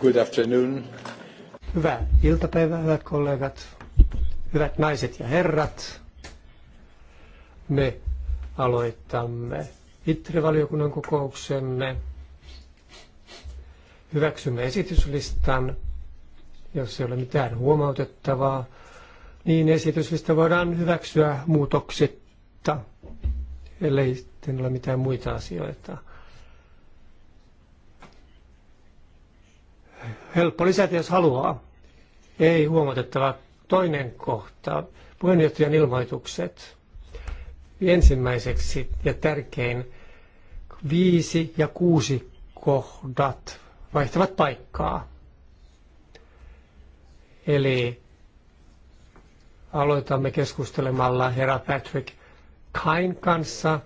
Good afternoon. Hyvää iltapäivää, hyvät kollegat, hyvät naiset ja herrat. Me aloitamme ITRE-valiokunnan kokouksemme. Hyväksymme esityslistan, jos ei ole mitään huomautettavaa, niin esityslista voidaan hyväksyä muutoksitta, ellei sitten ole mitään muita asioita. helppo lisätä, jos haluaa. Ei huomautettava. toinen kohta, puheenjohtajan ilmoitukset. Ensimmäiseksi ja tärkein, viisi ja kuusi kohdat vaihtavat paikkaa. Eli aloitamme keskustelemalla herra Patrick Kain kanssa,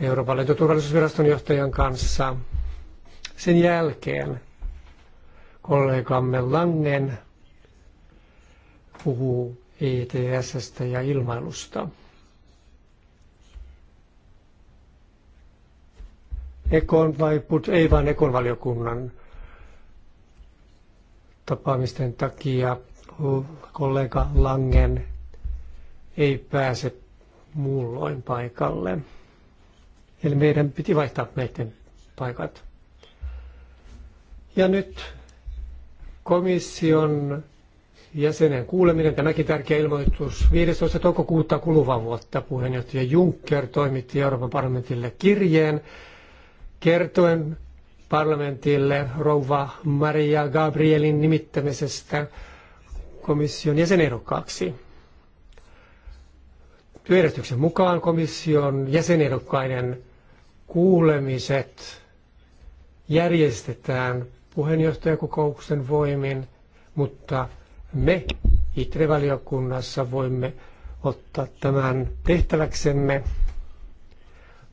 Euroopan lentoturvallisuusviraston johtajan kanssa. Sen jälkeen kollegamme Langen puhuu ets ja ilmailusta. Ekon vai put, ei vain Ekon valiokunnan tapaamisten takia kollega Langen ei pääse muulloin paikalle. Eli meidän piti vaihtaa meidän paikat. Ja nyt komission jäsenen kuuleminen, tämäkin tärkeä ilmoitus. 15. toukokuuta kuluvaa vuotta puheenjohtaja Juncker toimitti Euroopan parlamentille kirjeen kertoen parlamentille rouva Maria Gabrielin nimittämisestä komission jäsenehdokkaaksi. Työjärjestyksen mukaan komission jäsenehdokkaiden kuulemiset järjestetään puheenjohtajakokouksen voimin, mutta me ITRE-valiokunnassa voimme ottaa tämän tehtäväksemme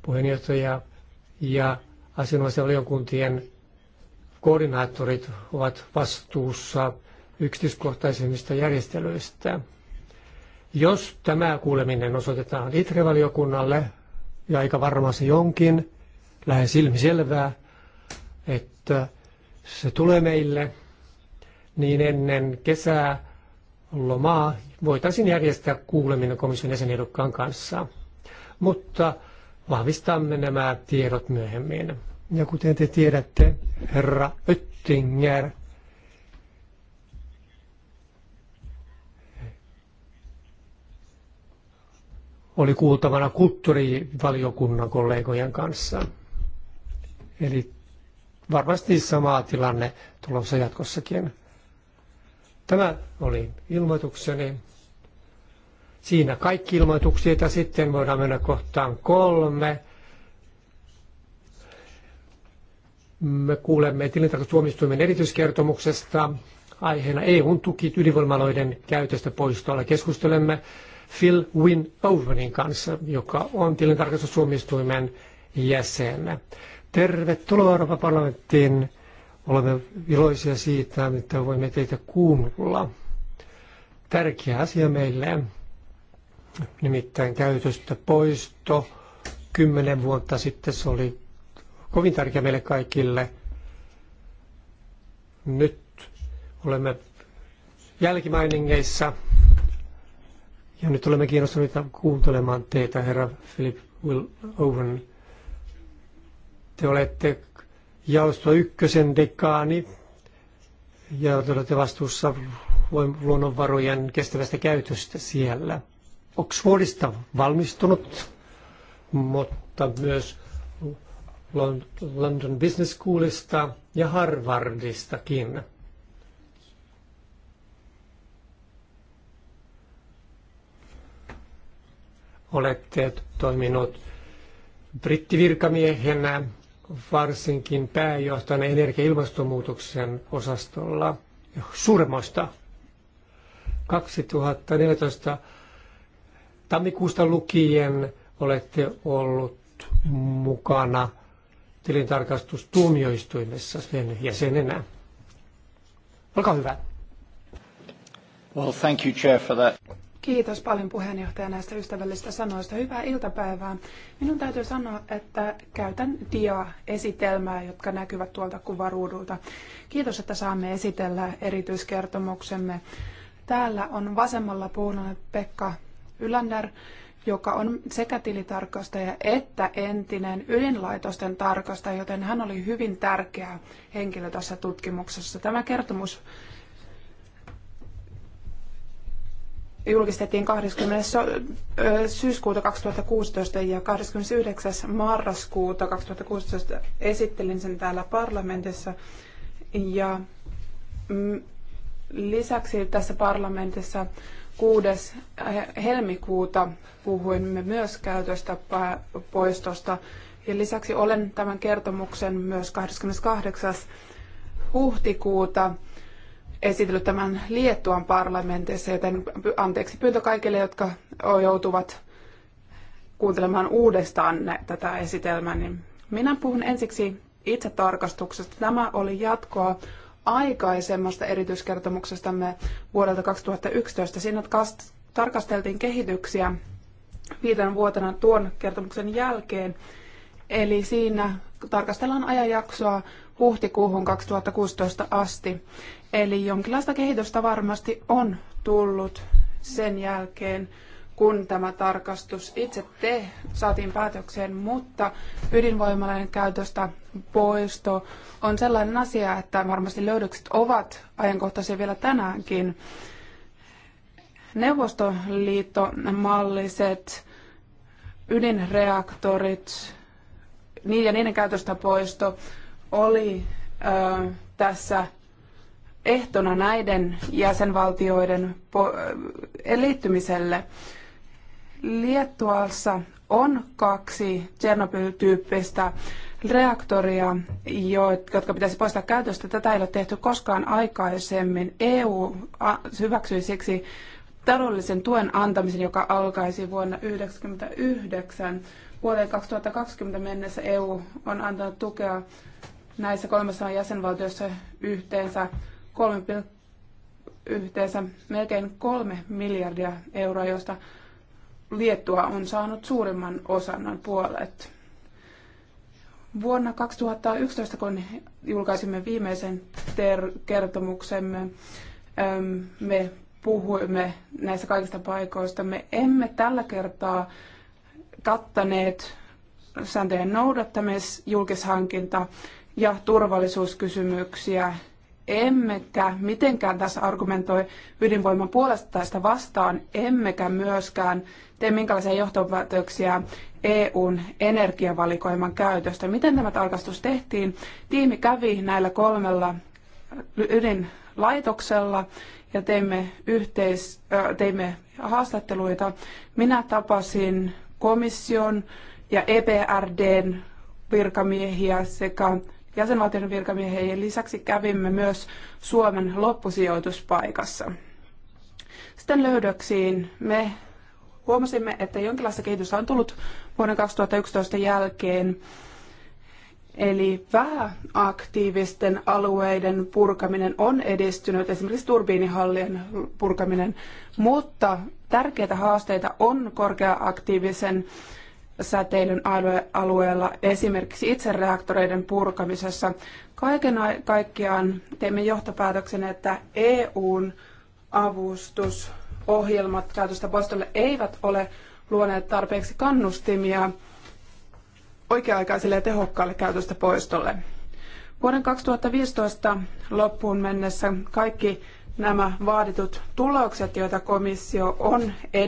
puheenjohtaja ja asianomaisen valiokuntien koordinaattorit ovat vastuussa yksityiskohtaisemmista järjestelyistä. Jos tämä kuuleminen osoitetaan ITRE-valiokunnalle, ja aika varmasti jonkin, lähes ilmiselvää, että se tulee meille, niin ennen kesää lomaa voitaisiin järjestää kuuleminen komission jäsenehdokkaan kanssa. Mutta vahvistamme nämä tiedot myöhemmin. Ja kuten te tiedätte, herra Öttinger oli kuultavana kulttuurivaliokunnan kollegojen kanssa. Eli varmasti sama tilanne tulossa jatkossakin. Tämä oli ilmoitukseni. Siinä kaikki ilmoitukset ja sitten voidaan mennä kohtaan kolme. Me kuulemme tilintarkastuomistuimen erityiskertomuksesta aiheena EUn tuki ydinvoimaloiden käytöstä poistolla. Keskustelemme Phil Win Owenin kanssa, joka on tilintarkastustuomistuimen jäsen. Tervetuloa Euroopan parlamenttiin. Olemme iloisia siitä, että voimme teitä kuulla. Tärkeä asia meille, nimittäin käytöstä poisto. Kymmenen vuotta sitten se oli kovin tärkeä meille kaikille. Nyt olemme jälkimainingeissa ja nyt olemme kiinnostuneita kuuntelemaan teitä, herra Philip Will Owen te olette jaosto ykkösen dekaani ja te olette vastuussa luonnonvarojen kestävästä käytöstä siellä. Oxfordista valmistunut, mutta myös London Business Schoolista ja Harvardistakin. Olette toiminut brittivirkamiehenä varsinkin pääjohtajana energia- ja ilmastonmuutoksen osastolla surmosta. 2014 tammikuusta lukien olette ollut mukana tilintarkastustuomioistuimessa sen jäsenenä. Olkaa hyvä. Well, thank you, Chair, for that. Kiitos paljon puheenjohtaja näistä ystävällisistä sanoista. Hyvää iltapäivää. Minun täytyy sanoa, että käytän dia-esitelmää, jotka näkyvät tuolta kuvaruudulta. Kiitos, että saamme esitellä erityiskertomuksemme. Täällä on vasemmalla puolella Pekka Yländer, joka on sekä tilitarkastaja että entinen ydinlaitosten tarkastaja, joten hän oli hyvin tärkeä henkilö tässä tutkimuksessa. Tämä kertomus julkistettiin 20. syyskuuta 2016 ja 29. marraskuuta 2016 esittelin sen täällä parlamentissa. Ja mm, lisäksi tässä parlamentissa 6. Äh, helmikuuta puhuimme myös käytöstä poistosta. Ja lisäksi olen tämän kertomuksen myös 28. huhtikuuta esitellyt tämän Liettuan parlamentissa, joten anteeksi pyyntö kaikille, jotka joutuvat kuuntelemaan uudestaan tätä esitelmää. Niin minä puhun ensiksi itse tarkastuksesta. Tämä oli jatkoa aikaisemmasta erityiskertomuksestamme vuodelta 2011. Siinä tarkasteltiin kehityksiä viiden vuotena tuon kertomuksen jälkeen. Eli siinä tarkastellaan ajanjaksoa huhtikuuhun 2016 asti. Eli jonkinlaista kehitystä varmasti on tullut sen jälkeen, kun tämä tarkastus itse te saatiin päätökseen, mutta ydinvoimalainen käytöstä poisto on sellainen asia, että varmasti löydökset ovat ajankohtaisia vielä tänäänkin. Neuvostoliittomalliset ydinreaktorit ja niiden käytöstä poisto oli ö, tässä ehtona näiden jäsenvaltioiden eh, liittymiselle. Liettuassa on kaksi Chernobyl-tyyppistä reaktoria, jotka pitäisi poistaa käytöstä. Tätä ei ole tehty koskaan aikaisemmin. EU hyväksyi siksi taloudellisen tuen antamisen, joka alkaisi vuonna 1999. Vuoteen 2020 mennessä EU on antanut tukea näissä kolmessa jäsenvaltiossa yhteensä 3, yhteensä melkein kolme miljardia euroa, josta Liettua on saanut suurimman osan, noin puolet. Vuonna 2011, kun julkaisimme viimeisen kertomuksemme, me puhuimme näistä kaikista paikoista. Me emme tällä kertaa kattaneet sääntöjen noudattamis, julkishankinta ja turvallisuuskysymyksiä emmekä mitenkään tässä argumentoi ydinvoiman puolesta tai sitä vastaan, emmekä myöskään tee minkälaisia johtopäätöksiä EUn energiavalikoiman käytöstä. Miten tämä tarkastus tehtiin? Tiimi kävi näillä kolmella ydinlaitoksella ja teimme, yhteis, äh, teimme haastatteluita. Minä tapasin komission ja EPRD:n virkamiehiä sekä jäsenvaltion virkamiehien lisäksi kävimme myös Suomen loppusijoituspaikassa. Sitten löydöksiin me huomasimme, että jonkinlaista kehitystä on tullut vuoden 2011 jälkeen. Eli vähäaktiivisten alueiden purkaminen on edistynyt, esimerkiksi turbiinihallien purkaminen, mutta tärkeitä haasteita on korkeaaktiivisen aktiivisen säteilyn alueella, esimerkiksi itse reaktoreiden purkamisessa. Kaiken kaikkiaan teimme johtopäätöksen, että EUn avustusohjelmat käytöstä poistolle eivät ole luoneet tarpeeksi kannustimia oikea-aikaiselle ja tehokkaalle käytöstä poistolle. Vuoden 2015 loppuun mennessä kaikki nämä vaaditut tulokset, joita komissio on e-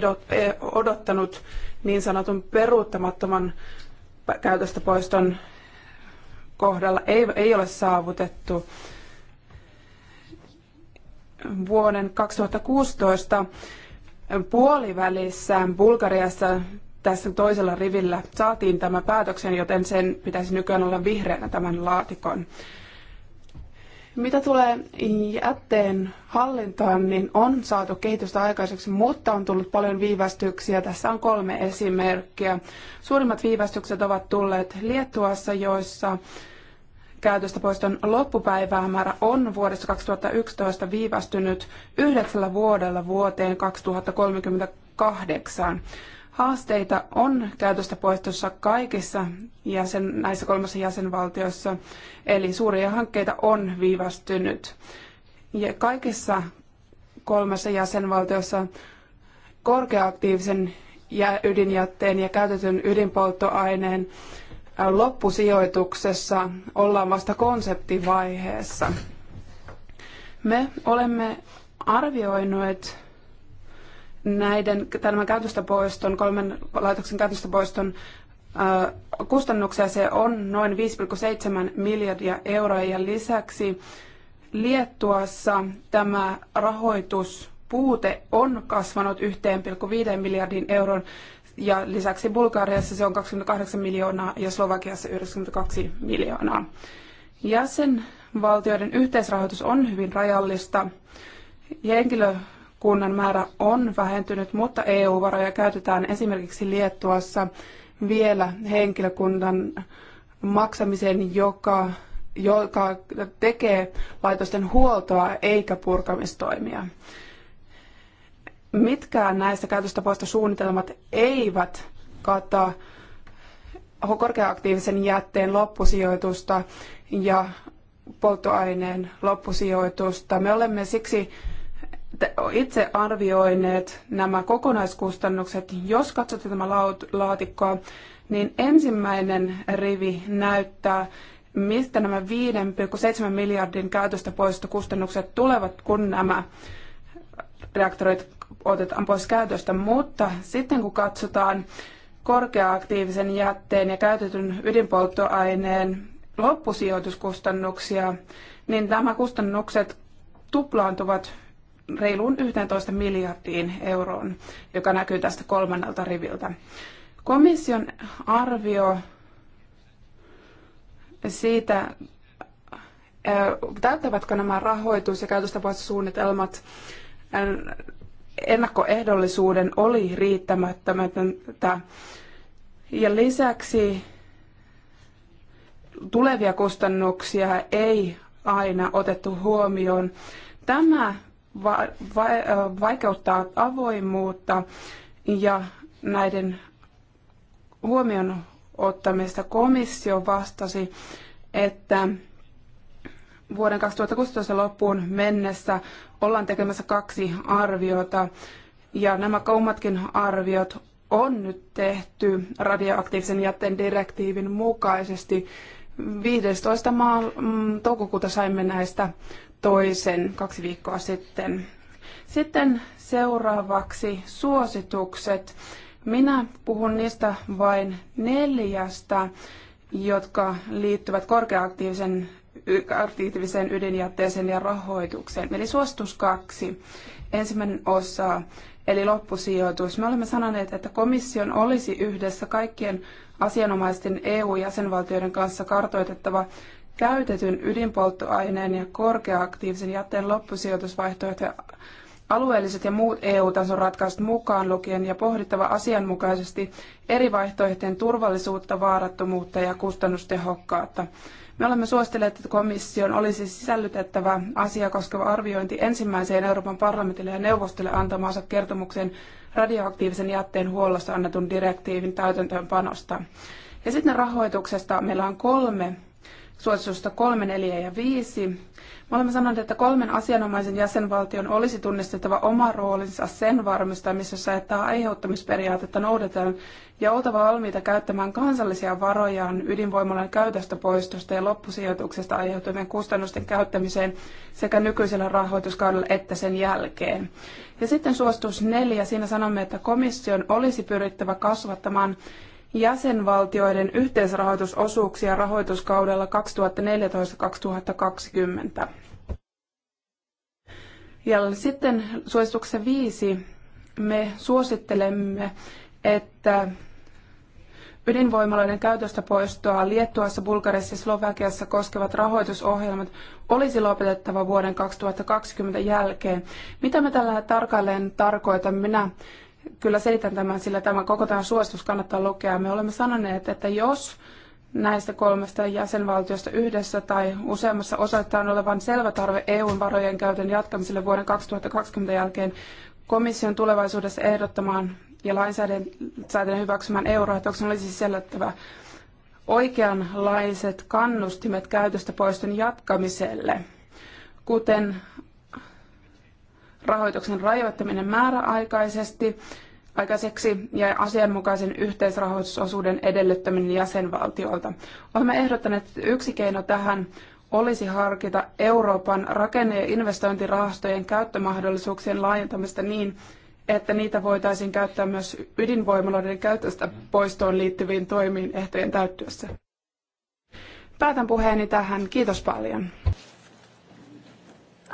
odottanut, niin sanotun peruuttamattoman käytöstä poiston kohdalla ei, ei ole saavutettu. Vuoden 2016 puolivälissä Bulgariassa tässä toisella rivillä saatiin tämä päätöksen, joten sen pitäisi nykyään olla vihreänä tämän laatikon. Mitä tulee jätteen hallintaan, niin on saatu kehitystä aikaiseksi, mutta on tullut paljon viivästyksiä. Tässä on kolme esimerkkiä. Suurimmat viivästykset ovat tulleet Liettuassa, joissa käytöstä poiston loppupäivämäärä on vuodesta 2011 viivästynyt yhdeksällä vuodella vuoteen 2038. Haasteita on käytöstä poistossa kaikissa jäsen, näissä kolmessa jäsenvaltiossa, eli suuria hankkeita on viivästynyt. Ja kaikissa kolmessa jäsenvaltiossa korkeaaktiivisen ydinjätteen ja käytetyn ydinpolttoaineen loppusijoituksessa ollaan vasta konseptivaiheessa. Me olemme arvioineet näiden tämän käytöstä poiston, kolmen laitoksen käytöstä poiston äh, kustannuksia se on noin 5,7 miljardia euroa ja lisäksi Liettuassa tämä rahoituspuute on kasvanut 1,5 miljardin euron ja lisäksi Bulgariassa se on 28 miljoonaa ja Slovakiassa 92 miljoonaa. Jäsenvaltioiden yhteisrahoitus on hyvin rajallista. Henkilö, kunnan määrä on vähentynyt, mutta EU-varoja käytetään esimerkiksi Liettuassa vielä henkilökunnan maksamiseen, joka, joka tekee laitosten huoltoa eikä purkamistoimia. Mitkään näistä käytöstavoista suunnitelmat eivät kata korkeaaktiivisen jätteen loppusijoitusta ja polttoaineen loppusijoitusta. Me olemme siksi itse arvioineet nämä kokonaiskustannukset, jos katsotte tämä laatikkoa, niin ensimmäinen rivi näyttää, mistä nämä 5,7 miljardin käytöstä poistu kustannukset tulevat, kun nämä reaktorit otetaan pois käytöstä. Mutta sitten kun katsotaan korkeaaktiivisen jätteen ja käytetyn ydinpolttoaineen loppusijoituskustannuksia, niin nämä kustannukset tuplaantuvat reiluun 11 miljardiin euroon, joka näkyy tästä kolmannelta riviltä. Komission arvio siitä, täyttävätkö nämä rahoitus- ja käytöstapaussuunnitelmat ennakkoehdollisuuden oli riittämättömätöntä. Ja lisäksi tulevia kustannuksia ei aina otettu huomioon. Tämä va- va- vaikeuttaa avoimuutta ja näiden huomion ottamista komissio vastasi, että vuoden 2016 loppuun mennessä ollaan tekemässä kaksi arviota. Ja nämä kummatkin arviot on nyt tehty radioaktiivisen jätteen direktiivin mukaisesti. 15. maal mm, toukokuuta saimme näistä toisen kaksi viikkoa sitten. Sitten seuraavaksi suositukset. Minä puhun niistä vain neljästä, jotka liittyvät korkeaktiivisen aktiiviseen ydinjätteeseen ja rahoitukseen. Eli suositus kaksi, ensimmäinen osa, eli loppusijoitus. Me olemme sanoneet, että komission olisi yhdessä kaikkien asianomaisten EU-jäsenvaltioiden kanssa kartoitettava käytetyn ydinpolttoaineen ja korkeaaktiivisen jätteen loppusijoitusvaihtoehtoja alueelliset ja muut EU-tason ratkaisut mukaan lukien ja pohdittava asianmukaisesti eri vaihtoehtojen turvallisuutta, vaarattomuutta ja kustannustehokkautta. Me olemme suositelleet, että komission olisi sisällytettävä asiaa koskeva arviointi ensimmäiseen Euroopan parlamentille ja neuvostolle antamaansa kertomuksen radioaktiivisen jätteen huollossa annetun direktiivin täytäntöönpanosta. Ja sitten rahoituksesta meillä on kolme suositusta 3, 4 ja 5. Me olemme sanoneet, että kolmen asianomaisen jäsenvaltion olisi tunnistettava oma roolinsa sen varmistamisessa, että aiheuttamisperiaatetta noudatetaan ja oltava valmiita käyttämään kansallisia varojaan ydinvoimalan käytöstä poistosta ja loppusijoituksesta aiheutuvien kustannusten käyttämiseen sekä nykyisellä rahoituskaudella että sen jälkeen. Ja sitten suositus neljä, siinä sanomme, että komission olisi pyrittävä kasvattamaan jäsenvaltioiden yhteisrahoitusosuuksia rahoituskaudella 2014-2020. Ja sitten suosituksen viisi me suosittelemme, että ydinvoimaloiden käytöstä poistoa Liettuassa, Bulgariassa ja Slovakiassa koskevat rahoitusohjelmat olisi lopetettava vuoden 2020 jälkeen. Mitä me tällä tarkalleen tarkoitamme? Minä kyllä selitän tämän, sillä tämä koko tämä suositus kannattaa lukea. Me olemme sanoneet, että jos näistä kolmesta jäsenvaltiosta yhdessä tai useammassa osoittaa olevan selvä tarve EUn varojen käytön jatkamiselle vuoden 2020 jälkeen, komission tulevaisuudessa ehdottamaan ja lainsäädännön hyväksymään EU-rahoituksen olisi sisällyttävä oikeanlaiset kannustimet käytöstä poiston jatkamiselle, kuten rahoituksen rajoittaminen määräaikaisesti aikaiseksi ja asianmukaisen yhteisrahoitusosuuden edellyttäminen jäsenvaltiolta. Olemme ehdottaneet, että yksi keino tähän olisi harkita Euroopan rakenne- ja investointirahastojen käyttömahdollisuuksien laajentamista niin, että niitä voitaisiin käyttää myös ydinvoimaloiden käytöstä poistoon liittyviin toimiin ehtojen täyttyessä. Päätän puheeni tähän. Kiitos paljon.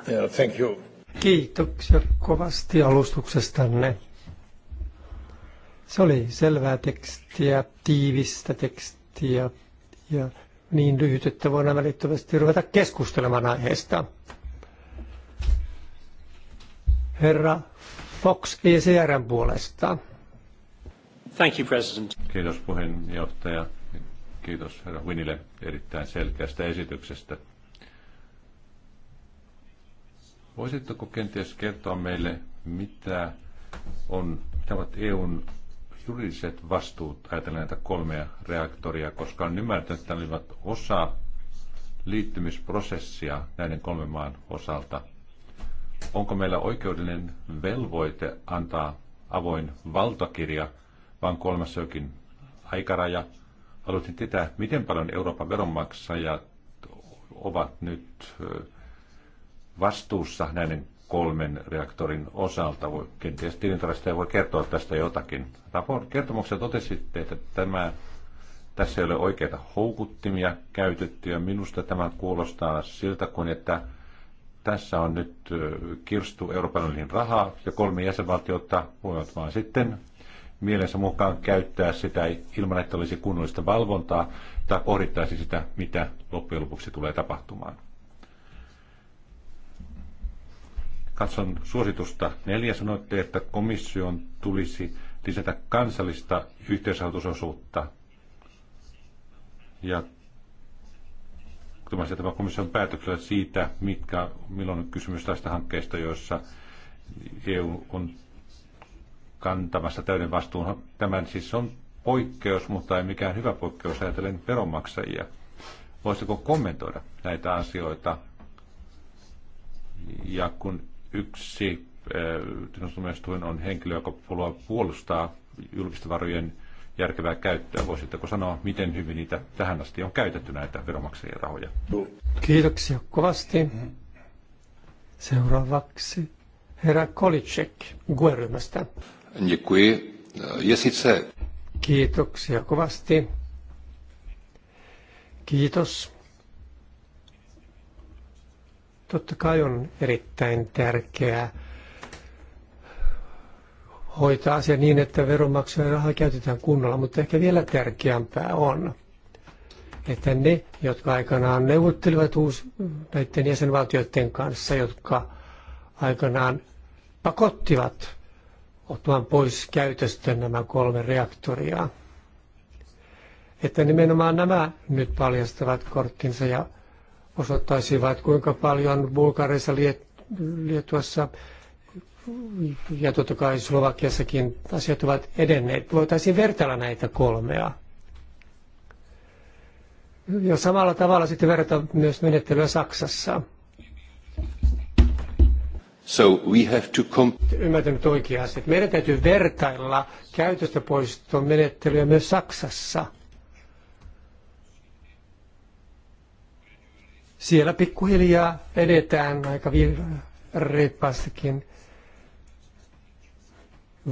Yeah, thank you. Kiitoksia kovasti alustuksestanne. Se oli selvää tekstiä, tiivistä tekstiä ja niin lyhyt, että voidaan välittömästi ruveta keskustelemaan aiheesta. Herra Fox ECRn puolesta. Thank you, President. Kiitos puheenjohtaja. Kiitos herra Winille erittäin selkeästä esityksestä. Voisitteko kenties kertoa meille, mitä, on, mitä ovat EUn juridiset vastuut ajatellen näitä kolmea reaktoria, koska on ymmärtänyt, että ne olivat osa liittymisprosessia näiden kolmen maan osalta. Onko meillä oikeudellinen velvoite antaa avoin valtakirja, vaan kolmas jokin aikaraja? Haluaisin tietää, miten paljon Euroopan veronmaksajat ovat nyt vastuussa näiden kolmen reaktorin osalta. Voi, kenties tilintarkastaja voi kertoa tästä jotakin. Kertomuksessa totesitte, että tämä, tässä ei ole oikeita houkuttimia käytetty, ja minusta tämä kuulostaa siltä kuin, että tässä on nyt kirstu Euroopan rahaa, ja kolme jäsenvaltiota voivat vaan sitten mielensä mukaan käyttää sitä ilman, että olisi kunnollista valvontaa tai pohdittaisi sitä, mitä loppujen lopuksi tulee tapahtumaan. katson suositusta neljä, sanoitte, että komission tulisi lisätä kansallista yhteisrahoitusosuutta. Ja tämä komission päätöksellä siitä, mitkä, milloin on kysymys tästä hankkeesta, joissa EU on kantamassa täyden vastuun. Tämän siis on poikkeus, mutta ei mikään hyvä poikkeus ajatellen veronmaksajia. Voisiko kommentoida näitä asioita? Ja kun Yksi eh, tuomioistuin on henkilö, joka haluaa puolustaa julkisten varojen järkevää käyttöä. Voisitteko sanoa, miten hyvin niitä tähän asti on käytetty näitä veronmaksajien rahoja? Kiitoksia kovasti. Seuraavaksi herra Kolicek Guerrymästä. Kiitoksia kovasti. Kiitos totta kai on erittäin tärkeää hoitaa asia niin, että veronmaksajan rahaa käytetään kunnolla, mutta ehkä vielä tärkeämpää on, että ne, jotka aikanaan neuvottelivat uus, näiden jäsenvaltioiden kanssa, jotka aikanaan pakottivat ottamaan pois käytöstä nämä kolme reaktoria, että nimenomaan nämä nyt paljastavat korttinsa ja osoittaisivat, kuinka paljon Liet- Lietuassa ja totta kai Slovakiassakin asiat ovat edenneet. Voitaisiin vertailla näitä kolmea. Ja samalla tavalla sitten verrata myös menettelyä Saksassa. So we have to comp- Ymmärtänyt oikeasti. Meidän täytyy vertailla käytöstä poiston menettelyä myös Saksassa – siellä pikkuhiljaa edetään aika reippaastikin,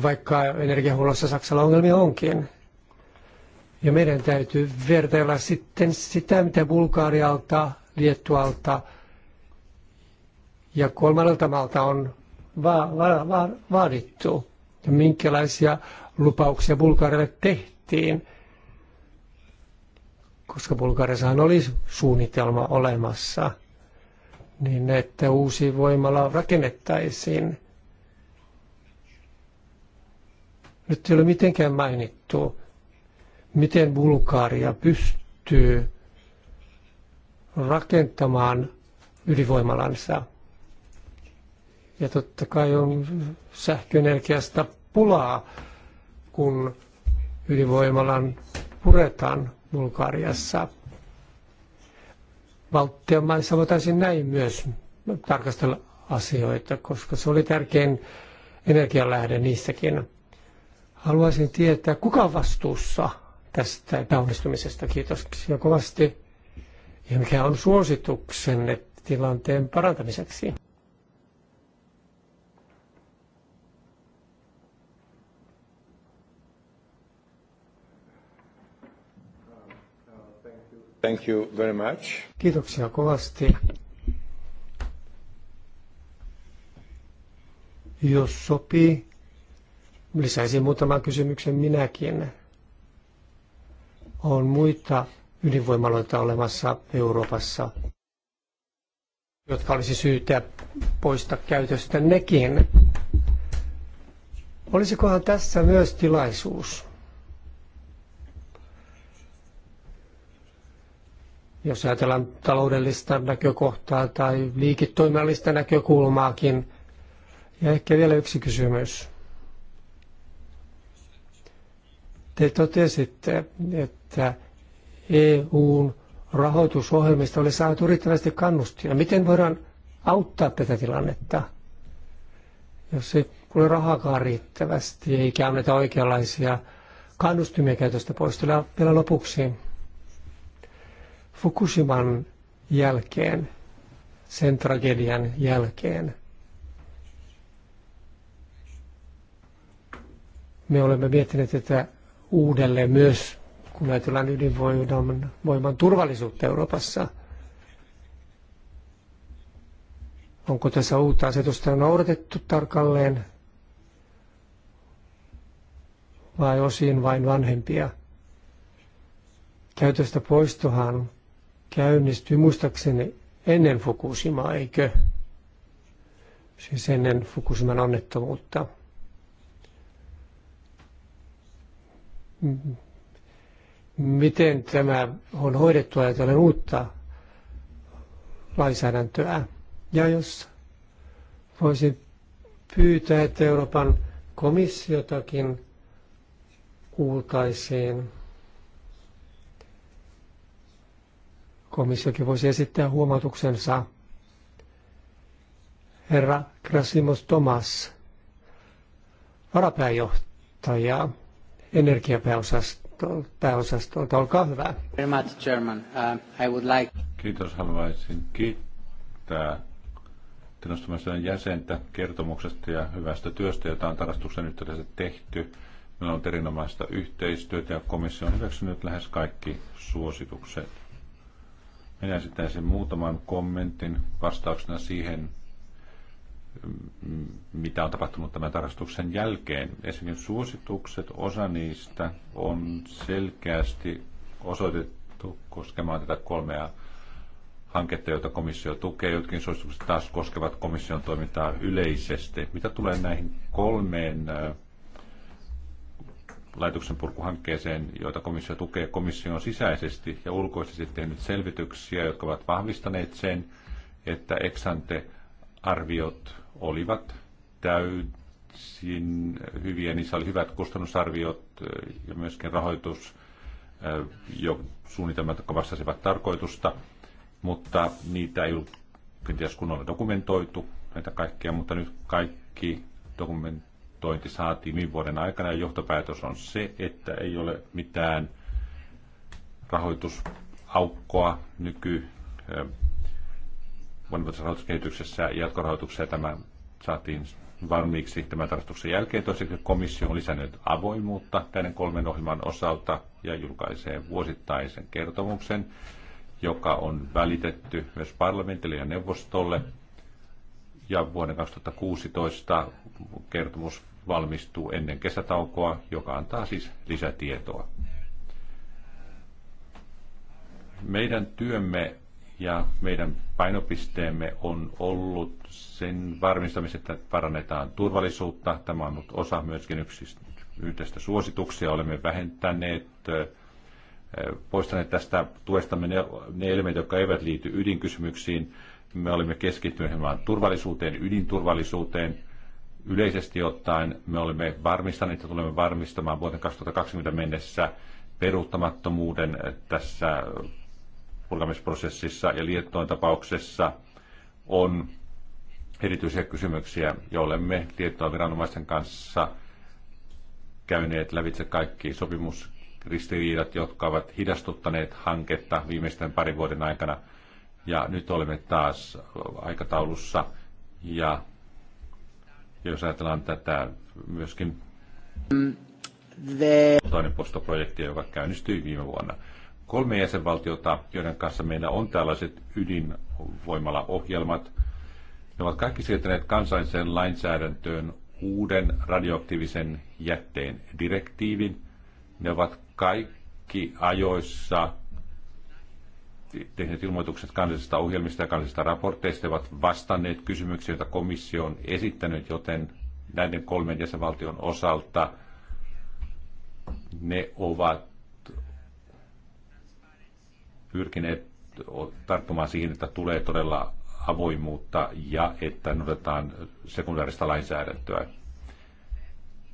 vaikka energiahuollossa Saksalla ongelmia onkin. Ja meidän täytyy vertailla sitten sitä, mitä Bulgaarialta, Liettualta ja kolmannelta maalta on va- va- va- vaadittu ja minkälaisia lupauksia Bulgaarille tehtiin – koska Bulgariassahan oli suunnitelma olemassa, niin että uusi voimala rakennettaisiin. Nyt ei ole mitenkään mainittu, miten Bulgaria pystyy rakentamaan ydinvoimalansa. Ja totta kai on sähköenergiasta pulaa, kun ydinvoimalan puretaan. Bulgariassa. Valtion maissa voitaisiin näin myös tarkastella asioita, koska se oli tärkein energialähde niissäkin. Haluaisin tietää, kuka on vastuussa tästä epäonnistumisesta. Kiitoksia kovasti. Ja mikä on suosituksenne tilanteen parantamiseksi? Thank you very much. Kiitoksia kovasti. Jos sopii, lisäisin muutaman kysymyksen minäkin. On muita ydinvoimaloita olemassa Euroopassa, jotka olisi syytä poistaa käytöstä nekin. Olisikohan tässä myös tilaisuus? jos ajatellaan taloudellista näkökohtaa tai liiketoiminnallista näkökulmaakin. Ja ehkä vielä yksi kysymys. Te totesitte, että EUn rahoitusohjelmista oli saatu riittävästi kannustia. Miten voidaan auttaa tätä tilannetta, jos ei ole rahakaan riittävästi eikä anneta oikeanlaisia kannustimia käytöstä pois? Vielä lopuksi Fukushiman jälkeen, sen tragedian jälkeen, me olemme miettineet tätä uudelleen myös, kun ajatellaan ydinvoiman voiman turvallisuutta Euroopassa. Onko tässä uutta asetusta noudatettu tarkalleen vai osin vain vanhempia? Käytöstä poistohan käynnistyi muistaakseni ennen Fukushimaa, eikö? Siis ennen Fukushiman onnettomuutta. Miten tämä on hoidettu ajatellen uutta lainsäädäntöä? Ja jos voisin pyytää, että Euroopan komissiotakin kuultaisiin komissiokin voisi esittää huomautuksensa. Herra Krasimos Tomas, varapääjohtaja energiapääosastolta, olkaa hyvä. Uh, Kiitos, haluaisin kiittää tenostumisen jäsentä kertomuksesta ja hyvästä työstä, jota on tarkastuksen yhteydessä tehty. Meillä on erinomaista yhteistyötä ja komissio on hyväksynyt lähes kaikki suositukset. Minä sen muutaman kommentin vastauksena siihen, mm, mitä on tapahtunut tämän tarkastuksen jälkeen. Esimerkiksi suositukset, osa niistä on selkeästi osoitettu koskemaan tätä kolmea hanketta, joita komissio tukee. Jotkin suositukset taas koskevat komission toimintaa yleisesti. Mitä tulee näihin kolmeen äh, laitoksen purkuhankkeeseen, joita komissio tukee. Komissio on sisäisesti ja ulkoisesti tehnyt selvityksiä, jotka ovat vahvistaneet sen, että eksante arviot olivat täysin hyviä. Niissä oli hyvät kustannusarviot eh, ja myöskin rahoitus eh, jo suunnitelmat, jotka vastasivat tarkoitusta, mutta niitä ei ollut kenties kunnolla dokumentoitu, näitä kaikkia, mutta nyt kaikki dokumentit raportointi saatiin viime vuoden aikana ja johtopäätös on se, että ei ole mitään rahoitusaukkoa nyky rahoituskehityksessä ja jatkorahoituksessa ja tämä saatiin valmiiksi tämän tarkastuksen jälkeen. Toiseksi komissio on lisännyt avoimuutta näiden kolmen ohjelman osalta ja julkaisee vuosittaisen kertomuksen, joka on välitetty myös parlamentille ja neuvostolle ja vuoden 2016 kertomus valmistuu ennen kesätaukoa, joka antaa siis lisätietoa. Meidän työmme ja meidän painopisteemme on ollut sen varmistamisen, että parannetaan turvallisuutta. Tämä on ollut osa myöskin yhdestä suosituksia. Olemme vähentäneet, poistaneet tästä tuestamme ne, ne elementit, jotka eivät liity ydinkysymyksiin, me olimme keskittyneet vain turvallisuuteen, ydinturvallisuuteen. Yleisesti ottaen me olemme varmistaneet ja tulemme varmistamaan vuoteen 2020 mennessä peruuttamattomuuden tässä purkamisprosessissa ja Liettoon tapauksessa on erityisiä kysymyksiä, joille me Liettoon viranomaisten kanssa käyneet lävitse kaikki sopimusristiriidat, jotka ovat hidastuttaneet hanketta viimeisten parin vuoden aikana – ja nyt olemme taas aikataulussa. Ja jos ajatellaan tätä myöskin toinen postoprojekti, joka käynnistyi viime vuonna. Kolme jäsenvaltiota, joiden kanssa meillä on tällaiset ydinvoimalaohjelmat, ne ovat kaikki siirtäneet kansalliseen lainsäädäntöön uuden radioaktiivisen jätteen direktiivin. Ne ovat kaikki ajoissa tehneet ilmoitukset kansallisista ohjelmista ja kansallisista raporteista, ovat vastanneet kysymyksiä, joita komissio on esittänyt, joten näiden kolmen jäsenvaltion osalta ne ovat pyrkineet tarttumaan siihen, että tulee todella avoimuutta ja että noudatetaan sekundaarista lainsäädäntöä.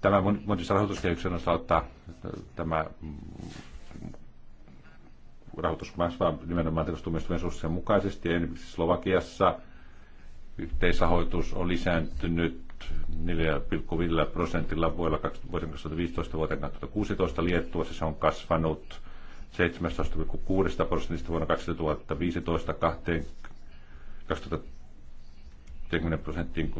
Tämä monissa rahoituskehyksen osalta äh, tämä rahoitus kasvaa nimenomaan tilastumistumien resurssien mukaisesti. Esimerkiksi Slovakiassa yhteisrahoitus on lisääntynyt 4,5 prosentilla vuodella 2015 vuoteen 2016 Liettuassa se on kasvanut 17,6 prosentista vuonna 2015 20 prosenttiin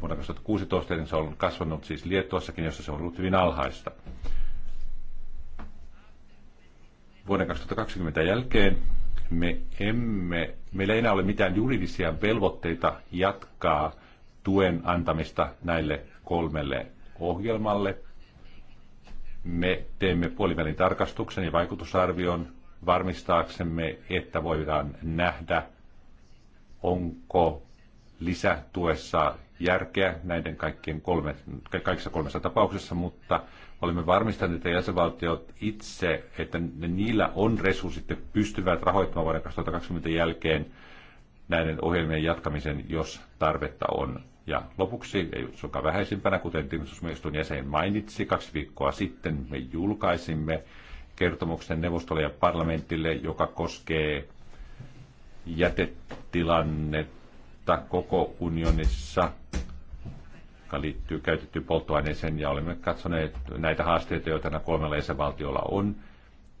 vuonna 2016, niin se on kasvanut siis Liettuassakin, jossa se on ollut hyvin alhaista vuoden 2020 jälkeen me emme, meillä ei enää ole mitään juridisia velvoitteita jatkaa tuen antamista näille kolmelle ohjelmalle. Me teemme puolivälin tarkastuksen ja vaikutusarvion varmistaaksemme, että voidaan nähdä, onko lisätuessa järkeä näiden kaikkien kolme, kaikissa kolmessa tapauksessa, mutta Olemme varmistaneet, että jäsenvaltiot itse, että ne niillä on resurssit, että pystyvät rahoittamaan vuoden 2020 jälkeen näiden ohjelmien jatkamisen, jos tarvetta on. Ja lopuksi, ei suinkaan vähäisimpänä, kuten tilintusmiestun jäsen mainitsi, kaksi viikkoa sitten me julkaisimme kertomuksen neuvostolle ja parlamentille, joka koskee jätetilannetta koko unionissa jotka liittyy käytetty polttoaineeseen, ja olemme katsoneet näitä haasteita, joita nämä kolmella jäsenvaltiolla on,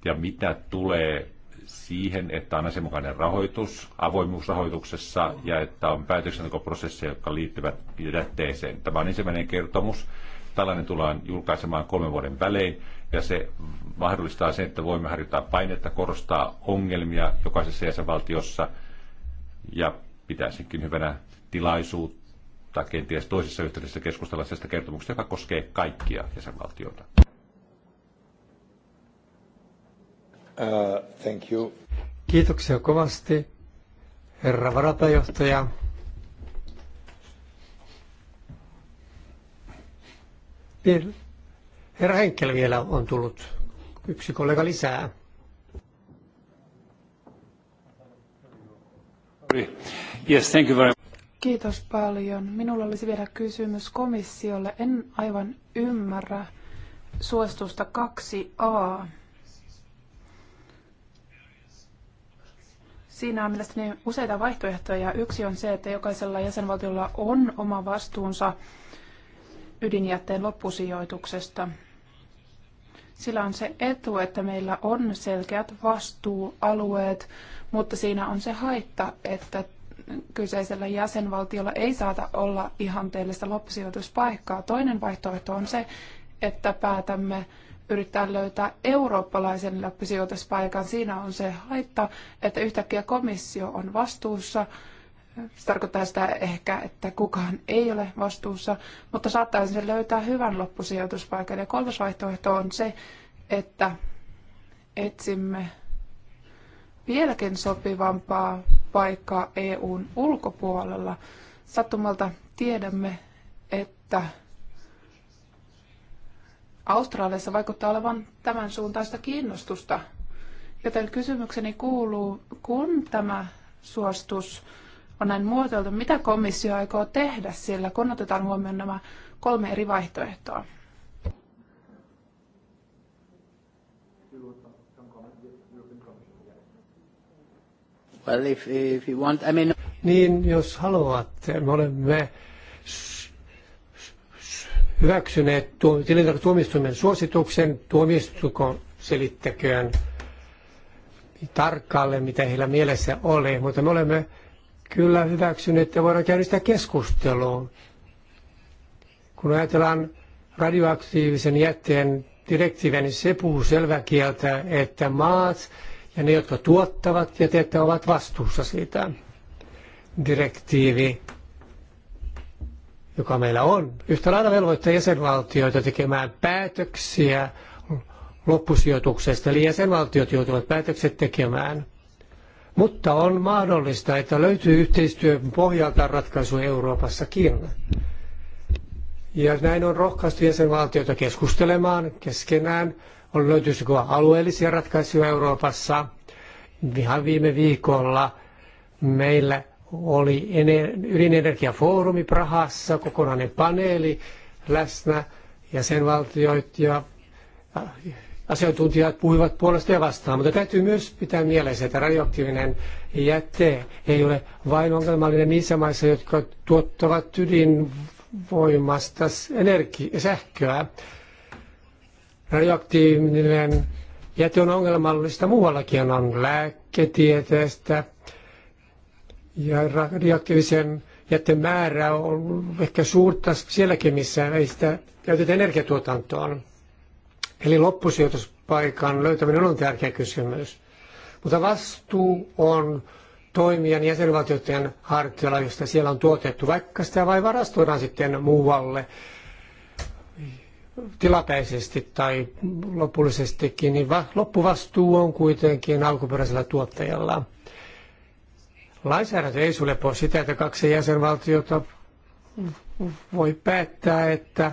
ja mitä tulee siihen, että on asianmukainen rahoitus avoimuusrahoituksessa ja että on päätöksentekoprosesseja, jotka liittyvät jätteeseen. Tämä on ensimmäinen kertomus. Tällainen tullaan julkaisemaan kolmen vuoden välein ja se mahdollistaa sen, että voimme harjoittaa painetta, korostaa ongelmia jokaisessa jäsenvaltiossa ja pitäisinkin hyvänä tilaisuutta tai kenties toisessa yhteydessä keskustella tästä kertomuksesta, joka koskee kaikkia jäsenvaltioita. Uh, thank you. Kiitoksia kovasti, herra varapääjohtaja. Herra Henkel vielä on tullut yksi kollega lisää. Yes, thank you very much. Kiitos paljon. Minulla olisi vielä kysymys komissiolle. En aivan ymmärrä suostusta 2a. Siinä on mielestäni useita vaihtoehtoja. Yksi on se, että jokaisella jäsenvaltiolla on oma vastuunsa ydinjätteen loppusijoituksesta. Sillä on se etu, että meillä on selkeät vastuualueet, mutta siinä on se haitta, että kyseisellä jäsenvaltiolla ei saata olla ihanteellista loppusijoituspaikkaa. Toinen vaihtoehto on se, että päätämme yrittää löytää eurooppalaisen loppusijoituspaikan. Siinä on se haitta, että yhtäkkiä komissio on vastuussa. Se tarkoittaa sitä ehkä, että kukaan ei ole vastuussa, mutta saattaa se löytää hyvän loppusijoituspaikan. Ja kolmas vaihtoehto on se, että etsimme vieläkin sopivampaa paikkaa EUn ulkopuolella. Sattumalta tiedämme, että Australiassa vaikuttaa olevan tämän suuntaista kiinnostusta. Joten kysymykseni kuuluu, kun tämä suostus on näin muotoiltu, mitä komissio aikoo tehdä sillä, kun otetaan huomioon nämä kolme eri vaihtoehtoa? Well, if, if you want, I mean... Niin, jos haluatte, me olemme hyväksyneet tilintarkastuomistuimen suosituksen, tuomistuko selittäköön tarkalle, mitä heillä mielessä oli, mutta me olemme kyllä hyväksyneet, että voidaan käynnistää keskustelua. Kun ajatellaan radioaktiivisen jätteen direktiiviä, niin se puhuu selvä kieltä, että maat, ja ne, jotka tuottavat ja teettä ovat vastuussa siitä. Direktiivi, joka meillä on, yhtä lailla velvoittaa jäsenvaltioita tekemään päätöksiä loppusijoituksesta, eli jäsenvaltiot joutuvat päätökset tekemään. Mutta on mahdollista, että löytyy yhteistyön pohjalta ratkaisu Euroopassakin. Ja näin on rohkaistu jäsenvaltioita keskustelemaan keskenään on löytyisikö alueellisia ratkaisuja Euroopassa. Ihan viime viikolla meillä oli ydinenergiafoorumi Prahassa, kokonainen paneeli läsnä, jäsenvaltioit ja äh, asiantuntijat puhuivat puolesta ja vastaan, mutta täytyy myös pitää mielessä, että radioaktiivinen jäte ei ole vain ongelmallinen niissä maissa, jotka tuottavat ydinvoimasta energi- sähköä radioaktiivinen jäte on ongelmallista muuallakin, on lääketieteestä ja radioaktiivisen jätteen määrä on ehkä suurta sielläkin, missä ei sitä käytetä energiatuotantoon. Eli loppusijoituspaikan löytäminen on tärkeä kysymys. Mutta vastuu on toimijan jäsenvaltioiden hartioilla, josta siellä on tuotettu, vaikka sitä vai varastoidaan sitten muualle tilapäisesti tai lopullisestikin, niin loppuvastuu on kuitenkin alkuperäisellä tuottajalla. Lainsäädäntö ei sulle pois sitä, että kaksi jäsenvaltiota voi päättää, että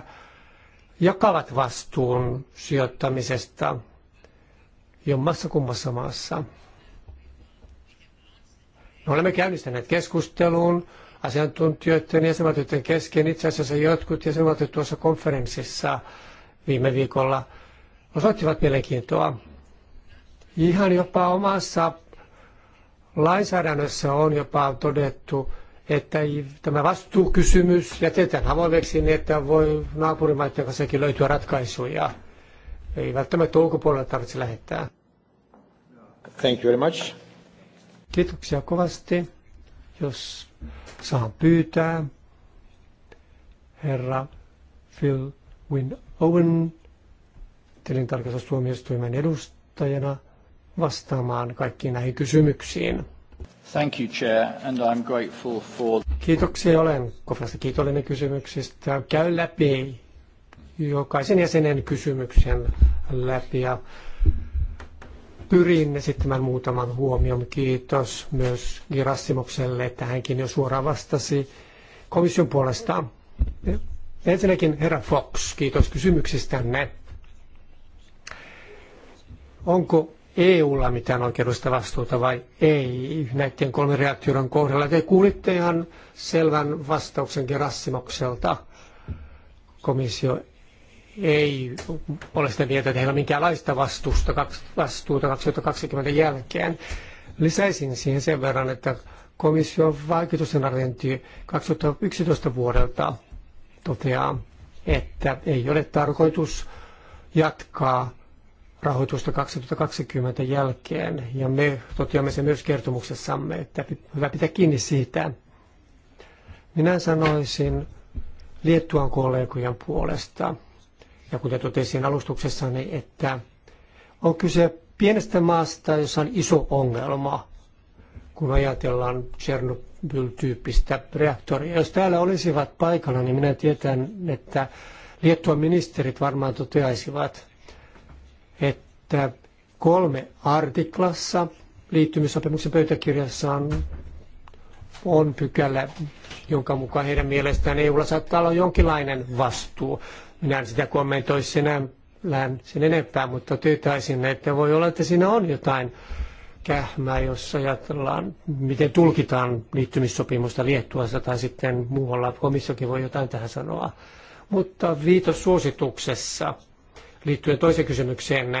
jakavat vastuun sijoittamisesta jommassa kummassa maassa. Me olemme käynnistäneet keskustelun asiantuntijoiden ja jäsenvaltioiden kesken. Itse asiassa jotkut jäsenvaltiot tuossa konferenssissa viime viikolla osoittivat mielenkiintoa. Ihan jopa omassa lainsäädännössä on jopa todettu, että tämä vastuukysymys jätetään avoimeksi niin, että voi naapurimaiden kanssakin löytyä ratkaisuja. Ei välttämättä ulkopuolelle tarvitse lähettää. Thank you very much. Kiitoksia kovasti. Jos saan pyytää herra Phil Win Owen tilintarkastustuomioistuimen edustajana vastaamaan kaikkiin näihin kysymyksiin. Thank you, Chair, and I'm grateful for... Kiitoksia olen kovasti kiitollinen kysymyksistä. Käy läpi jokaisen jäsenen kysymyksen läpi ja pyrin esittämään muutaman huomion. Kiitos myös Girassimokselle, että hänkin jo suoraan vastasi komission puolesta. Ensinnäkin herra Fox, kiitos kysymyksistänne. Onko EUlla mitään oikeudellista vastuuta vai ei näiden kolmen reaktion kohdalla? Te kuulitte ihan selvän vastauksen Gerassimokselta. Komissio ei ole sitä mieltä, että heillä on minkäänlaista vastuusta, vastuuta 2020 jälkeen. Lisäisin siihen sen verran, että komission vaikutusten arviointi 2011 vuodelta toteaa, että ei ole tarkoitus jatkaa rahoitusta 2020 jälkeen. Ja me toteamme sen myös kertomuksessamme, että hyvä pitää kiinni siitä. Minä sanoisin Liettuan kollegojen puolesta, ja kuten totesin alustuksessani, että on kyse pienestä maasta, jossa on iso ongelma, kun ajatellaan Chernobyl-tyyppistä reaktoria. Jos täällä olisivat paikalla, niin minä tietän, että Liettuan ministerit varmaan toteaisivat, että kolme artiklassa liittymissopimuksen pöytäkirjassa on, on pykälä, jonka mukaan heidän mielestään EUlla saattaa olla jonkinlainen vastuu. Minä en sitä kommentoi sinä lähden sen enempää, mutta tyytäisin, että voi olla, että siinä on jotain kähmää, jos ajatellaan, miten tulkitaan liittymissopimusta Liettuassa tai sitten muualla. Komissiokin voi jotain tähän sanoa. Mutta viitos suosituksessa liittyen toiseen kysymykseen,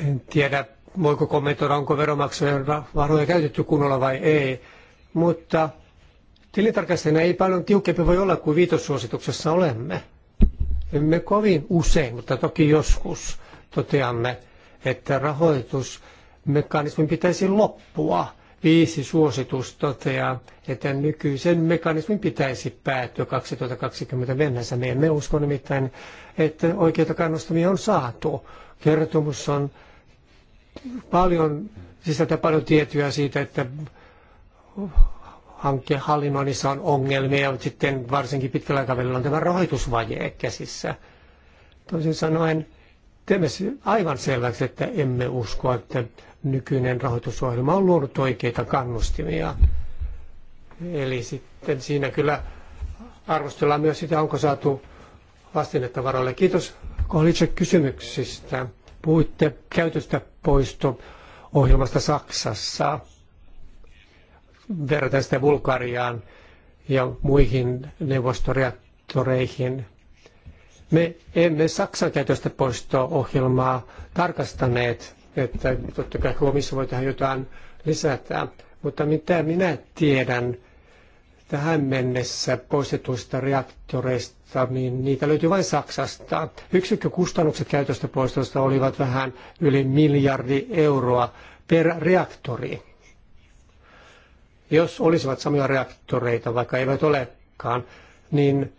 en tiedä, voiko kommentoida, onko veromaksujen varoja käytetty kunnolla vai ei, mutta Tilitarkastajana ei paljon tiukempi voi olla kuin viitossuosituksessa olemme. Emme kovin usein, mutta toki joskus toteamme, että rahoitusmekanismin pitäisi loppua. Viisi suositus toteaa, että nykyisen mekanismin pitäisi päättyä 2020 mennessä. Me emme usko nimittäin, että oikeita kannustamia on saatu. Kertomus on paljon, sisältää paljon tietoja siitä, että hankkehallinnoinnissa on ongelmia ja sitten varsinkin pitkällä aikavälillä on tämä rahoitusvaje käsissä. Toisin sanoen teemme aivan selväksi, että emme usko, että nykyinen rahoitusohjelma on luonut oikeita kannustimia. Eli sitten siinä kyllä arvostellaan myös sitä, onko saatu vastennetta varoille. Kiitos Kohlitschek kysymyksistä. Puhuitte käytöstä poisto ohjelmasta Saksassa verrataan sitä Bulgariaan ja muihin neuvostoreaktoreihin. Me emme Saksan käytöstä poisto-ohjelmaa tarkastaneet, että totta kai komissio voi tähän jotain lisätä. Mutta mitä minä tiedän tähän mennessä poistetuista reaktoreista, niin niitä löytyy vain Saksasta. Yksikkökustannukset käytöstä poistosta olivat vähän yli miljardi euroa per reaktori jos olisivat samoja reaktoreita, vaikka eivät olekaan, niin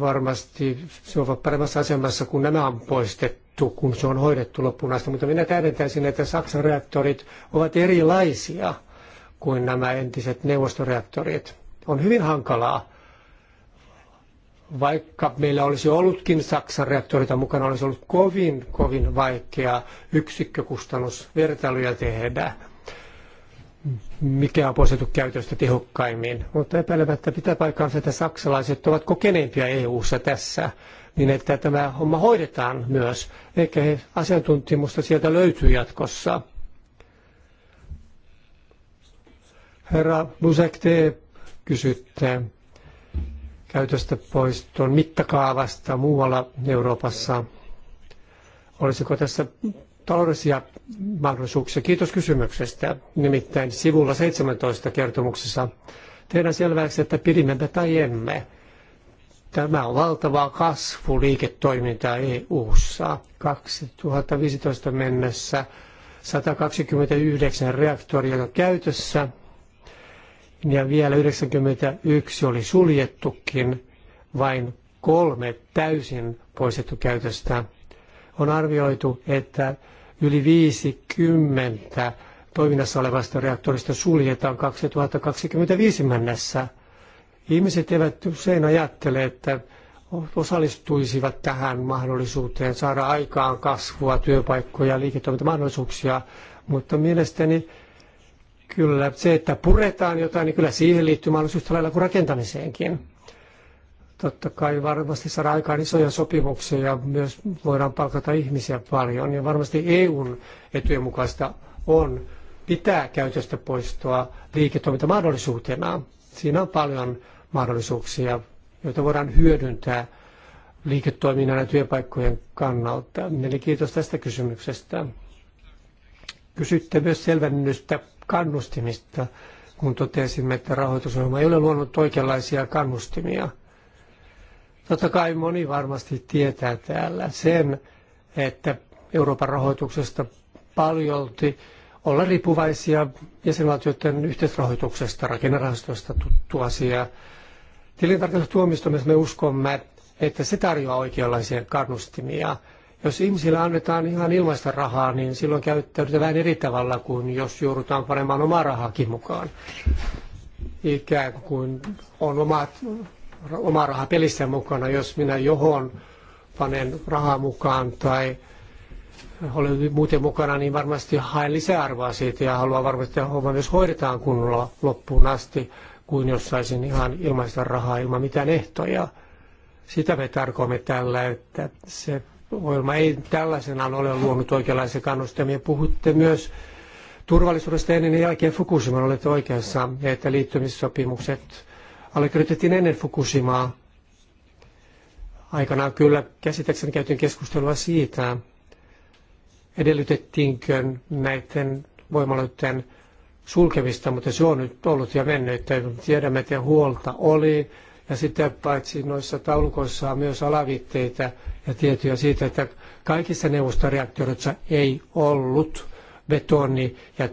varmasti se on paremmassa asemassa, kun nämä on poistettu, kun se on hoidettu loppuun asti. Mutta minä täydentäisin, että Saksan reaktorit ovat erilaisia kuin nämä entiset neuvostoreaktorit. On hyvin hankalaa, vaikka meillä olisi ollutkin Saksan reaktorita mukana, olisi ollut kovin, kovin vaikeaa yksikkökustannusvertailuja tehdä mikä on poistettu käytöstä tehokkaimmin. Mutta epäilemättä pitää paikkaansa, että saksalaiset ovat kokeneempia EU-ssa tässä, niin että tämä homma hoidetaan myös, eikä asiantuntemusta sieltä löytyy jatkossa. Herra Busek, te kysytte käytöstä poiston mittakaavasta muualla Euroopassa. Olisiko tässä taloudellisia mahdollisuuksia. Kiitos kysymyksestä. Nimittäin sivulla 17 kertomuksessa tehdään selväksi, että pidimme tai emme. Tämä on valtavaa kasvuliiketoimintaa EU-ssa. 2015 mennessä 129 reaktoria on käytössä ja vielä 91 oli suljettukin, vain kolme täysin poistettu käytöstä on arvioitu, että yli 50 toiminnassa olevasta reaktorista suljetaan 2025 mennessä. Ihmiset eivät usein ajattele, että osallistuisivat tähän mahdollisuuteen saada aikaan kasvua, työpaikkoja, liiketoimintamahdollisuuksia, mutta mielestäni kyllä se, että puretaan jotain, niin kyllä siihen liittyy mahdollisuus tällä lailla kuin rakentamiseenkin. Totta kai varmasti saada aikaan isoja sopimuksia ja myös voidaan palkata ihmisiä paljon. Ja varmasti EUn etujen mukaista on pitää käytöstä poistoa liiketoimintamahdollisuutena. Siinä on paljon mahdollisuuksia, joita voidaan hyödyntää liiketoiminnan ja työpaikkojen kannalta. Eli kiitos tästä kysymyksestä. Kysytte myös selvennystä kannustimista, kun totesimme, että rahoitusohjelma ei ole luonut oikeanlaisia kannustimia – Totta kai moni varmasti tietää täällä sen, että Euroopan rahoituksesta paljolti olla riippuvaisia jäsenvaltioiden yhteisrahoituksesta, rakennerahastosta tuttu asia. myös me uskomme, että se tarjoaa oikeanlaisia kannustimia. Jos ihmisillä annetaan ihan ilmaista rahaa, niin silloin käyttäydytään vähän eri tavalla kuin jos joudutaan panemaan omaa rahaakin mukaan. Ikään kuin on omat oma raha pelissä mukana, jos minä johon panen rahaa mukaan tai olen muuten mukana, niin varmasti haen lisäarvoa siitä ja haluan varmasti, että homma myös hoidetaan kunnolla loppuun asti, kuin jos saisin ihan ilmaista rahaa ilman mitään ehtoja. Sitä me tarkoimme tällä, että se ohjelma ei tällaisenaan ole luonut oikeanlaisia kannustamia. Puhutte myös turvallisuudesta ennen ja jälkeen Fukushima olette oikeassa, että liittymissopimukset allekirjoitettiin ennen Fukushimaa. Aikanaan kyllä käsitekseni käytiin keskustelua siitä, edellytettiinkö näiden voimaloiden sulkemista, mutta se on nyt ollut ja mennyt. Tiedämme, että huolta oli. Ja sitten paitsi noissa taulukoissa on myös alaviitteitä ja tietoja siitä, että kaikissa neuvostoreaktioissa ei ollut betoni- ja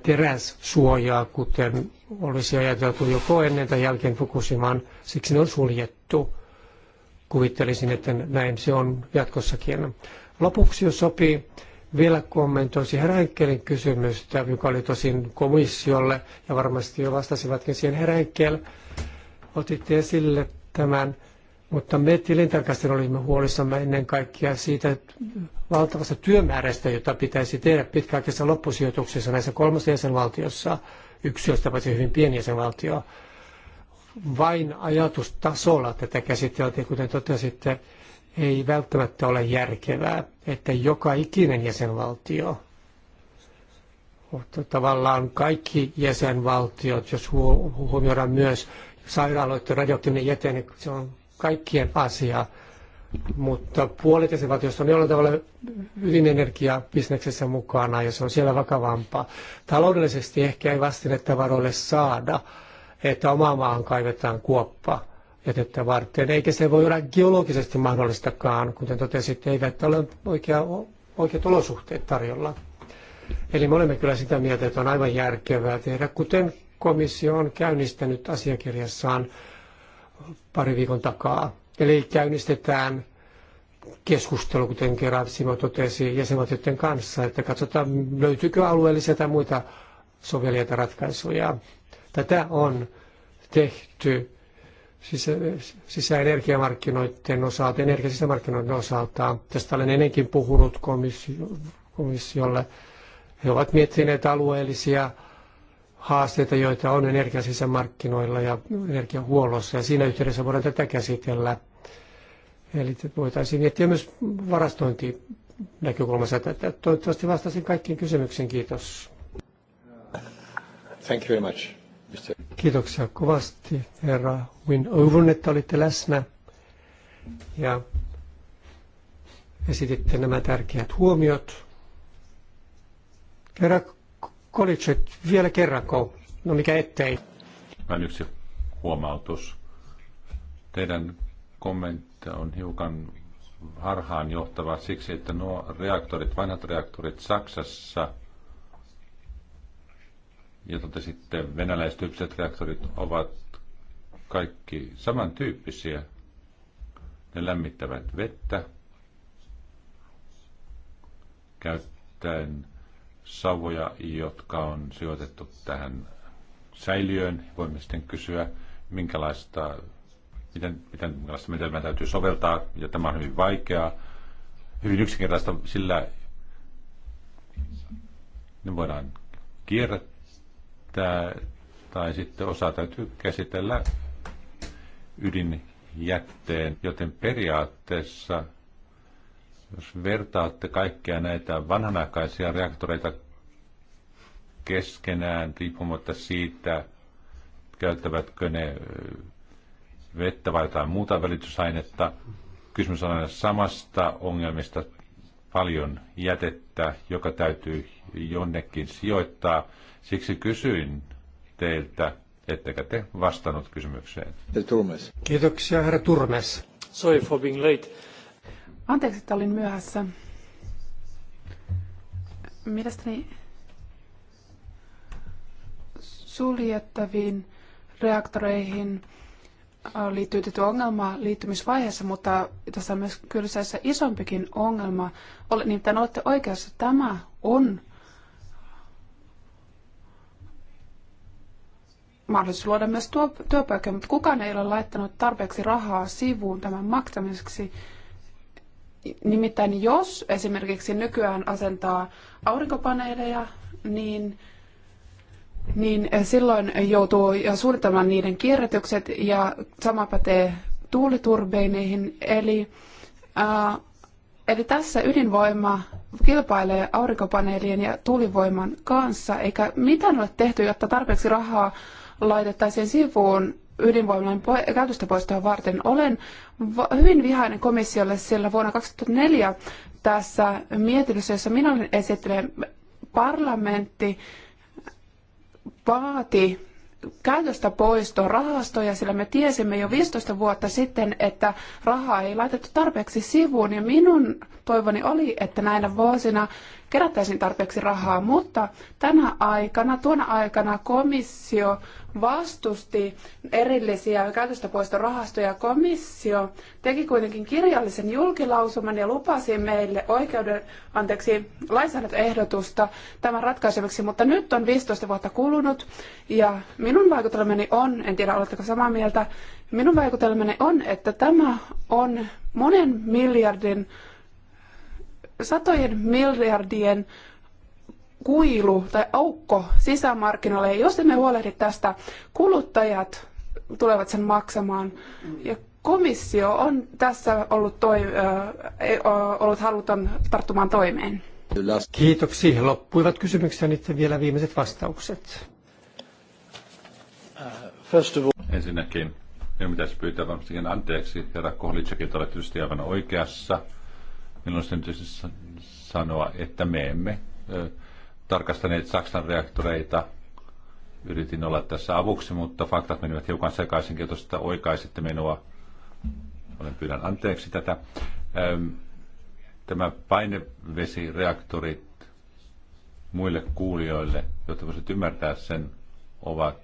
suojaa kuten olisi ajateltu joko ennen tai jälkeen Fukushimaan, siksi ne on suljettu. Kuvittelisin, että näin se on jatkossakin. Lopuksi, jos sopii, vielä kommentoisin Heräikkelin kysymystä, joka oli tosin komissiolle, ja varmasti jo vastasivatkin siihen Heräikkel. Otitte esille tämän, mutta me tilintarkastajat olimme huolissamme ennen kaikkea siitä valtavasta työmäärästä, jota pitäisi tehdä pitkäaikaisessa loppusijoituksessa näissä kolmessa jäsenvaltiossa – yksiöstä, paitsi hyvin pieni jäsenvaltio. Vain ajatustasolla tätä käsiteltiin, kuten totesitte, ei välttämättä ole järkevää, että joka ikinen jäsenvaltio, mutta tavallaan kaikki jäsenvaltiot, jos huomioidaan myös sairaaloiden radioaktiivinen jäte, niin se on kaikkien asia mutta puolet jos on jollain tavalla ydinenergiabisneksessä mukana ja se on siellä vakavampaa. Taloudellisesti ehkä ei vastinetta varoille saada, että oma maahan kaivetaan kuoppa jätettä varten, eikä se voi olla geologisesti mahdollistakaan, kuten totesit, eivät ole oikea, oikeat olosuhteet tarjolla. Eli me olemme kyllä sitä mieltä, että on aivan järkevää tehdä, kuten komissio on käynnistänyt asiakirjassaan pari viikon takaa Eli käynnistetään keskustelu, kuten Keratsimo totesi jäsenvaltioiden kanssa, että katsotaan löytyykö alueellisia tai muita soveliaita ratkaisuja. Tätä on tehty sisä, sisäenergiamarkkinoiden osalta, energiasisämarkkinoiden osalta. Tästä olen ennenkin puhunut komissiolle. He ovat miettineet alueellisia haasteita, joita on energiasisämarkkinoilla ja energiahuollossa, ja siinä yhteydessä voidaan tätä käsitellä. Eli voitaisiin miettiä myös varastointi näkökulmassa. Toivottavasti vastasin kaikkiin kysymyksiin. Kiitos. Thank you very much. Mr. Kiitoksia kovasti, herra Winovan, että olitte läsnä ja esititte nämä tärkeät huomiot. Herra Kolitset, vielä kerran kerranko? No mikä ettei. Vain yksi huomautus. Teidän kommentti että on hiukan harhaan johtava siksi, että nuo reaktorit, vanhat reaktorit Saksassa ja tota sitten venäläistyyppiset reaktorit ovat kaikki samantyyppisiä. Ne lämmittävät vettä käyttäen savoja, jotka on sijoitettu tähän säiliöön. Voimme sitten kysyä, minkälaista miten, miten menetelmää täytyy soveltaa, ja tämä on hyvin vaikeaa. Hyvin yksinkertaista, sillä ne voidaan kierrättää, tai sitten osa täytyy käsitellä ydinjätteen, joten periaatteessa jos vertaatte kaikkia näitä vanhanaikaisia reaktoreita keskenään, riippumatta siitä, käyttävätkö ne vettä vai jotain muuta välitysainetta. Kysymys on aina samasta ongelmista, paljon jätettä, joka täytyy jonnekin sijoittaa. Siksi kysyin teiltä, ettekä te vastannut kysymykseen. Turmes. Kiitoksia, herra Turmes. Sorry for being late. Anteeksi, että olin myöhässä. Mielestäni suljettaviin reaktoreihin Äh, liittyy tietty ongelma liittymisvaiheessa, mutta tässä on myös kyllä isompikin ongelma. Ole, nimittäin olette oikeassa, tämä on mahdollisuus luoda myös työpaikkoja, mutta kukaan ei ole laittanut tarpeeksi rahaa sivuun tämän maksamiseksi. Nimittäin jos esimerkiksi nykyään asentaa aurinkopaneeleja, niin niin eh, silloin joutuu suunnittelemaan niiden kierrätykset ja sama pätee tuuliturbeineihin. Eli, äh, eli tässä ydinvoima kilpailee aurinkopaneelien ja tuulivoiman kanssa, eikä mitään ole tehty, jotta tarpeeksi rahaa laitettaisiin sivuun ydinvoiman käytöstä poistoa varten. Olen hyvin vihainen komissiolle, sillä vuonna 2004 tässä mietinnössä, jossa minä olin esittelen parlamentti, vaati käytöstä poisto rahastoja, sillä me tiesimme jo 15 vuotta sitten, että rahaa ei laitettu tarpeeksi sivuun. Ja minun toivoni oli, että näinä vuosina kerättäisiin tarpeeksi rahaa, mutta tänä aikana, tuona aikana komissio vastusti erillisiä käytöstä poistorahastoja. Komissio teki kuitenkin kirjallisen julkilausuman ja lupasi meille oikeuden, anteeksi, lainsäädäntöehdotusta tämän ratkaisemiseksi, mutta nyt on 15 vuotta kulunut ja minun vaikutelmani on, en tiedä oletteko samaa mieltä, minun vaikutelmani on, että tämä on monen miljardin satojen miljardien kuilu tai aukko sisämarkkinoille. Ja jos emme huolehdi tästä, kuluttajat tulevat sen maksamaan. Ja komissio on tässä ollut, toi, äh, ollut haluton tarttumaan toimeen. Kiitoksia. Loppuivat kysymyksiä nyt vielä viimeiset vastaukset. Ensinnäkin minun pitäisi pyytää varmastikin anteeksi. Herra Kohlitsäkin, olet tietysti aivan oikeassa minun on tietysti sanoa, että me emme tarkastaneet Saksan reaktoreita. Yritin olla tässä avuksi, mutta faktat menivät hiukan sekaisin, jos sitä oikaisitte minua. Olen pyydän anteeksi tätä. Tämä painevesireaktorit muille kuulijoille, jotta voisit ymmärtää sen, ovat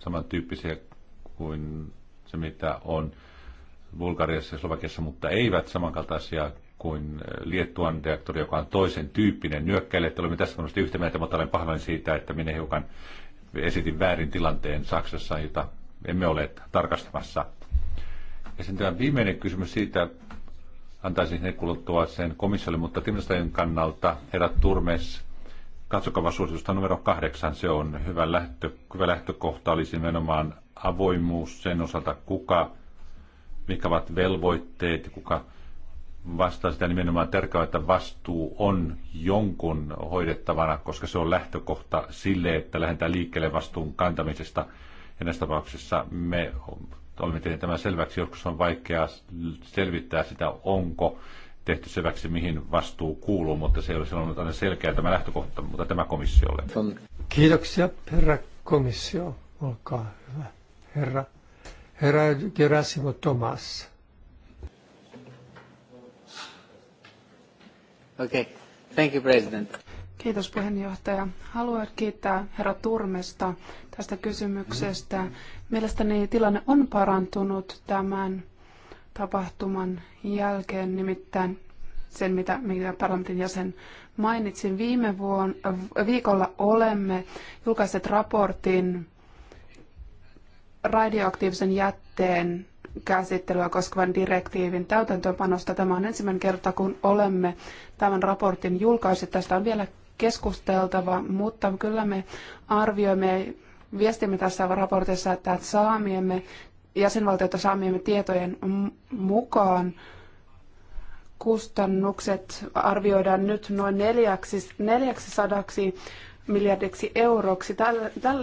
samantyyppisiä kuin se, mitä on Bulgariassa ja Slovakiassa, mutta eivät samankaltaisia kuin eh, Liettuan reaktori, joka on toisen tyyppinen nyökkäille. Että olemme tässä varmasti yhtä mieltä, mutta olen pahoin siitä, että minä hiukan esitin väärin tilanteen Saksassa, jota emme ole tarkastamassa. Ja sen tämä viimeinen kysymys siitä, antaisin ne kuluttua sen komissiolle, mutta Timnastajan kannalta, herra Turmes, katsokava suositusta numero kahdeksan, se on hyvä, lähtö, hyvä lähtökohta, olisi nimenomaan avoimuus sen osalta, kuka mikä ovat velvoitteet ja kuka vastaa sitä nimenomaan tärkeää, että vastuu on jonkun hoidettavana, koska se on lähtökohta sille, että lähdetään liikkeelle vastuun kantamisesta. Ja näissä tapauksissa me olemme tehneet tämän selväksi. Joskus on vaikeaa selvittää sitä, onko tehty selväksi, mihin vastuu kuuluu, mutta se ei ole silloin aina selkeä tämä lähtökohta, mutta tämä komissiolle. Kiitoksia, herra komissio. Olkaa hyvä, herra Herra Gerasimo Tomas. Okay. Thank you, President. Kiitos puheenjohtaja. Haluan kiittää herra Turmesta tästä kysymyksestä. Mielestäni tilanne on parantunut tämän tapahtuman jälkeen, nimittäin sen, mitä, mitä parlamentin jäsen mainitsin. Viime vuon, viikolla olemme julkaiset raportin radioaktiivisen jätteen käsittelyä koskevan direktiivin täytäntöönpanosta. Tämä on ensimmäinen kerta, kun olemme tämän raportin julkaisseet. Tästä on vielä keskusteltava, mutta kyllä me arvioimme, viestimme tässä raportissa, että saamiemme jäsenvaltioita saamiemme tietojen mukaan kustannukset arvioidaan nyt noin 400 miljardiksi euroksi.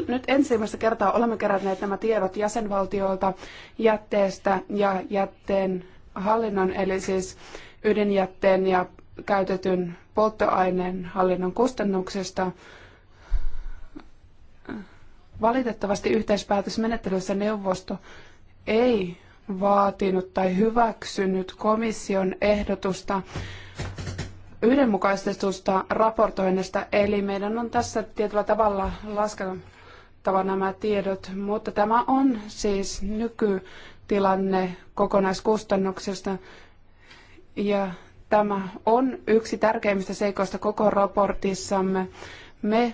nyt ensimmäistä kertaa olemme keränneet nämä tiedot jäsenvaltioilta jätteestä ja jätteen hallinnon, eli siis ydinjätteen ja käytetyn polttoaineen hallinnon kustannuksista. Valitettavasti yhteispäätösmenettelyssä neuvosto ei vaatinut tai hyväksynyt komission ehdotusta yhdenmukaistetusta raportoinnista, eli meidän on tässä tietyllä tavalla laskettava nämä tiedot, mutta tämä on siis nykytilanne kokonaiskustannuksesta ja tämä on yksi tärkeimmistä seikoista koko raportissamme. Me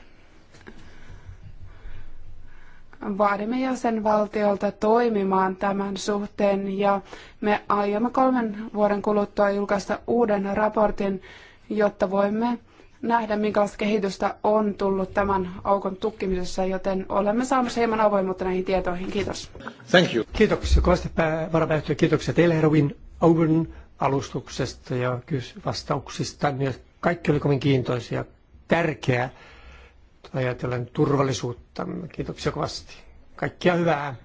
vaadimme jäsenvaltiolta toimimaan tämän suhteen ja me aiomme kolmen vuoden kuluttua julkaista uuden raportin, jotta voimme nähdä, minkälaista kehitystä on tullut tämän aukon tukkimisessa, joten olemme saamassa hieman avoimuutta näihin tietoihin. Kiitos. Thank you. Kiitoksia kovasti varapäällikkö. Kiitoksia teille Erwin Auburn alustuksesta ja vastauksista. Myös kaikki oli kovin kiintoisia. Tärkeää ajatellen turvallisuutta. Kiitoksia kovasti. Kaikkia hyvää.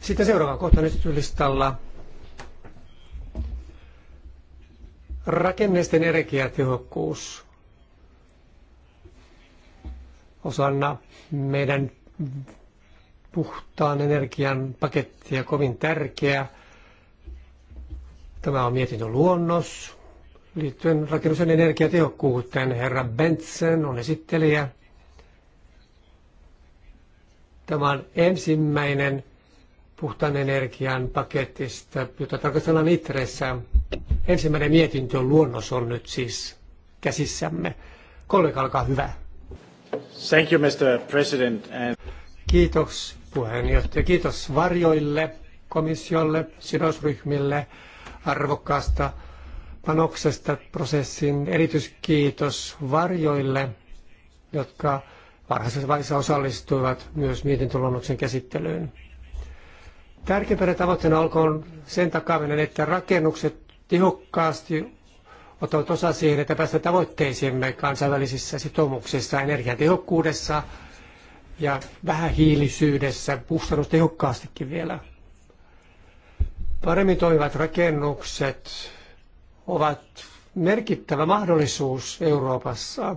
Sitten seuraava kohta nyt listalla. Rakennusten energiatehokkuus osana meidän puhtaan energian pakettia kovin tärkeä. Tämä on mietinnön luonnos liittyen rakennuksen energiatehokkuuteen. Herra Bentsen on esittelijä. Tämä on ensimmäinen puhtaan energian paketista, jota tarkastellaan Itressä Ensimmäinen mietintö luonnos on nyt siis käsissämme. Kollega, olkaa hyvä. Thank you, Mr. President. And... Kiitos puheenjohtaja. Kiitos varjoille, komissiolle, sidosryhmille arvokkaasta panoksesta prosessin. Erityiskiitos varjoille, jotka varhaisessa vaiheessa osallistuivat myös mietintöluonnoksen käsittelyyn. Tärkeimpänä tavoitteena olkoon sen takaminen, että rakennukset tehokkaasti ottavat osaa siihen, että päästä tavoitteisiimme kansainvälisissä sitoumuksissa, energiatehokkuudessa ja vähähiilisyydessä, kustannustehokkaastikin vielä. Paremmin toimivat rakennukset ovat merkittävä mahdollisuus Euroopassa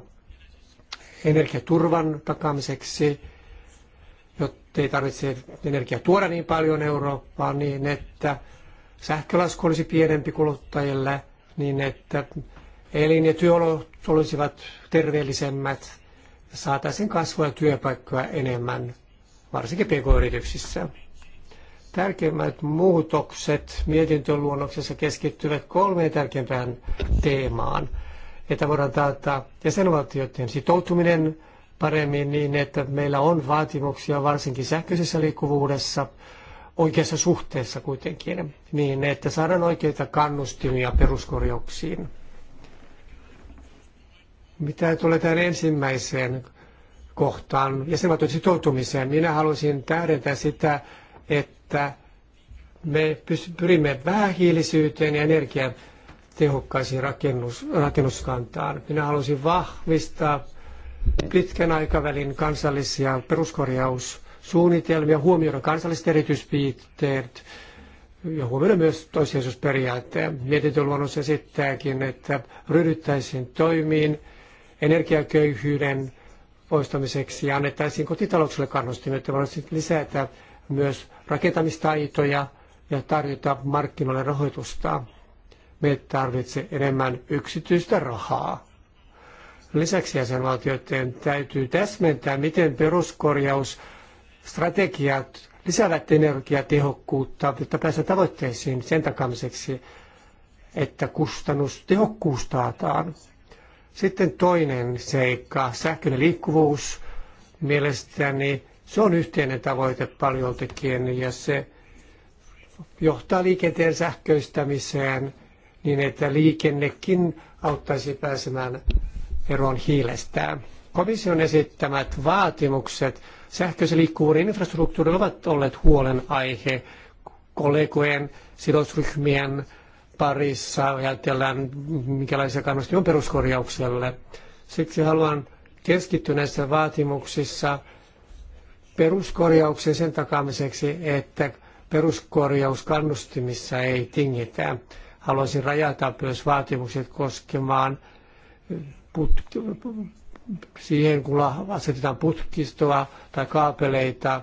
energiaturvan takaamiseksi, jotta ei tarvitse energiaa tuoda niin paljon Eurooppaan niin, että sähkölasku olisi pienempi kuluttajille, niin että elin- ja työolot olisivat terveellisemmät, saataisiin kasvua ja työpaikkoja enemmän, varsinkin pk-yrityksissä. Tärkeimmät muutokset mietintöluonnoksessa keskittyvät kolmeen tärkeimpään teemaan, että voidaan taata jäsenvaltioiden sitoutuminen paremmin niin, että meillä on vaatimuksia varsinkin sähköisessä liikkuvuudessa – oikeassa suhteessa kuitenkin, niin että saadaan oikeita kannustimia peruskorjauksiin. Mitä tulee tähän ensimmäiseen kohtaan jäsenvaltion sitoutumiseen, minä haluaisin tähdentää sitä, että me pyrimme vähähiilisyyteen ja energian tehokkaisiin rakennus, rakennuskantaan. Minä haluaisin vahvistaa pitkän aikavälin kansallisia peruskorjaus- suunnitelmia, huomioida kansalliset erityispiirteet ja huomioida myös toissijaisuusperiaatteen. Mietintöluonnos esittääkin, että ryhdyttäisiin toimiin energiaköyhyyden poistamiseksi ja annettaisiin kotitalouksille kannustimia, että voisi lisätä myös rakentamistaitoja ja tarjota markkinoille rahoitusta. Me tarvitse enemmän yksityistä rahaa. Lisäksi jäsenvaltioiden täytyy täsmentää, miten peruskorjaus strategiat lisäävät energiatehokkuutta, jotta pääsee tavoitteisiin sen takamiseksi, että kustannustehokkuus taataan. Sitten toinen seikka, sähköinen liikkuvuus. Mielestäni se on yhteinen tavoite paljoltikin ja se johtaa liikenteen sähköistämiseen niin, että liikennekin auttaisi pääsemään eroon hiilestään. Komission esittämät vaatimukset Sähköisen liikkuvuuden infrastruktuuri ovat olleet huolenaihe kollegojen, sidosryhmien parissa. Ajatellaan, minkälaisia kannustimia on peruskorjaukselle. Siksi haluan keskittyä näissä vaatimuksissa peruskorjaukseen sen takaamiseksi, että peruskorjauskannustimissa ei tingitä. Haluaisin rajata myös vaatimukset koskemaan siihen, kun asetetaan putkistoa tai kaapeleita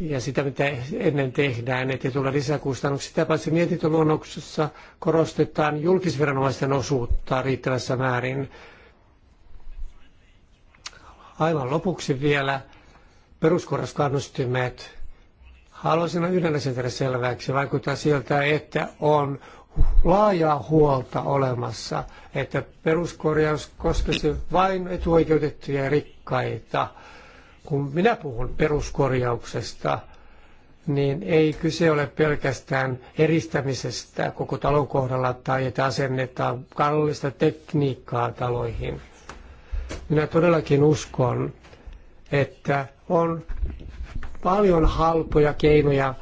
ja sitä, mitä ennen tehdään, ettei tule lisäkustannuksia. Sitä paitsi mietintöluonnoksessa korostetaan julkisviranomaisten osuutta riittävässä määrin. Aivan lopuksi vielä peruskorraskannustimet. Haluaisin yhden asian tehdä selväksi. Vaikuttaa siltä, että on laajaa huolta olemassa, että peruskorjaus koskisi vain etuoikeutettuja ja rikkaita. Kun minä puhun peruskorjauksesta, niin ei kyse ole pelkästään eristämisestä koko talon kohdalla tai että asennetaan kallista tekniikkaa taloihin. Minä todellakin uskon, että on paljon halpoja keinoja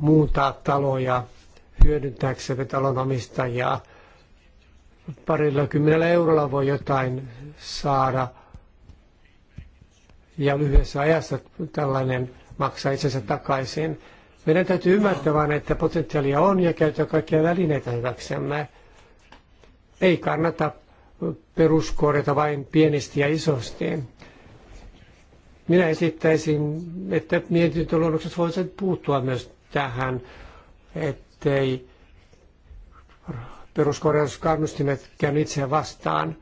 muuntaa taloja hyödyntääksemme talonomistajia. Parilla kymmenellä eurolla voi jotain saada ja lyhyessä ajassa tällainen maksaa itsensä takaisin. Meidän täytyy ymmärtää vain, että potentiaalia on ja käyttää kaikkia välineitä hyväksemme. Ei kannata peruskorjata vain pienesti ja isosti. Minä esittäisin, että mietintöluonnokset voisivat puuttua myös tähän, että ettei peruskorjauskannustimet käynyt itseään vastaan.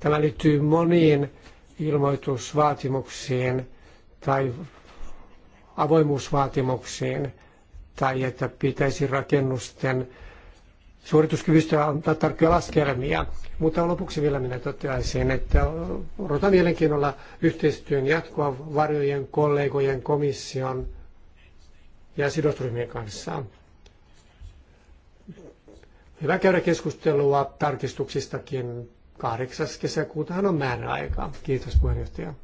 Tämä liittyy moniin ilmoitusvaatimuksiin tai avoimuusvaatimuksiin tai että pitäisi rakennusten suorituskyvystä antaa tarkkoja laskelmia. Mutta lopuksi vielä minä toteaisin, että odotan mielenkiinnolla yhteistyön jatkoa varjojen, kollegojen, komission ja sidosryhmien kanssa hyvä käydä keskustelua tarkistuksistakin. 8. kesäkuutahan on määräaika. Kiitos puheenjohtaja.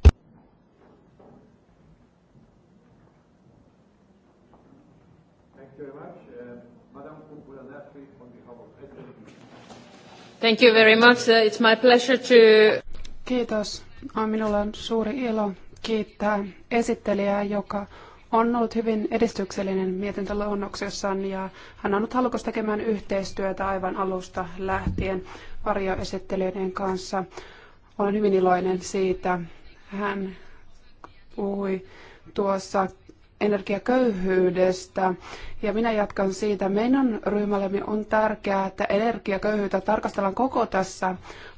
Thank you very much. Uh, uh, it's my pleasure to... Kiitos. Minulla on suuri ilo kiittää esittelijää, joka on ollut hyvin edistyksellinen mietintö ja hän on ollut halukas tekemään yhteistyötä aivan alusta lähtien varjoesittelijöiden kanssa. Olen hyvin iloinen siitä. Hän puhui tuossa energiaköyhyydestä. Ja minä jatkan siitä. Meidän ryhmällemme on tärkeää, että energiaköyhyyttä tarkastellaan koko tässä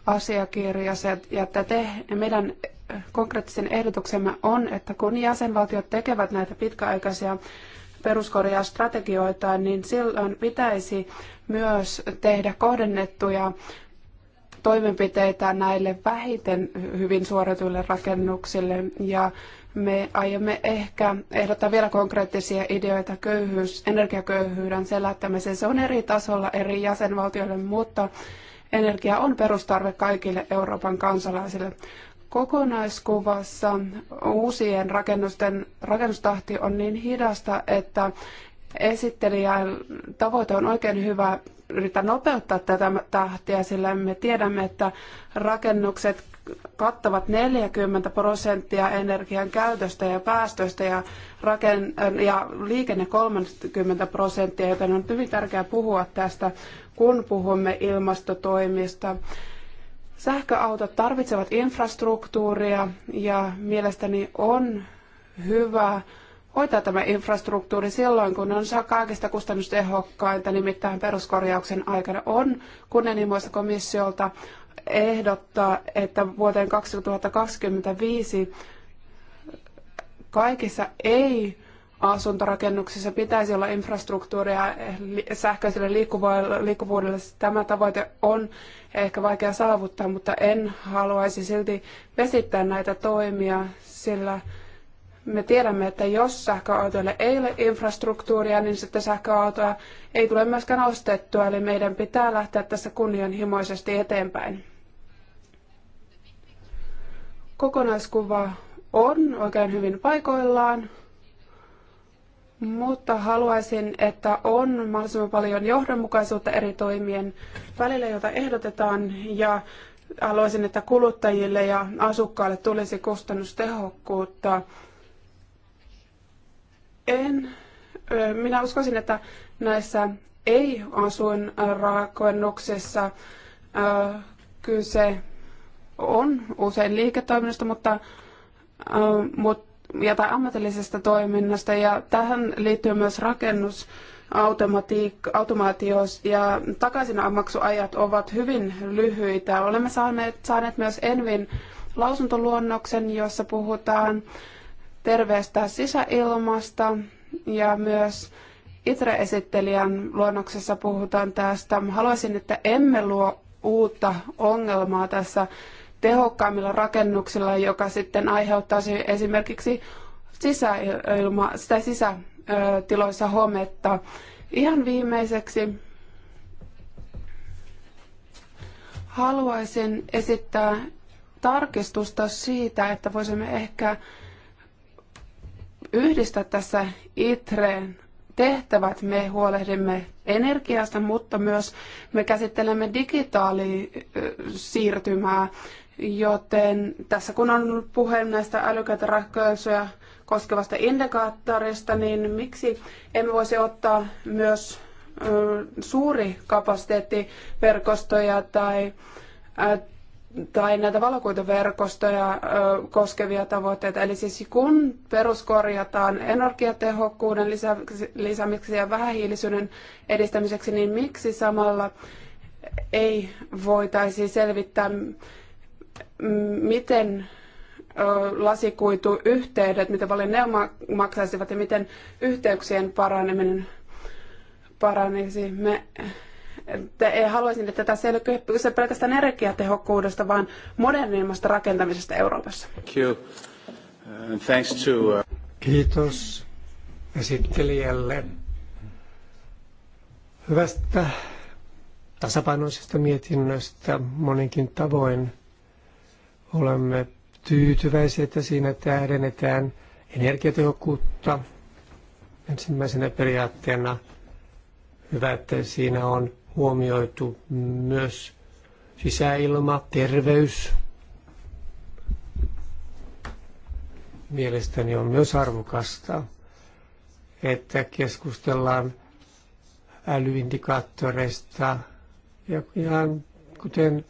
asiakirjassa ja että te, meidän konkreettisen ehdotuksemme on, että kun jäsenvaltiot tekevät näitä pitkäaikaisia peruskorjausstrategioita, niin silloin pitäisi myös tehdä kohdennettuja toimenpiteitä näille vähiten hyvin suorituille rakennuksille. Ja me aiomme ehkä ehdottaa vielä konkreettisia ideoita köyhyys, energiaköyhyyden selättämiseen. Se on eri tasolla eri jäsenvaltioille, mutta energia on perustarve kaikille Euroopan kansalaisille kokonaiskuvassa uusien rakennusten rakennustahti on niin hidasta, että esittelijän tavoite on oikein hyvä yrittää nopeuttaa tätä tahtia, sillä me tiedämme, että rakennukset kattavat 40 prosenttia energian käytöstä ja päästöistä ja, raken- ja liikenne 30 prosenttia, joten on hyvin tärkeää puhua tästä, kun puhumme ilmastotoimista. Sähköautot tarvitsevat infrastruktuuria ja mielestäni on hyvä hoitaa tämä infrastruktuuri silloin, kun on kaikista kustannustehokkainta, nimittäin peruskorjauksen aikana on kunnianhimoista komissiolta ehdottaa, että vuoteen 2025 kaikissa ei asuntorakennuksissa pitäisi olla infrastruktuuria sähköiselle liikkuvuudelle. Tämä tavoite on ehkä vaikea saavuttaa, mutta en haluaisi silti vesittää näitä toimia, sillä me tiedämme, että jos sähköautoille ei ole infrastruktuuria, niin sitten sähköautoa ei tule myöskään ostettua, eli meidän pitää lähteä tässä kunnianhimoisesti eteenpäin. Kokonaiskuva on oikein hyvin paikoillaan mutta haluaisin, että on mahdollisimman paljon johdonmukaisuutta eri toimien välillä, joita ehdotetaan, ja haluaisin, että kuluttajille ja asukkaille tulisi kustannustehokkuutta. En, minä uskoisin, että näissä ei-asuinrakennuksissa kyse on usein liiketoiminnasta, mutta, mutta ja tai ammatillisesta toiminnasta ja tähän liittyy myös rakennus automaatio ja takaisinmaksuajat ovat hyvin lyhyitä. Olemme saaneet, saaneet myös Envin lausuntoluonnoksen, jossa puhutaan terveestä sisäilmasta ja myös ITRE-esittelijän luonnoksessa puhutaan tästä. Haluaisin, että emme luo uutta ongelmaa tässä tehokkaimmilla rakennuksilla, joka sitten aiheuttaisi esimerkiksi sisäilma, sitä sisätiloissa hometta. Ihan viimeiseksi haluaisin esittää tarkistusta siitä, että voisimme ehkä yhdistää tässä ITREen tehtävät. Me huolehdimme energiasta, mutta myös me käsittelemme digitaalisiirtymää Joten tässä kun on puhe näistä älykäitä ratkaisuja koskevasta indikaattorista, niin miksi emme voisi ottaa myös suuri kapasiteettiverkostoja tai, tai näitä valokuituverkostoja koskevia tavoitteita. Eli siis kun peruskorjataan energiatehokkuuden lisäämiseksi ja vähähiilisyyden edistämiseksi, niin miksi samalla ei voitaisi selvittää miten lasikuituyhteydet, miten paljon ne maksaisivat ja miten yhteyksien paraneminen paranisi. Me, te, haluaisin, että tässä ei ole kyse pelkästään energiatehokkuudesta, vaan modernimmasta rakentamisesta Euroopassa. Uh, uh, Kiitos esittelijälle hyvästä tasapainoisesta mietinnöstä moninkin tavoin. Olemme tyytyväisiä, että siinä tähdennetään energiatehokkuutta ensimmäisenä periaatteena. Hyvä, että siinä on huomioitu myös sisäilma, terveys. Mielestäni on myös arvokasta, että keskustellaan älyindikaattoreista ja ihan kuten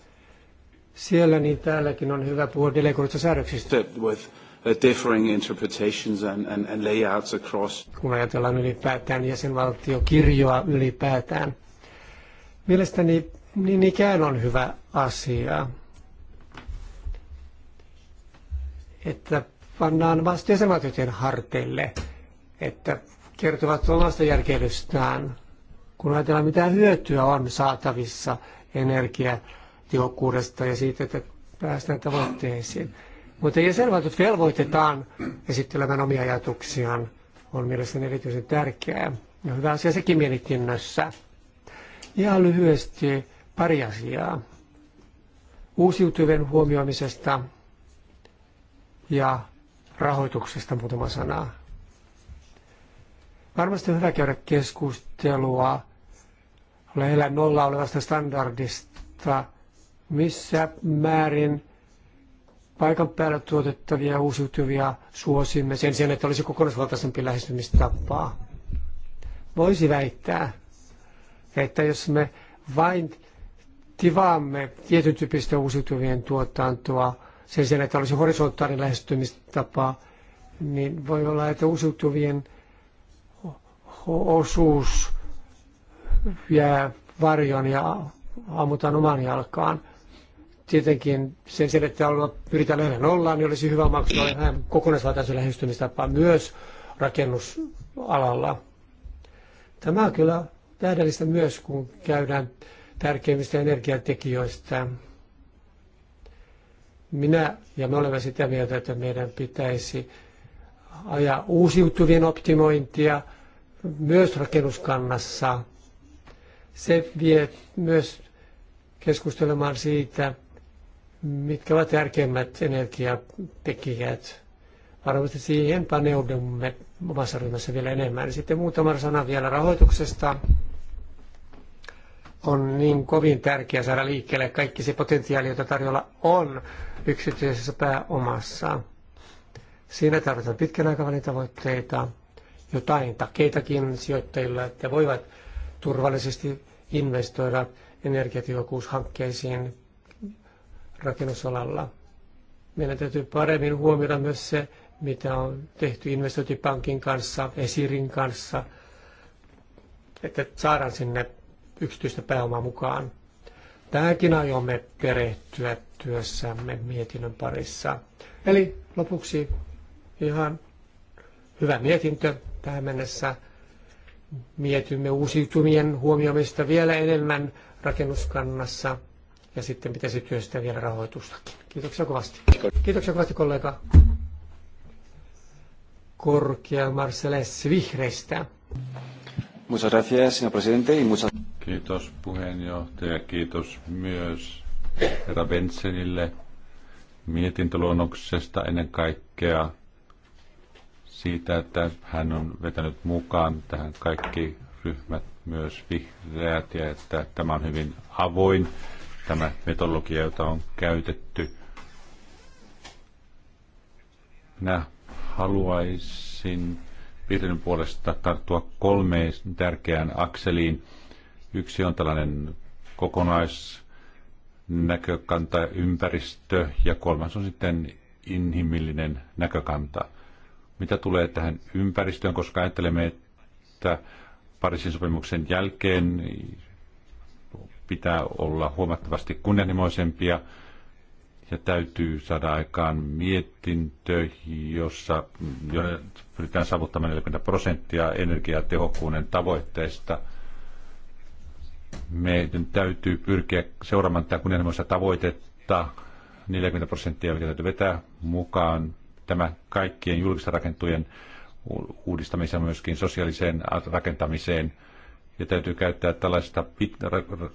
siellä, niin täälläkin on hyvä puhua delegoidusta säädöksistä. With uh, differing interpretations and, and, and layouts across. Kun ajatellaan ylipäätään jäsenvaltiokirjoa ylipäätään. Mielestäni niin ikään on hyvä asia, että pannaan vasta jäsenvaltioiden harteille, että kertovat omasta järkeilystään, kun ajatellaan mitä hyötyä on saatavissa energia tehokkuudesta ja siitä, että päästään tavoitteisiin. Mutta jäsenvaltiot velvoitetaan esittelemään omia ajatuksiaan on mielestäni erityisen tärkeää ja hyvä asia sekin mietinnössä. Ihan lyhyesti pari asiaa. Uusiutuvien huomioimisesta ja rahoituksesta muutama sana. Varmasti on hyvä käydä keskustelua lähellä nolla olevasta standardista – missä määrin paikan päällä tuotettavia uusiutuvia suosimme sen sijaan, että olisi kokonaisvaltaisempi lähestymistapaa. Voisi väittää, että jos me vain tivaamme tietyn tyyppistä uusiutuvien tuotantoa sen sijaan, että olisi horisontaalinen lähestymistapa, niin voi olla, että uusiutuvien osuus jää varjon ja ammutaan oman jalkaan. Tietenkin sen sijaan, että alue pyritään lähellä nollaan, niin olisi hyvä maksua vähän kokonaisvaltaisen lähestymistapa myös rakennusalalla. Tämä on kyllä tähdellistä myös, kun käydään tärkeimmistä energiatekijöistä. Minä ja me olemme sitä mieltä, että meidän pitäisi ajaa uusiutuvien optimointia myös rakennuskannassa. Se vie myös keskustelemaan siitä, mitkä ovat tärkeimmät energiatekijät. Varmasti siihen paneudumme omassa ryhmässä vielä enemmän. Sitten muutama sana vielä rahoituksesta. On niin kovin tärkeää saada liikkeelle kaikki se potentiaali, jota tarjolla on yksityisessä pääomassa. Siinä tarvitaan pitkän aikavälin tavoitteita, jotain takeitakin sijoittajille, että voivat turvallisesti investoida energiatehokkuushankkeisiin, rakennusalalla. Meidän täytyy paremmin huomioida myös se, mitä on tehty investointipankin kanssa, Esirin kanssa, että saadaan sinne yksityistä pääomaa mukaan. Tähänkin aiomme perehtyä työssämme mietinnön parissa. Eli lopuksi ihan hyvä mietintö tähän mennessä. Mietimme uusiutumien huomioimista vielä enemmän rakennuskannassa – ja sitten pitäisi työstää vielä rahoitustakin. Kiitoksia kovasti. Kiitoksia kovasti kollega Korkea Marceles Vihreistä. Muchas gracias, señor presidente, y muchas... Kiitos puheenjohtaja, kiitos myös herra Bensenille mietintöluonnoksesta ennen kaikkea siitä, että hän on vetänyt mukaan tähän kaikki ryhmät, myös vihreät, ja että tämä on hyvin avoin tämä metodologia, jota on käytetty. Minä haluaisin piirin puolesta tarttua kolmeen tärkeään akseliin. Yksi on tällainen kokonaisnäkökanta, ympäristö ja kolmas on sitten inhimillinen näkökanta. Mitä tulee tähän ympäristöön, koska ajattelemme, että Pariisin sopimuksen jälkeen pitää olla huomattavasti kunnianhimoisempia ja täytyy saada aikaan mietintö, jossa pyritään saavuttamaan 40 prosenttia energiatehokkuuden tavoitteista. Meidän täytyy pyrkiä seuraamaan tätä kunnianhimoista tavoitetta 40 prosenttia, eli täytyy vetää mukaan tämä kaikkien julkisten rakentujen uudistamiseen, myöskin sosiaaliseen rakentamiseen – ja täytyy käyttää tällaista pit,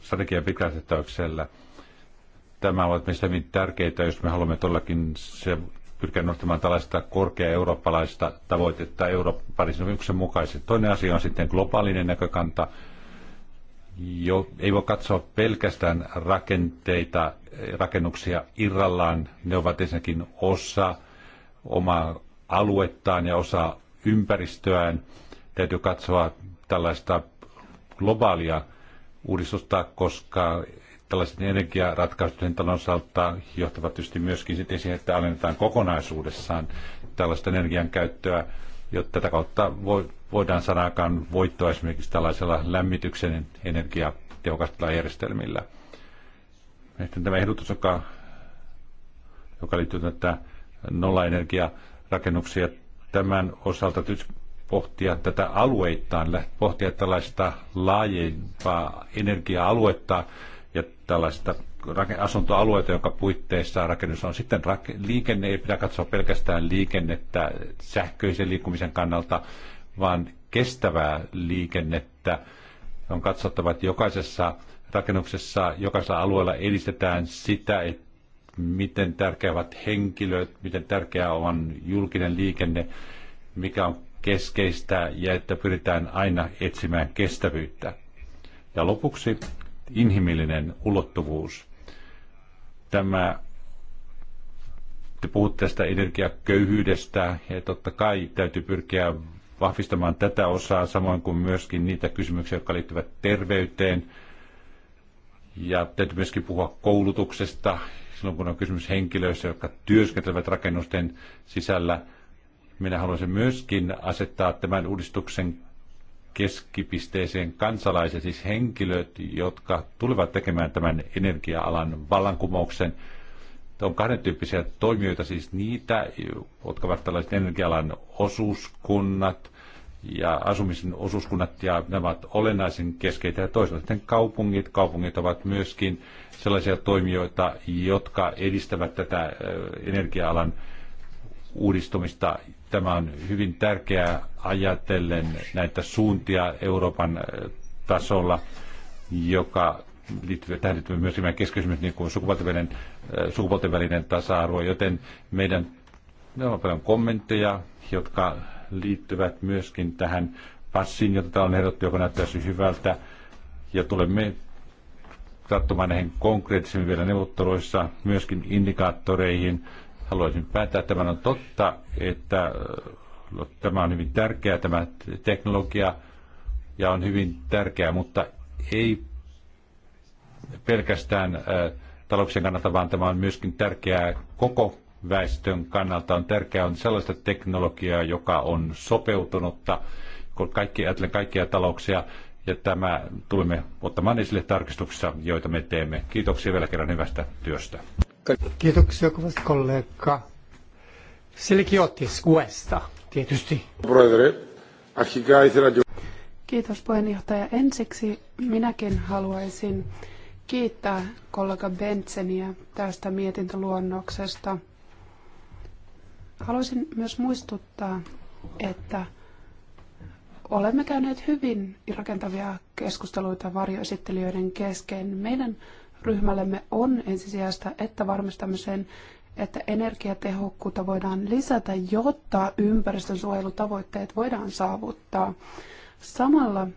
strategian pitkällä Tämä on meistä hyvin tärkeitä, jos me haluamme todellakin se, pyrkiä nostamaan tällaista korkea eurooppalaista tavoitetta Euroopan sopimuksen mukaisesti. Toinen asia on sitten globaalinen näkökanta. Jo, ei voi katsoa pelkästään rakenteita, rakennuksia irrallaan. Ne ovat ensinnäkin osa omaa aluettaan ja osa ympäristöään. Täytyy katsoa tällaista globaalia uudistusta, koska tällaiset energiaratkaisut hintalon osalta johtavat tietysti myöskin sitten siihen, että alennetaan kokonaisuudessaan tällaista energian käyttöä, jotta tätä kautta voi, voidaan saada aikaan voittoa esimerkiksi tällaisella lämmityksen energiatehokastilla järjestelmillä. Sitten tämä ehdotus, joka, joka liittyy tätä nollaenergiarakennuksia, tämän osalta tietysti pohtia tätä alueittain, pohtia tällaista laajempaa energia-aluetta ja tällaista asuntoalueita, jonka puitteissa rakennus on. Sitten liikenne ei pidä katsoa pelkästään liikennettä sähköisen liikkumisen kannalta, vaan kestävää liikennettä. On katsottava, että jokaisessa rakennuksessa, jokaisella alueella edistetään sitä, että miten tärkeä ovat henkilöt, miten tärkeää on julkinen liikenne, mikä on keskeistä ja että pyritään aina etsimään kestävyyttä. Ja lopuksi inhimillinen ulottuvuus. Tämä, te puhutte tästä energiaköyhyydestä ja totta kai täytyy pyrkiä vahvistamaan tätä osaa, samoin kuin myöskin niitä kysymyksiä, jotka liittyvät terveyteen. Ja täytyy myöskin puhua koulutuksesta, silloin kun on kysymys henkilöistä, jotka työskentelevät rakennusten sisällä. Minä haluaisin myöskin asettaa tämän uudistuksen keskipisteeseen kansalaiset, siis henkilöt, jotka tulevat tekemään tämän energia-alan vallankumouksen. On kahden tyyppisiä toimijoita, siis niitä, jotka ovat tällaiset energia-alan osuuskunnat ja asumisen osuuskunnat, ja nämä ovat olennaisen keskeitä. Ja toisaalta sitten kaupungit. Kaupungit ovat myöskin sellaisia toimijoita, jotka edistävät tätä energia-alan uudistumista Tämä on hyvin tärkeää ajatellen näitä suuntia Euroopan äh, tasolla, joka liittyy tähän liittyy myös nämä keskeiset niin kuin sukupuolten välinen, äh, sukupuolten välinen tasa-arvo, joten meidän on paljon kommentteja, jotka liittyvät myöskin tähän passiin, jota täällä on ehdottu, joka näyttäisi hyvältä, ja tulemme katsomaan näihin konkreettisemmin vielä neuvotteluissa, myöskin indikaattoreihin, haluaisin päättää, että tämän on totta, että äh, tämä on hyvin tärkeä tämä teknologia ja on hyvin tärkeää, mutta ei pelkästään äh, talouksien kannalta, vaan tämä on myöskin tärkeää koko väestön kannalta. On tärkeää on sellaista teknologiaa, joka on sopeutunutta, kun kaikki ajatellen kaikkia talouksia, ja tämä tulemme ottamaan esille tarkistuksissa, joita me teemme. Kiitoksia vielä kerran hyvästä työstä. Kiitoksia kovasti kollega. Silikiotis Kuesta, tietysti. Kiitos puheenjohtaja. Ensiksi minäkin haluaisin kiittää kollega Bentseniä tästä mietintöluonnoksesta. Haluaisin myös muistuttaa, että olemme käyneet hyvin rakentavia keskusteluita varjoesittelijöiden kesken. Meidän ryhmällemme on ensisijaista, että varmistamme sen, että energiatehokkuutta voidaan lisätä, jotta ympäristönsuojelutavoitteet voidaan saavuttaa. Samalla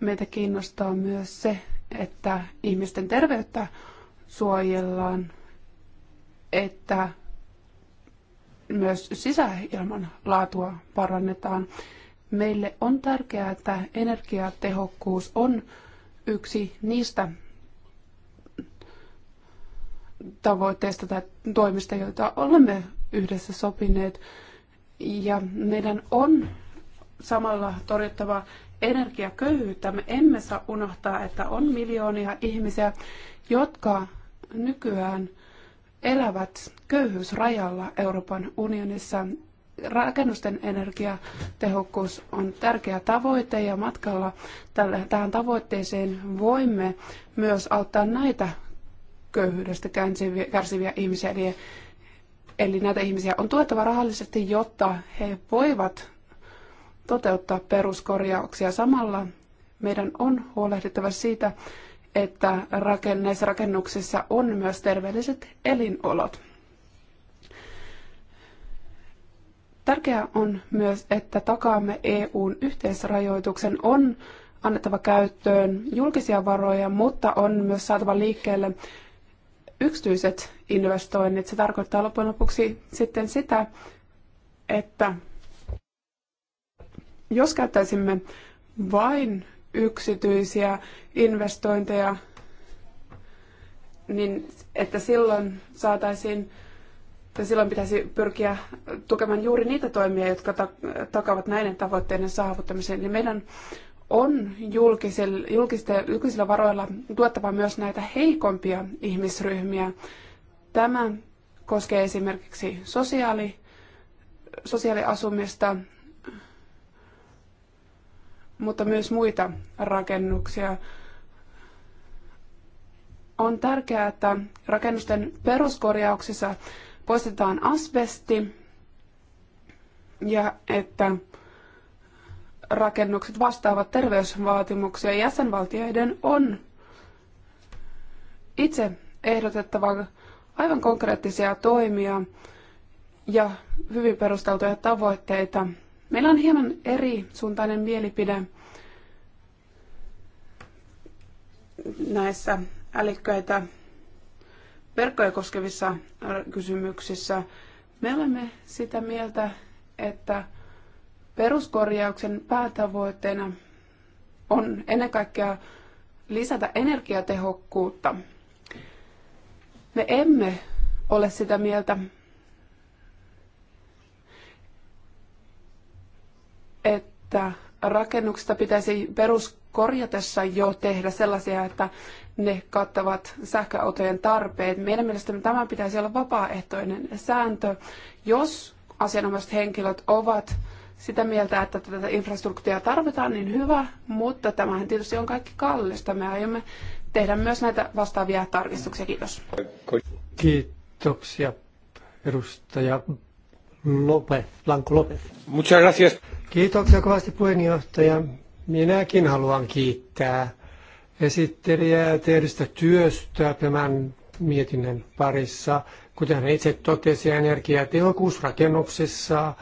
meitä kiinnostaa myös se, että ihmisten terveyttä suojellaan, että myös sisäilman laatua parannetaan. Meille on tärkeää, että energiatehokkuus on yksi niistä tavoitteista tai toimista, joita olemme yhdessä sopineet. Ja meidän on samalla torjuttava energiaköyhyyttä. Me emme saa unohtaa, että on miljoonia ihmisiä, jotka nykyään elävät köyhyysrajalla Euroopan unionissa rakennusten energiatehokkuus on tärkeä tavoite ja matkalla tähän tavoitteeseen voimme myös auttaa näitä köyhyydestä kärsiviä, ihmisiä. Eli, eli näitä ihmisiä on tuettava rahallisesti, jotta he voivat toteuttaa peruskorjauksia. Samalla meidän on huolehdittava siitä, että näissä rakennuksissa on myös terveelliset elinolot. Tärkeää on myös, että takaamme EUn yhteisrajoituksen. On annettava käyttöön julkisia varoja, mutta on myös saatava liikkeelle yksityiset investoinnit. Se tarkoittaa loppujen lopuksi sitten sitä, että jos käyttäisimme vain yksityisiä investointeja, niin että silloin saataisiin tai silloin pitäisi pyrkiä tukemaan juuri niitä toimia, jotka takavat näiden tavoitteiden saavuttamisen. Eli meidän on julkisilla, julkisilla varoilla tuettava myös näitä heikompia ihmisryhmiä. Tämä koskee esimerkiksi sosiaali, sosiaaliasumista, mutta myös muita rakennuksia. On tärkeää, että rakennusten peruskorjauksissa poistetaan asbesti ja että rakennukset vastaavat terveysvaatimuksia. Jäsenvaltioiden on itse ehdotettava aivan konkreettisia toimia ja hyvin perusteltuja tavoitteita. Meillä on hieman eri suuntainen mielipide näissä älykköitä verkkoja koskevissa kysymyksissä. Me olemme sitä mieltä, että peruskorjauksen päätavoitteena on ennen kaikkea lisätä energiatehokkuutta. Me emme ole sitä mieltä, että rakennuksista pitäisi peruskorjatessa jo tehdä sellaisia, että ne kattavat sähköautojen tarpeet. Meidän mielestämme tämän pitäisi olla vapaaehtoinen sääntö, jos asianomaiset henkilöt ovat sitä mieltä, että tätä infrastruktuuria tarvitaan, niin hyvä, mutta tämähän tietysti on kaikki kallista. Me aiomme tehdä myös näitä vastaavia tarkistuksia. Kiitos. Kiitoksia edustaja Lope, Lanko Lope. Muchas gracias. Kiitoksia kovasti puheenjohtaja. Minäkin haluan kiittää esittelijää tehdystä työstä tämän mietinnön parissa. Kuten hän itse totesi, energiatehokkuus rakennuksissa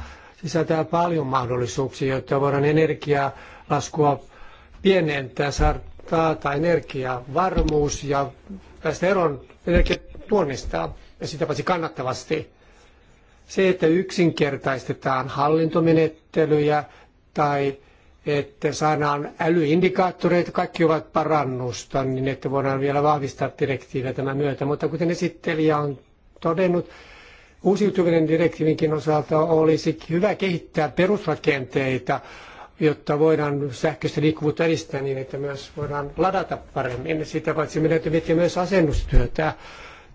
sisältää paljon mahdollisuuksia, jotta voidaan energialaskua pienentää, saada energiavarmuus ja päästä eroon energiatuonnista ja sitä paitsi kannattavasti. Se, että yksinkertaistetaan hallintomenettelyjä tai että saadaan älyindikaattoreita, kaikki ovat parannusta, niin että voidaan vielä vahvistaa direktiiviä tämän myötä. Mutta kuten esittelijä on todennut, uusiutuvien direktiivinkin osalta olisi hyvä kehittää perusrakenteita, jotta voidaan sähköistä liikkuvuutta edistää niin, että myös voidaan ladata paremmin. Sitä paitsi meidän täytyy miettiä myös asennustyötä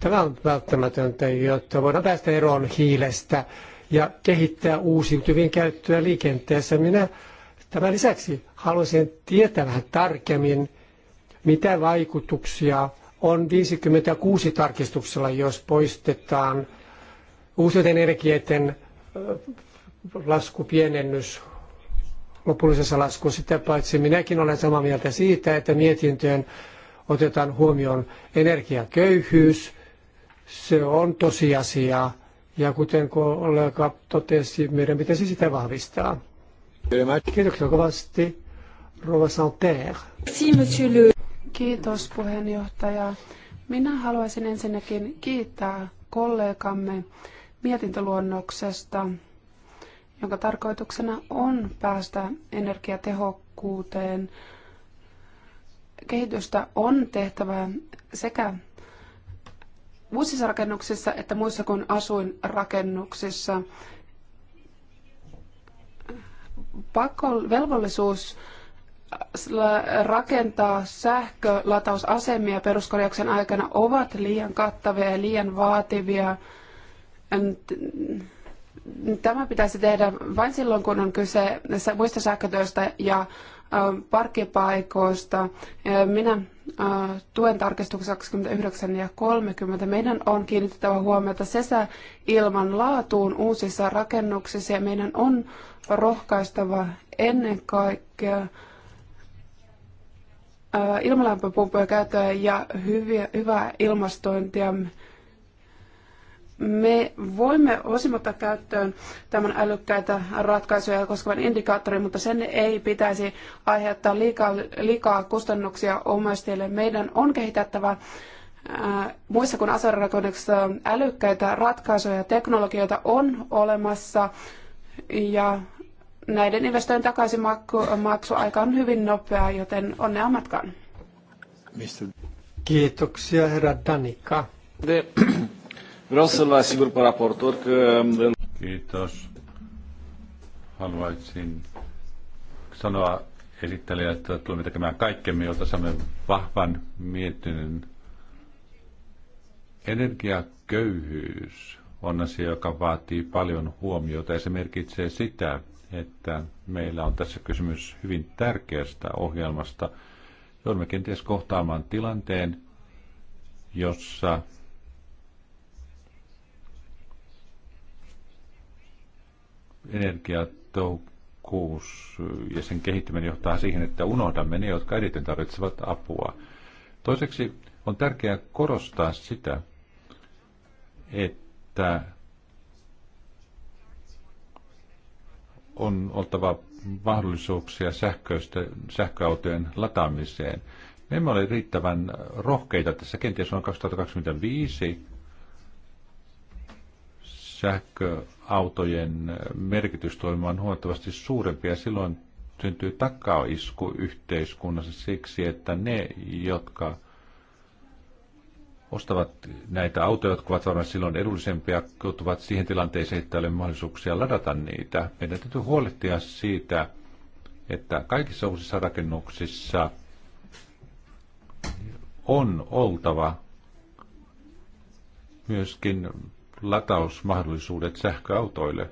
Tämä on välttämätöntä, jotta voidaan päästä eroon hiilestä ja kehittää uusiutuvien käyttöä liikenteessä. Minä tämän lisäksi haluaisin tietää vähän tarkemmin, mitä vaikutuksia on 56 tarkistuksella, jos poistetaan uusiutuvien energioiden laskupienennys lopullisessa laskussa. Sitä paitsi minäkin olen samaa mieltä siitä, että mietintöön otetaan huomioon energiaköyhyys se on tosiasia. Ja kuten kollega totesi, meidän pitäisi sitä vahvistaa. Kiitoksia kovasti. Rova Santerre. Kiitos puheenjohtaja. Minä haluaisin ensinnäkin kiittää kollegamme mietintöluonnoksesta, jonka tarkoituksena on päästä energiatehokkuuteen. Kehitystä on tehtävä sekä uusissa rakennuksissa että muissa kuin asuinrakennuksissa. Pakko, velvollisuus äh, rakentaa sähkölatausasemia peruskorjauksen aikana ovat liian kattavia ja liian vaativia. Tämä pitäisi tehdä vain silloin, kun on kyse muista sähkötöistä ja äh, parkkipaikoista. Minä tuen tarkistukset 29 ja 30 meidän on kiinnitettävä huomiota sisäilman laatuun uusissa rakennuksissa ja meidän on rohkaistava ennen kaikkea ilmalämpöpumpuja käyttöä ja hyviä, hyvää ilmastointia me voimme osin ottaa käyttöön tämän älykkäitä ratkaisuja koskevan indikaattorin, mutta sen ei pitäisi aiheuttaa liikaa, liikaa kustannuksia omistajille. Meidän on kehitettävä muissa kuin aserakennuksissa älykkäitä ratkaisuja ja teknologioita on olemassa ja näiden investointien takaisinmaksuaika on hyvin nopea, joten onnea matkaan. Kiitoksia herra Danika. Vreau să-l asigur pe raportor că... Um, Kiitos. Haluaisin sanoa esittelijä, että tulemme tekemään kaikkemme, jotta saamme vahvan mietinnön. Energiaköyhyys on asia, joka vaatii paljon huomiota ja se merkitsee sitä, että meillä on tässä kysymys hyvin tärkeästä ohjelmasta. Joudumme kenties kohtaamaan tilanteen, jossa energiatoukkuus ja sen kehittyminen johtaa siihen, että unohdamme ne, jotka eniten tarvitsevat apua. Toiseksi on tärkeää korostaa sitä, että on oltava mahdollisuuksia sähköistä, sähköautojen lataamiseen. Me emme ole riittävän rohkeita tässä. Kenties on 2025 sähkö autojen merkitys toimimaan huomattavasti suurempi ja silloin syntyy takaisku yhteiskunnassa siksi, että ne, jotka ostavat näitä autoja, jotka ovat varmaan silloin edullisempia, joutuvat siihen tilanteeseen, että ei ole mahdollisuuksia ladata niitä. Meidän täytyy huolehtia siitä, että kaikissa uusissa rakennuksissa on oltava myöskin latausmahdollisuudet sähköautoille.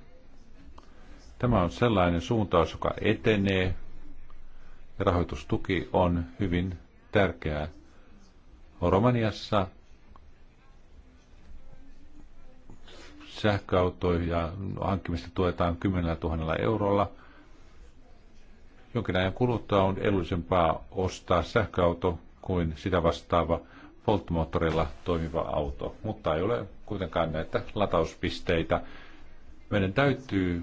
Tämä on sellainen suuntaus, joka etenee ja rahoitustuki on hyvin tärkeää. Romaniassa sähköautoja hankkimista tuetaan 10 000 eurolla. Jonkin ajan kuluttua on edullisempaa ostaa sähköauto kuin sitä vastaava – polttomoottorilla toimiva auto, mutta ei ole kuitenkaan näitä latauspisteitä. Meidän täytyy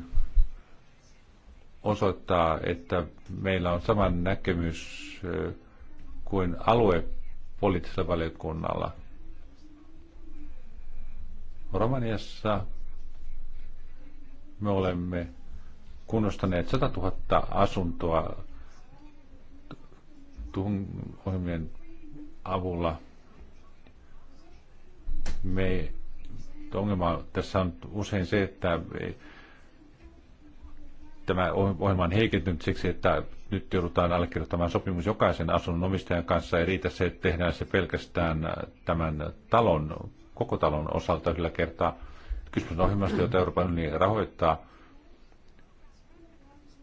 osoittaa, että meillä on sama näkemys kuin aluepoliittisella valiokunnalla. Romaniassa me olemme kunnostaneet 100 000 asuntoa ohjelmien avulla – me, ongelma tässä on usein se, että tämä ohjelma on heikentynyt siksi, että nyt joudutaan allekirjoittamaan sopimus jokaisen asunnon omistajan kanssa. Ei riitä se, että tehdään se pelkästään tämän talon, koko talon osalta yhdellä kertaa. Kysymys on ohjelmasta, jota Euroopan unioni rahoittaa.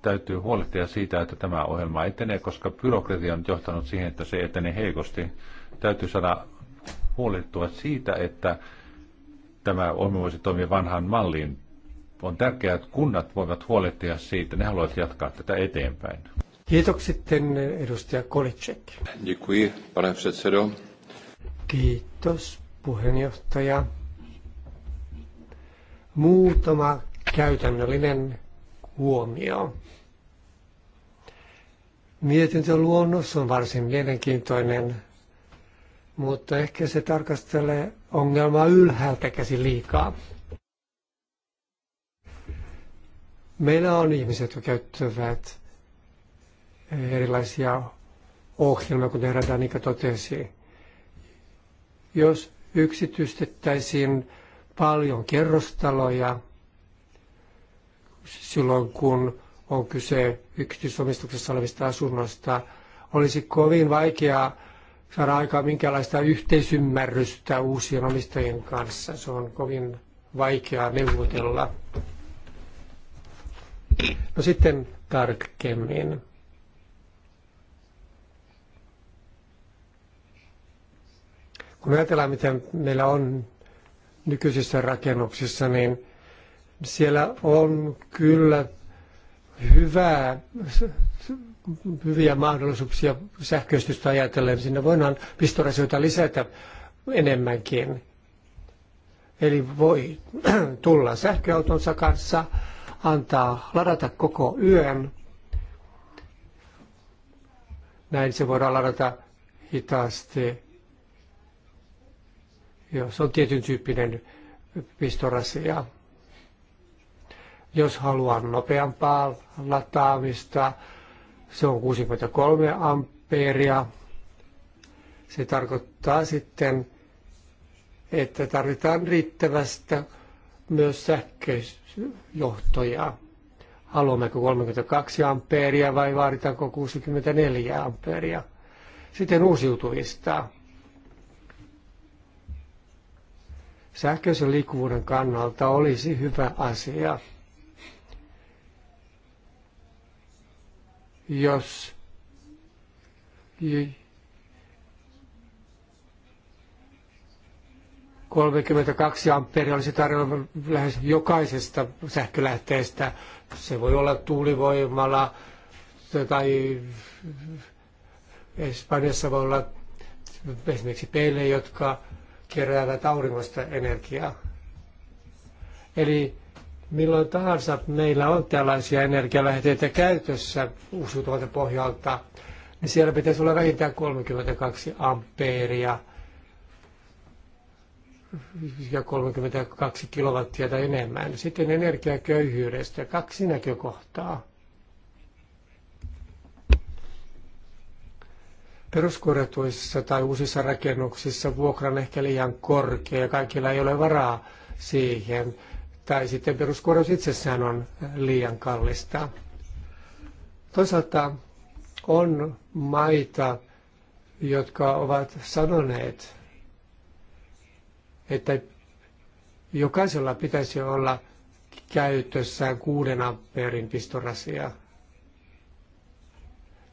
Täytyy huolehtia siitä, että tämä ohjelma etenee, koska byrokratia on johtanut siihen, että se etenee heikosti. Täytyy saada huolehtua siitä, että tämä ohjelma voisi toimia vanhaan malliin. On tärkeää, että kunnat voivat huolehtia siitä, ne haluavat jatkaa tätä eteenpäin. Kiitos sitten edustaja Kolicek. Děkuji, pane předsedo. Kiitos puheenjohtaja. Muutama käytännöllinen huomio. Mietintöluonnos on varsin mielenkiintoinen mutta ehkä se tarkastelee ongelmaa ylhäältä käsin liikaa. Meillä on ihmiset, jotka käyttävät erilaisia ohjelmia, kuten herra Danika totesi. Jos yksityistettäisiin paljon kerrostaloja, silloin kun on kyse yksityisomistuksessa olevista asunnoista, olisi kovin vaikeaa saada aikaan minkäänlaista yhteisymmärrystä uusien omistajien kanssa. Se on kovin vaikeaa neuvotella. No sitten tarkemmin. Kun ajatellaan, miten meillä on nykyisissä rakennuksissa, niin siellä on kyllä hyvää hyviä mahdollisuuksia sähköistystä ajatellen. Sinne voidaan pistorasioita lisätä enemmänkin. Eli voi tulla sähköautonsa kanssa, antaa ladata koko yön. Näin se voidaan ladata hitaasti. Jos on tietyn tyyppinen pistorasia. Jos haluan nopeampaa lataamista, se on 63 ampeeria. Se tarkoittaa sitten, että tarvitaan riittävästä myös sähköjohtoja. Haluammeko 32 ampeeria vai vaaditaanko 64 ampeeria? Sitten uusiutuvista. Sähköisen liikkuvuuden kannalta olisi hyvä asia, jos 32 amperia olisi tarjolla lähes jokaisesta sähkölähteestä. Se voi olla tuulivoimala tai Espanjassa voi olla esimerkiksi peille, jotka keräävät auringosta energiaa. Eli Milloin tahansa meillä on tällaisia energialähteitä käytössä uusiutuvalta pohjalta, niin siellä pitäisi olla vähintään 32 ampeeria ja 32 kilowattia tai enemmän. Sitten energiaköyhyydestä kaksi näkökohtaa. Peruskorjatuissa tai uusissa rakennuksissa vuokra on ehkä liian korkea ja kaikilla ei ole varaa siihen tai sitten peruskorjaus itsessään on liian kallista. Toisaalta on maita, jotka ovat sanoneet, että jokaisella pitäisi olla käytössään kuuden ampeerin pistorasia.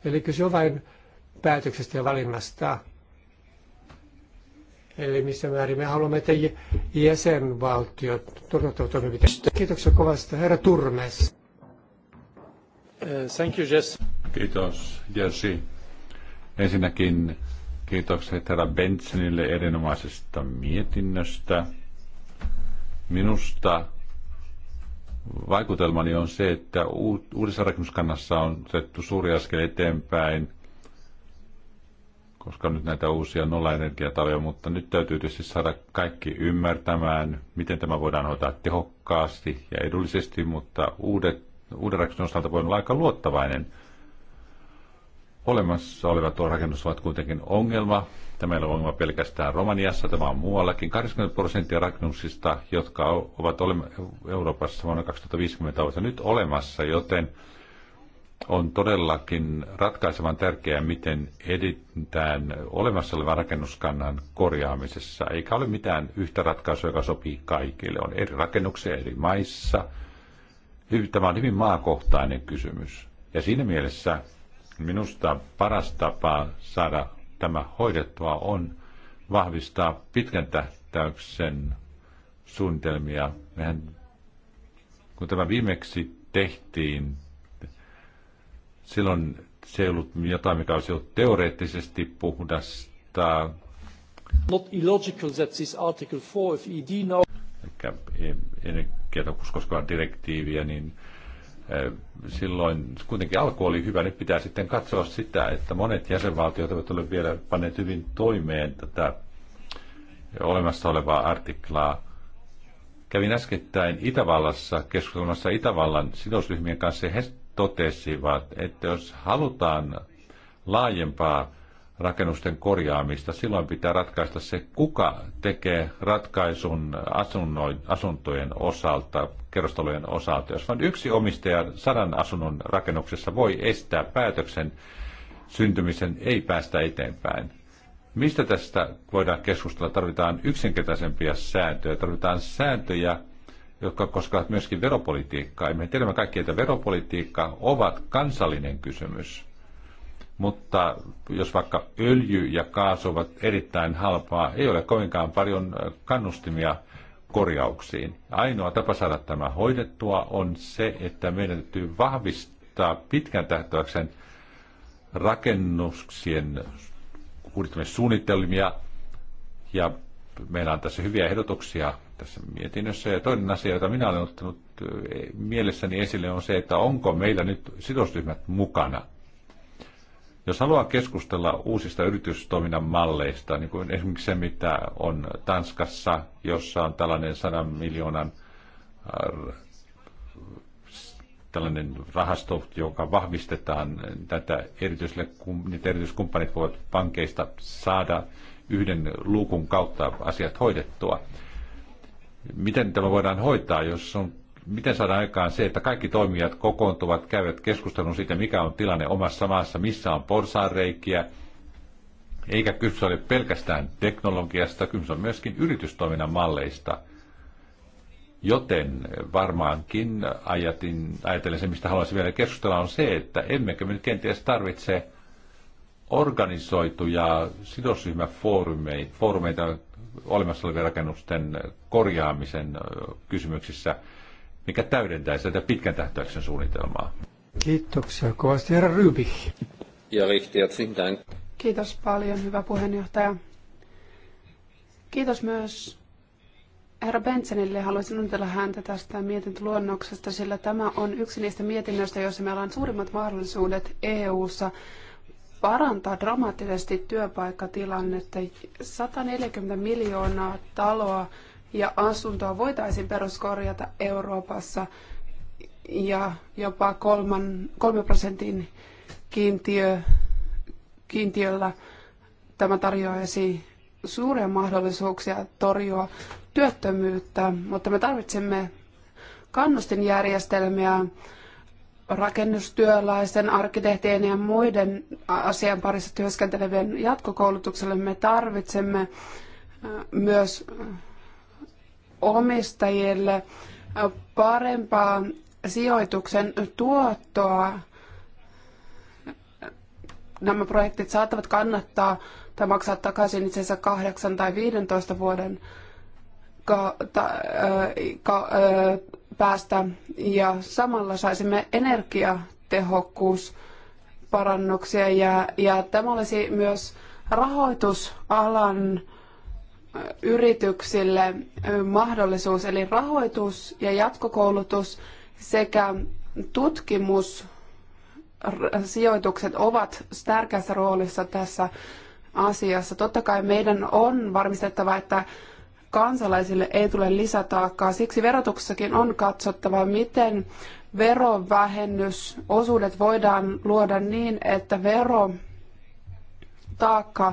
Eli kyse on vain päätöksestä ja valinnasta. Eli missä määrin me haluamme, että jäsenvaltiot toteuttavat toimenpiteitä. Kiitoksia kovasti. Herra Turmes. Eh, thank you, Jesse. Kiitos, Jesse. Ensinnäkin kiitokset herra Bensonille erinomaisesta mietinnöstä. Minusta vaikutelmani on se, että uudessa rakennuskannassa on otettu suuri askel eteenpäin – koska nyt näitä uusia nollaenergiataloja, mutta nyt täytyy tietysti saada kaikki ymmärtämään, miten tämä voidaan hoitaa tehokkaasti ja edullisesti, mutta uudet, uuden rakennuksen osalta voi olla aika luottavainen. Olemassa olevat rakennus ovat kuitenkin ongelma. Tämä ei ole ongelma pelkästään Romaniassa, tämä on muuallakin. 80 prosenttia rakennuksista, jotka ovat Euroopassa vuonna 2050, ovat nyt olemassa, joten on todellakin ratkaisevan tärkeää, miten edetään olemassa olevan rakennuskannan korjaamisessa. Eikä ole mitään yhtä ratkaisua, joka sopii kaikille. On eri rakennuksia eri maissa. Tämä on hyvin maakohtainen kysymys. Ja siinä mielessä minusta paras tapa saada tämä hoidettua on vahvistaa pitkän tähtäyksen suunnitelmia. Mehän, kun tämä viimeksi tehtiin Silloin se ei ollut jotain, mikä olisi ollut teoreettisesti puhdasta. Not illogical that this article 4 of ED now... E- Energiatokkuus koskaan direktiiviä, niin silloin kuitenkin alku oli hyvä. Nyt pitää sitten katsoa sitä, että monet jäsenvaltiot ovat olleet vielä panneet hyvin toimeen tätä olemassa olevaa artiklaa. Kävin äskettäin Itävallassa keskustelmassa Itävallan sidosryhmien kanssa ja he totesivat, että jos halutaan laajempaa rakennusten korjaamista, silloin pitää ratkaista se, kuka tekee ratkaisun asunnoin, asuntojen osalta, kerrostalojen osalta. Jos vain yksi omistaja sadan asunnon rakennuksessa voi estää päätöksen syntymisen, ei päästä eteenpäin. Mistä tästä voidaan keskustella? Tarvitaan yksinkertaisempia sääntöjä, tarvitaan sääntöjä, jotka koskevat myöskin veropolitiikkaa. Me tiedämme kaikki, että veropolitiikka ovat kansallinen kysymys. Mutta jos vaikka öljy ja kaasu ovat erittäin halpaa, ei ole kovinkaan paljon äh, kannustimia korjauksiin. Ainoa tapa saada tämä hoidettua on se, että meidän täytyy vahvistaa pitkän tähtäyksen rakennuksien suunnitelmia ja meillä on tässä hyviä ehdotuksia tässä mietinnössä. Ja toinen asia, jota minä olen ottanut eh, mielessäni esille, on se, että onko meillä nyt sidosryhmät mukana. Jos haluaa keskustella uusista yritystoiminnan malleista, niin kuin esimerkiksi se, mitä on Tanskassa, jossa on tällainen 100 miljoonan äh, tällainen rahasto, joka vahvistetaan eh, tätä erityisille, niitä erityiskumppanit voivat pankeista saada yhden luukun kautta asiat hoidettua miten tämä voidaan hoitaa, jos on, miten saadaan aikaan se, että kaikki toimijat kokoontuvat, käyvät keskustelun siitä, mikä on tilanne omassa maassa, missä on porsaanreikiä, eikä kyse ole pelkästään teknologiasta, kyse on myöskin yritystoiminnan malleista. Joten varmaankin ajatin, ajatellen se, mistä haluaisin vielä keskustella, on se, että emmekö me nyt kenties tarvitse organisoituja sidosryhmäfoorumeita, olemassa olevien rakennusten korjaamisen kysymyksissä, mikä täydentää sitä pitkän tähtäyksen suunnitelmaa. Kiitoksia kovasti, herra Ryby. Ja Kiitos paljon, hyvä puheenjohtaja. Kiitos myös herra Bentsenille. Haluaisin onnitella häntä tästä mietintöluonnoksesta, sillä tämä on yksi niistä mietinnöistä, joissa meillä on suurimmat mahdollisuudet EU-ssa parantaa dramaattisesti työpaikkatilannetta. 140 miljoonaa taloa ja asuntoa voitaisiin peruskorjata Euroopassa ja jopa kolman, 3 prosentin kiintiö, kiintiöllä tämä tarjoaisi suuria mahdollisuuksia torjua työttömyyttä, mutta me tarvitsemme kannustinjärjestelmiä rakennustyöläisten, arkkitehtien ja muiden asian parissa työskentelevien jatkokoulutukselle. Me tarvitsemme myös omistajille parempaa sijoituksen tuottoa. Nämä projektit saattavat kannattaa tai maksaa takaisin itse asiassa 8 tai 15 vuoden ka, ta, ka, päästä ja samalla saisimme energiatehokkuusparannuksia ja, ja tämä olisi myös rahoitusalan yrityksille mahdollisuus, eli rahoitus ja jatkokoulutus sekä tutkimussijoitukset ovat tärkeässä roolissa tässä asiassa. Totta kai meidän on varmistettava, että kansalaisille ei tule lisätaakkaa. Siksi verotuksessakin on katsottava, miten verovähennysosuudet voidaan luoda niin, että verotaakka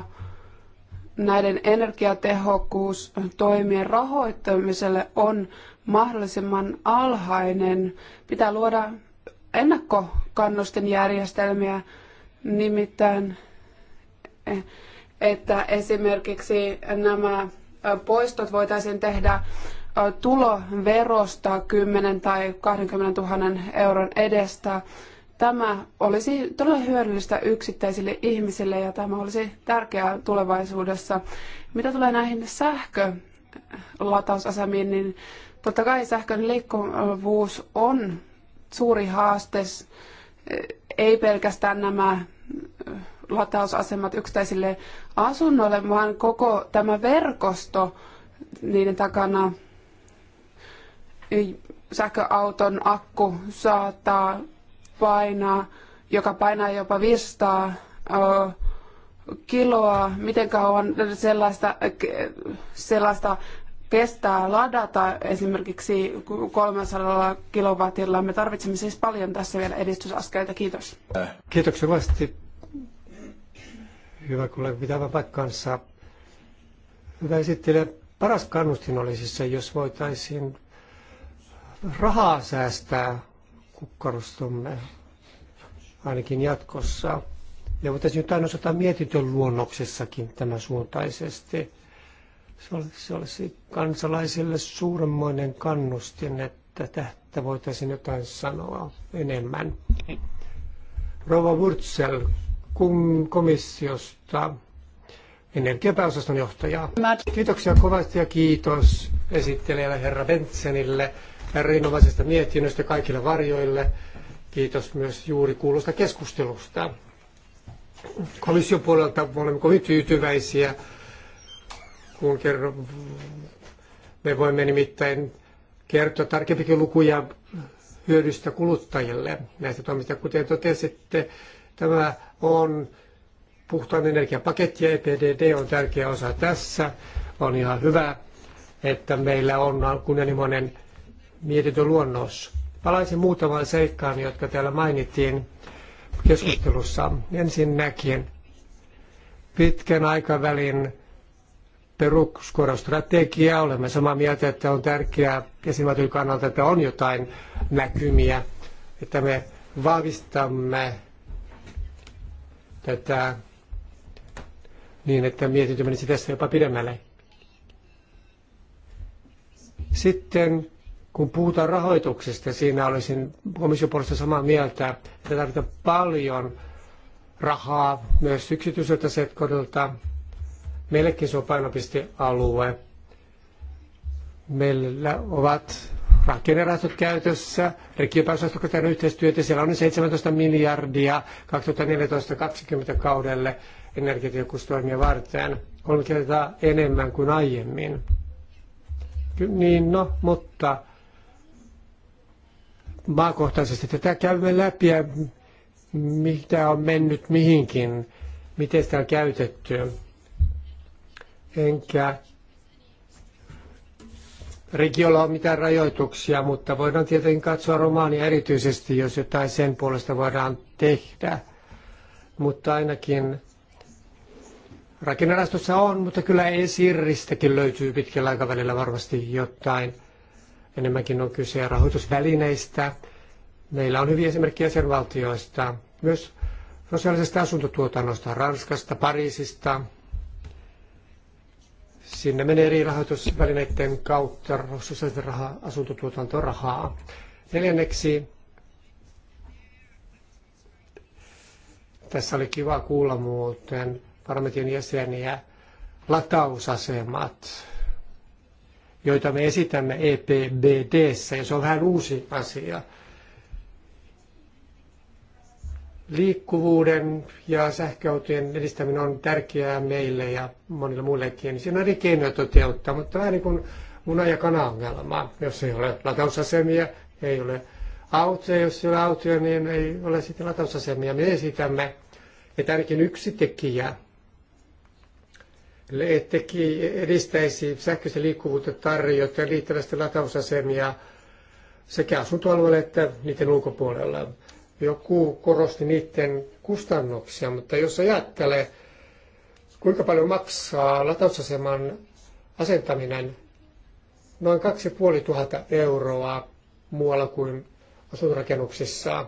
näiden energiatehokkuustoimien rahoittamiselle on mahdollisimman alhainen. Pitää luoda ennakkokannustinjärjestelmiä, nimittäin eh, että esimerkiksi nämä poistot voitaisiin tehdä tuloverosta 10 tai 20 000 euron edestä. Tämä olisi todella hyödyllistä yksittäisille ihmisille ja tämä olisi tärkeää tulevaisuudessa. Mitä tulee näihin sähkölatausasemiin, niin totta kai sähkön liikkuvuus on suuri haaste. Ei pelkästään nämä latausasemat yksittäisille asunnoille, vaan koko tämä verkosto niiden takana sähköauton akku saattaa painaa, joka painaa jopa 500 kiloa, miten kauan sellaista, sellaista kestää ladata esimerkiksi 300 kilowattilla. Me tarvitsemme siis paljon tässä vielä edistysaskelta. Kiitos. Kiitoksia vasti hyvä kyllä pitävä paikkansa. Hyvä esittelijä, paras kannustin olisi se, jos voitaisiin rahaa säästää kukkarustumme ainakin jatkossa. Ja voitaisiin nyt osata mietitön luonnoksessakin tämän suuntaisesti. Se olisi, se olisi kansalaisille suuremmoinen kannustin, että tästä voitaisiin jotain sanoa enemmän. Rova Wurzel, komissiosta energiapääosaston johtajaa. Kiitoksia kovasti ja kiitos esittelijälle herra Bentsenille erinomaisesta mietinnöstä kaikille varjoille. Kiitos myös juuri kuulosta keskustelusta. Komission puolelta olemme kovin tyytyväisiä, kun kerron, me voimme nimittäin kertoa tarkempikin lukuja hyödystä kuluttajille näistä toimista. Kuten totesitte, tämä on puhtaan energiapaketti ja EPDD on tärkeä osa tässä. On ihan hyvä, että meillä on kunnianhimoinen mietintöluonnos. Palaisin muutamaan seikkaan, jotka täällä mainittiin keskustelussa. Ensinnäkin pitkän aikavälin peruskorostrategia. Olemme samaa mieltä, että on tärkeää jäsenvaltion kannalta, että on jotain näkymiä, että me vahvistamme tätä niin, että mietintö menisi tässä jopa pidemmälle. Sitten kun puhutaan rahoituksesta, siinä olisin komission puolesta samaa mieltä, että tarvitaan paljon rahaa myös yksityiseltä sektorilta. Meillekin se on painopistealue. Meillä ovat rakennerahastot käytössä, regiopääosastot on yhteistyötä, siellä on 17 miljardia 2014-2020 kaudelle energiatehokkuustoimia varten, kolme kertaa enemmän kuin aiemmin. Niin no, mutta maakohtaisesti tätä käymme läpi ja mitä on mennyt mihinkin, miten sitä on käytetty. Enkä regiolla on mitään rajoituksia, mutta voidaan tietenkin katsoa romaania erityisesti, jos jotain sen puolesta voidaan tehdä. Mutta ainakin rakennerastossa on, mutta kyllä esirristäkin löytyy pitkällä aikavälillä varmasti jotain. Enemmänkin on kyse rahoitusvälineistä. Meillä on hyviä esimerkkejä valtioista, myös sosiaalisesta asuntotuotannosta, Ranskasta, Pariisista, Sinne menee eri rahoitusvälineiden kautta sosiaalisen rahaa, asuntotuotantorahaa. rahaa. Neljänneksi, tässä oli kiva kuulla muuten parlamentin jäseniä, latausasemat, joita me esitämme EPBDssä, ja se on vähän uusi asia – liikkuvuuden ja sähköautojen edistäminen on tärkeää meille ja monille muillekin. Siinä on eri keinoja toteuttaa, mutta vähän niin kuin muna- ja kana-ongelma. Jos ei ole latausasemia, ei ole autoja, jos ei ole autoja, niin ei ole sitten latausasemia. Me esitämme, että ainakin yksi tekijä teki, edistäisi sähköisen liikkuvuutta tarjoten riittävästi latausasemia sekä asuntoalueella että niiden ulkopuolella. Joku korosti niiden kustannuksia, mutta jos ajattelee, kuinka paljon maksaa latausaseman asentaminen, noin 2500 euroa muualla kuin asuntorakennuksissa.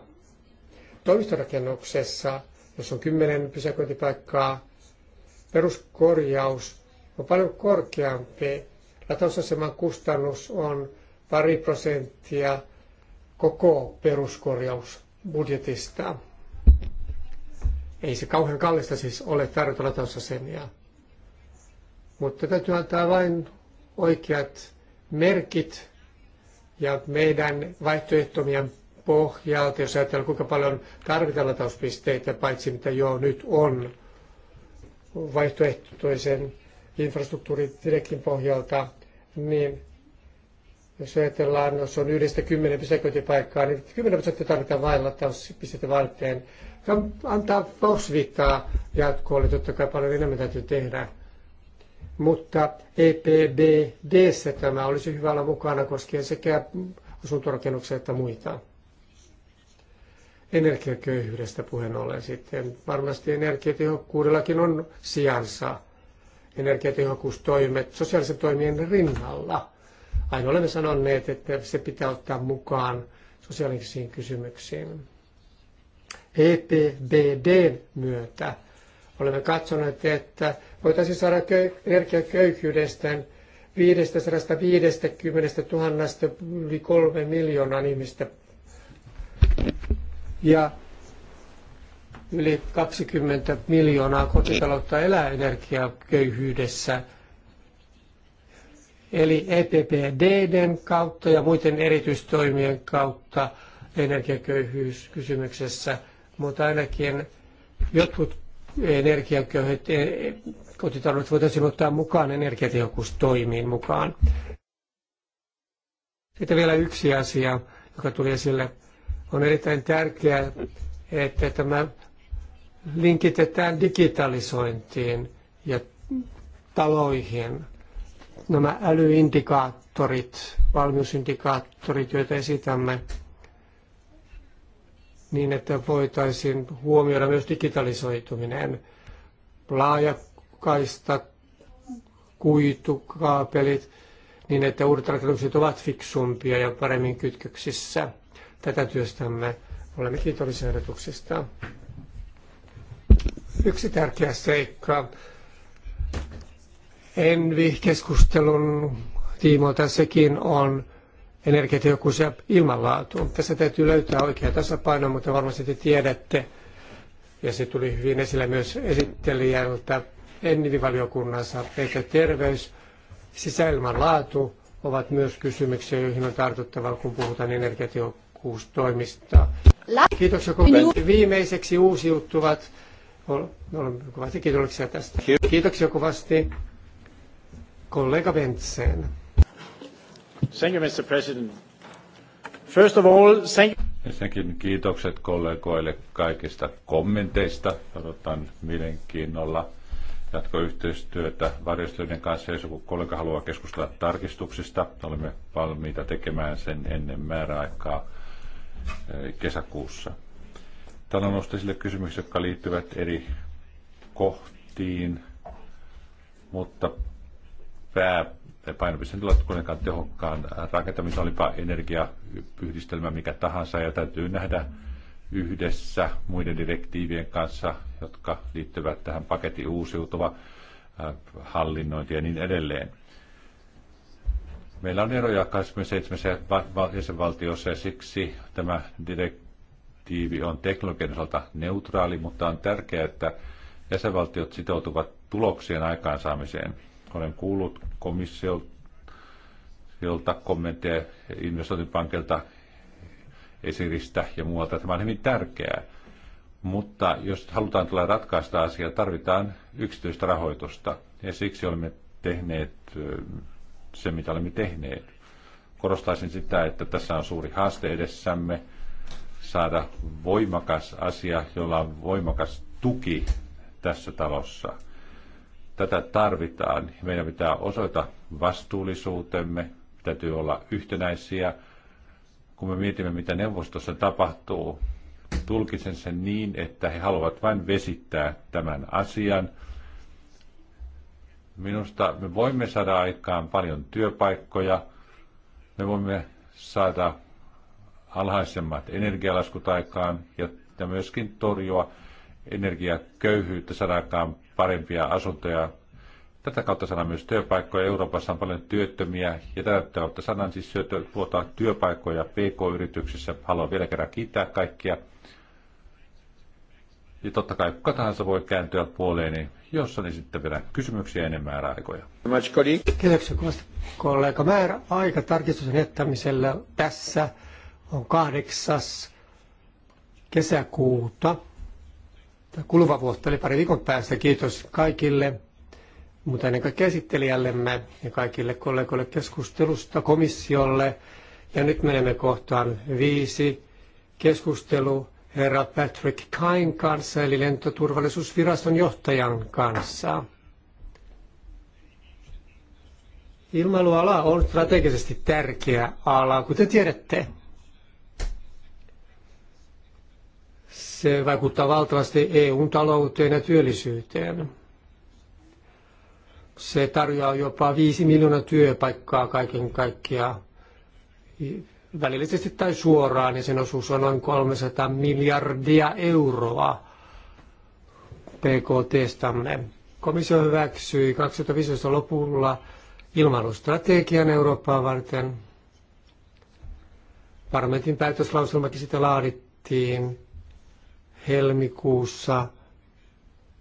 Toimistorakennuksessa, jos on 10 pysäköintipaikkaa, peruskorjaus on paljon korkeampi. Latausaseman kustannus on pari prosenttia koko peruskorjaus budjetista. Ei se kauhean kallista siis ole tarjota latausasemia, mutta täytyy antaa vain oikeat merkit ja meidän vaihtoehtomien pohjalta, jos ajatellaan kuinka paljon tarvitaan latauspisteitä, paitsi mitä jo nyt on vaihtoehtoisen infrastruktuuridirektin pohjalta, niin jos ajatellaan, jos on yhdestä kymmenen pysäköintipaikkaa, niin kymmenen prosenttia tarvitaan vain latauspistettä varten. Se antaa osviittaa jatkolle, totta kai paljon enemmän täytyy tehdä. Mutta EPBDssä tämä olisi hyvä olla mukana koskien sekä asuntorakennuksia että muita energiaköyhyydestä puheen ollen sitten. Varmasti energiatehokkuudellakin on sijansa energiatehokkuustoimet sosiaalisen toimien rinnalla. Aina olemme sanoneet, että se pitää ottaa mukaan sosiaalisiin kysymyksiin. EPBD myötä olemme katsoneet, että voitaisiin saada energiaköyhyydestä 550 000 yli 3 miljoonaa ihmistä ja yli 20 miljoonaa kotitaloutta elää energiaköyhyydessä – Eli EPPDn kautta ja muiden erityistoimien kautta energiaköyhyyskysymyksessä, mutta ainakin jotkut energiaköyhät e, kotitaloudet voitaisiin ottaa mukaan energiatehokkuustoimiin mukaan. Sitten vielä yksi asia, joka tuli esille. On erittäin tärkeää, että tämä linkitetään digitalisointiin ja taloihin – nämä älyindikaattorit, valmiusindikaattorit, joita esitämme, niin että voitaisiin huomioida myös digitalisoituminen, laajakaista, kaapelit, niin että uudet rakennukset ovat fiksumpia ja paremmin kytköksissä. Tätä työstämme. Olemme kiitollisia ehdotuksista. Yksi tärkeä seikka Envi-keskustelun tiimoilta sekin on energiatehokkuus ja ilmanlaatu. Tässä täytyy löytää oikea tasapaino, mutta varmasti te tiedätte, ja se tuli hyvin esille myös esittelijältä Envi-valiokunnassa, että terveys, sisäilman laatu ovat myös kysymyksiä, joihin on tartuttava, kun puhutaan energiatehokkuustoimista. Kiitoksia kovasti. Viimeiseksi uusiutuvat. Olemme kovasti kiitoksia tästä. Kiitoksia kovasti. Kollega Bentsen. Thank you, Mr. President. First of all, thank you. Ensinnäkin kiitokset kollegoille kaikista kommenteista. Odotan mielenkiinnolla jatkoyhteistyötä varjostyöiden kanssa. Jos joku kollega haluaa keskustella tarkistuksista, olemme valmiita tekemään sen ennen määräaikaa eh, kesäkuussa. Täällä on nostettu esille kysymyksiä, jotka liittyvät eri kohtiin, mutta pää painopiste tilat kuitenkaan tehokkaan rakentamisen, olipa energiayhdistelmä mikä tahansa, ja täytyy nähdä yhdessä muiden direktiivien kanssa, jotka liittyvät tähän paketin uusiutuva äh, hallinnointi ja niin edelleen. Meillä on eroja 27 jäsenvaltiossa ja siksi tämä direktiivi on teknologian osalta neutraali, mutta on tärkeää, että jäsenvaltiot sitoutuvat tuloksien aikaansaamiseen. Olen kuullut komissiolta kommentteja investointipankilta, esiristä ja muualta. Tämä on hyvin tärkeää. Mutta jos halutaan tulla ratkaista asiaa, tarvitaan yksityistä rahoitusta. Ja siksi olemme tehneet se, mitä olemme tehneet. Korostaisin sitä, että tässä on suuri haaste edessämme saada voimakas asia, jolla on voimakas tuki tässä talossa – Tätä tarvitaan. Meidän pitää osoita vastuullisuutemme, täytyy olla yhtenäisiä. Kun me mietimme, mitä neuvostossa tapahtuu, tulkitsen sen niin, että he haluavat vain vesittää tämän asian. Minusta me voimme saada aikaan paljon työpaikkoja. Me voimme saada alhaisemmat energialaskut aikaan ja myöskin torjua energiaköyhyyttä, saada aikaan parempia asuntoja. Tätä kautta saadaan myös työpaikkoja. Euroopassa on paljon työttömiä ja tätä kautta saadaan siis syötä, työpaikkoja PK-yrityksissä. Haluan vielä kerran kiittää kaikkia. Ja totta kai kuka tahansa voi kääntyä puoleeni, jos on sitten vielä kysymyksiä ennen määräaikoja. Kiitoksia kovasti kollega. Määräaika tarkistuksen jättämisellä tässä on kahdeksas kesäkuuta kuluva vuotta, eli pari viikon päästä. Kiitos kaikille, mutta ennen kaikkea esittelijällemme ja kaikille kollegoille keskustelusta komissiolle. Ja nyt menemme kohtaan viisi. Keskustelu herra Patrick Kain kanssa, eli lentoturvallisuusviraston johtajan kanssa. Ilmailuala on strategisesti tärkeä ala, kuten tiedätte. Se vaikuttaa valtavasti EUn talouteen ja työllisyyteen. Se tarjoaa jopa 5 miljoonaa työpaikkaa kaiken kaikkiaan välillisesti tai suoraan, ja sen osuus on noin 300 miljardia euroa PKTstamme. Komissio hyväksyi 2015 lopulla ilmailustrategian Eurooppaa varten. Parlamentin päätöslauselmakin sitä laadittiin helmikuussa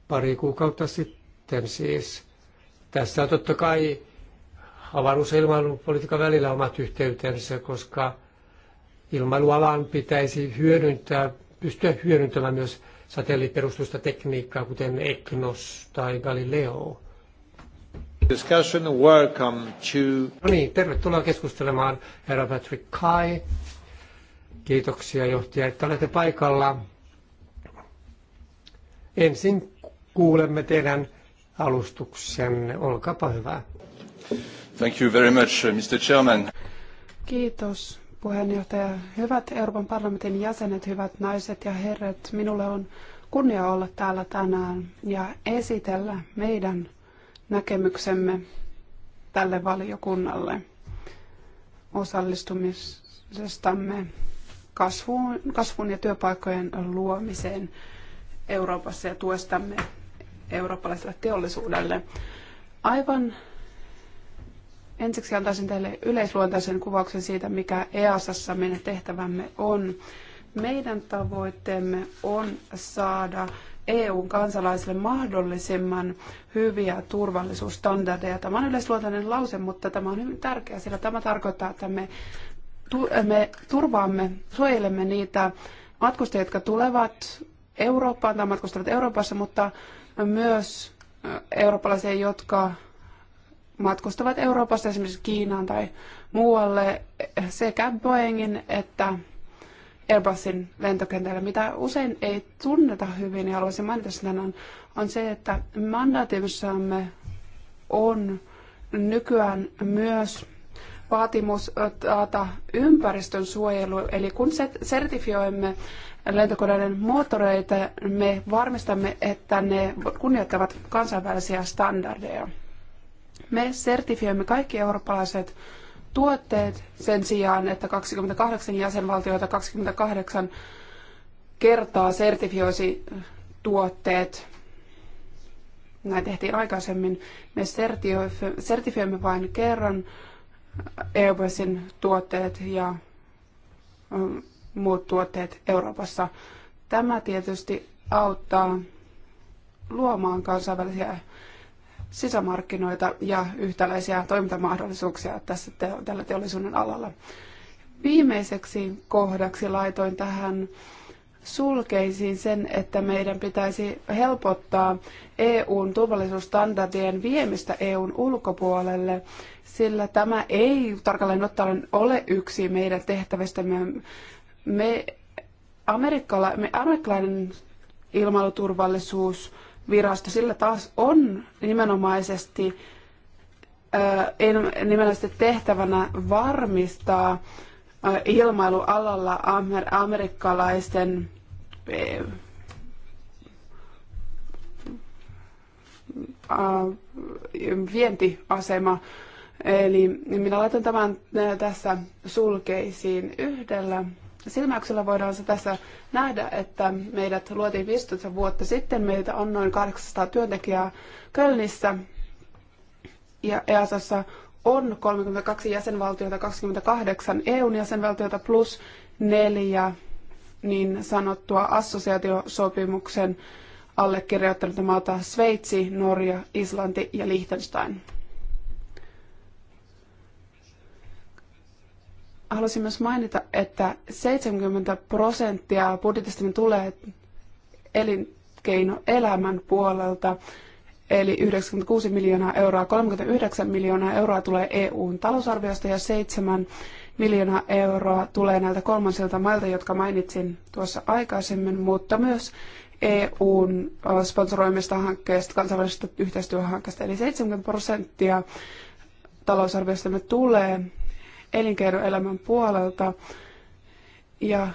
pari kuukautta sitten siis. Tässä on totta kai avaruus- ja ilmailupolitiikan välillä omat yhteytensä, koska ilmailualan pitäisi hyödyntää, pystyä hyödyntämään myös satelliittiperustusta tekniikkaa, kuten EGNOS tai Galileo. Discussion, welcome to... No niin, tervetuloa keskustelemaan herra Patrick Kai. Kiitoksia johtaja, että olette paikalla. Ensin kuulemme teidän alustuksenne. Olkaapa hyvä. Thank you very much, uh, Mr. Chairman. Kiitos puheenjohtaja. Hyvät Euroopan parlamentin jäsenet, hyvät naiset ja herrat, minulle on kunnia olla täällä tänään ja esitellä meidän näkemyksemme tälle valiokunnalle osallistumisestamme kasvuun, kasvun ja työpaikkojen luomiseen. Euroopassa ja tuestamme eurooppalaiselle teollisuudelle. Aivan ensiksi antaisin teille yleisluontaisen kuvauksen siitä, mikä EASassa meidän tehtävämme on. Meidän tavoitteemme on saada EUn kansalaisille mahdollisimman hyviä turvallisuusstandardeja. Tämä on yleisluontainen lause, mutta tämä on hyvin tärkeä, sillä tämä tarkoittaa, että me, me turvaamme, suojelemme niitä matkustajia, jotka tulevat Eurooppaan tai matkustavat Euroopassa, mutta myös eurooppalaisia, jotka matkustavat Euroopassa esimerkiksi Kiinaan tai muualle sekä Boeingin että Airbusin lentokentällä, mitä usein ei tunneta hyvin ja haluaisin mainita sen on, on se, että mandaatissamme on nykyään myös vaatimus taata ympäristön suojelu. Eli kun sertifioimme lentokoneiden moottoreita, me varmistamme, että ne kunnioittavat kansainvälisiä standardeja. Me sertifioimme kaikki eurooppalaiset tuotteet sen sijaan, että 28 jäsenvaltioita 28 kertaa sertifioisi tuotteet. Näin tehtiin aikaisemmin. Me sertifioimme vain kerran Airbusin tuotteet ja muut tuotteet Euroopassa. Tämä tietysti auttaa luomaan kansainvälisiä sisämarkkinoita ja yhtäläisiä toimintamahdollisuuksia tässä te- tällä teollisuuden alalla. Viimeiseksi kohdaksi laitoin tähän sulkeisiin sen, että meidän pitäisi helpottaa EUn turvallisuusstandardien viemistä EUn ulkopuolelle, sillä tämä ei tarkalleen ottaen ole yksi meidän tehtävistämme. Me, amerikkala, me amerikkalainen ilmailuturvallisuusvirasto, sillä taas on nimenomaisesti, nimenomaisesti tehtävänä varmistaa Äh, ilmailualalla amerikkalaisten äh, äh, vientiasema. Eli minä laitan tämän tässä sulkeisiin yhdellä silmäyksellä voidaan se tässä nähdä, että meidät luotiin 15 vuotta sitten. Meitä on noin 800 työntekijää Kölnissä ja EASassa on 32 jäsenvaltiota, 28 EUn jäsenvaltiota plus neljä niin sanottua assosiaatiosopimuksen allekirjoittanutta maata Sveitsi, Norja, Islanti ja Liechtenstein. Haluaisin myös mainita, että 70 prosenttia budjetista tulee elinkeinoelämän puolelta eli 96 miljoonaa euroa. 39 miljoonaa euroa tulee EUn talousarviosta ja 7 miljoonaa euroa tulee näiltä kolmansilta mailta, jotka mainitsin tuossa aikaisemmin, mutta myös EUn sponsoroimista hankkeista, kansainvälisistä yhteistyöhankkeista. Eli 70 prosenttia talousarviostamme tulee elinkeinoelämän puolelta. Ja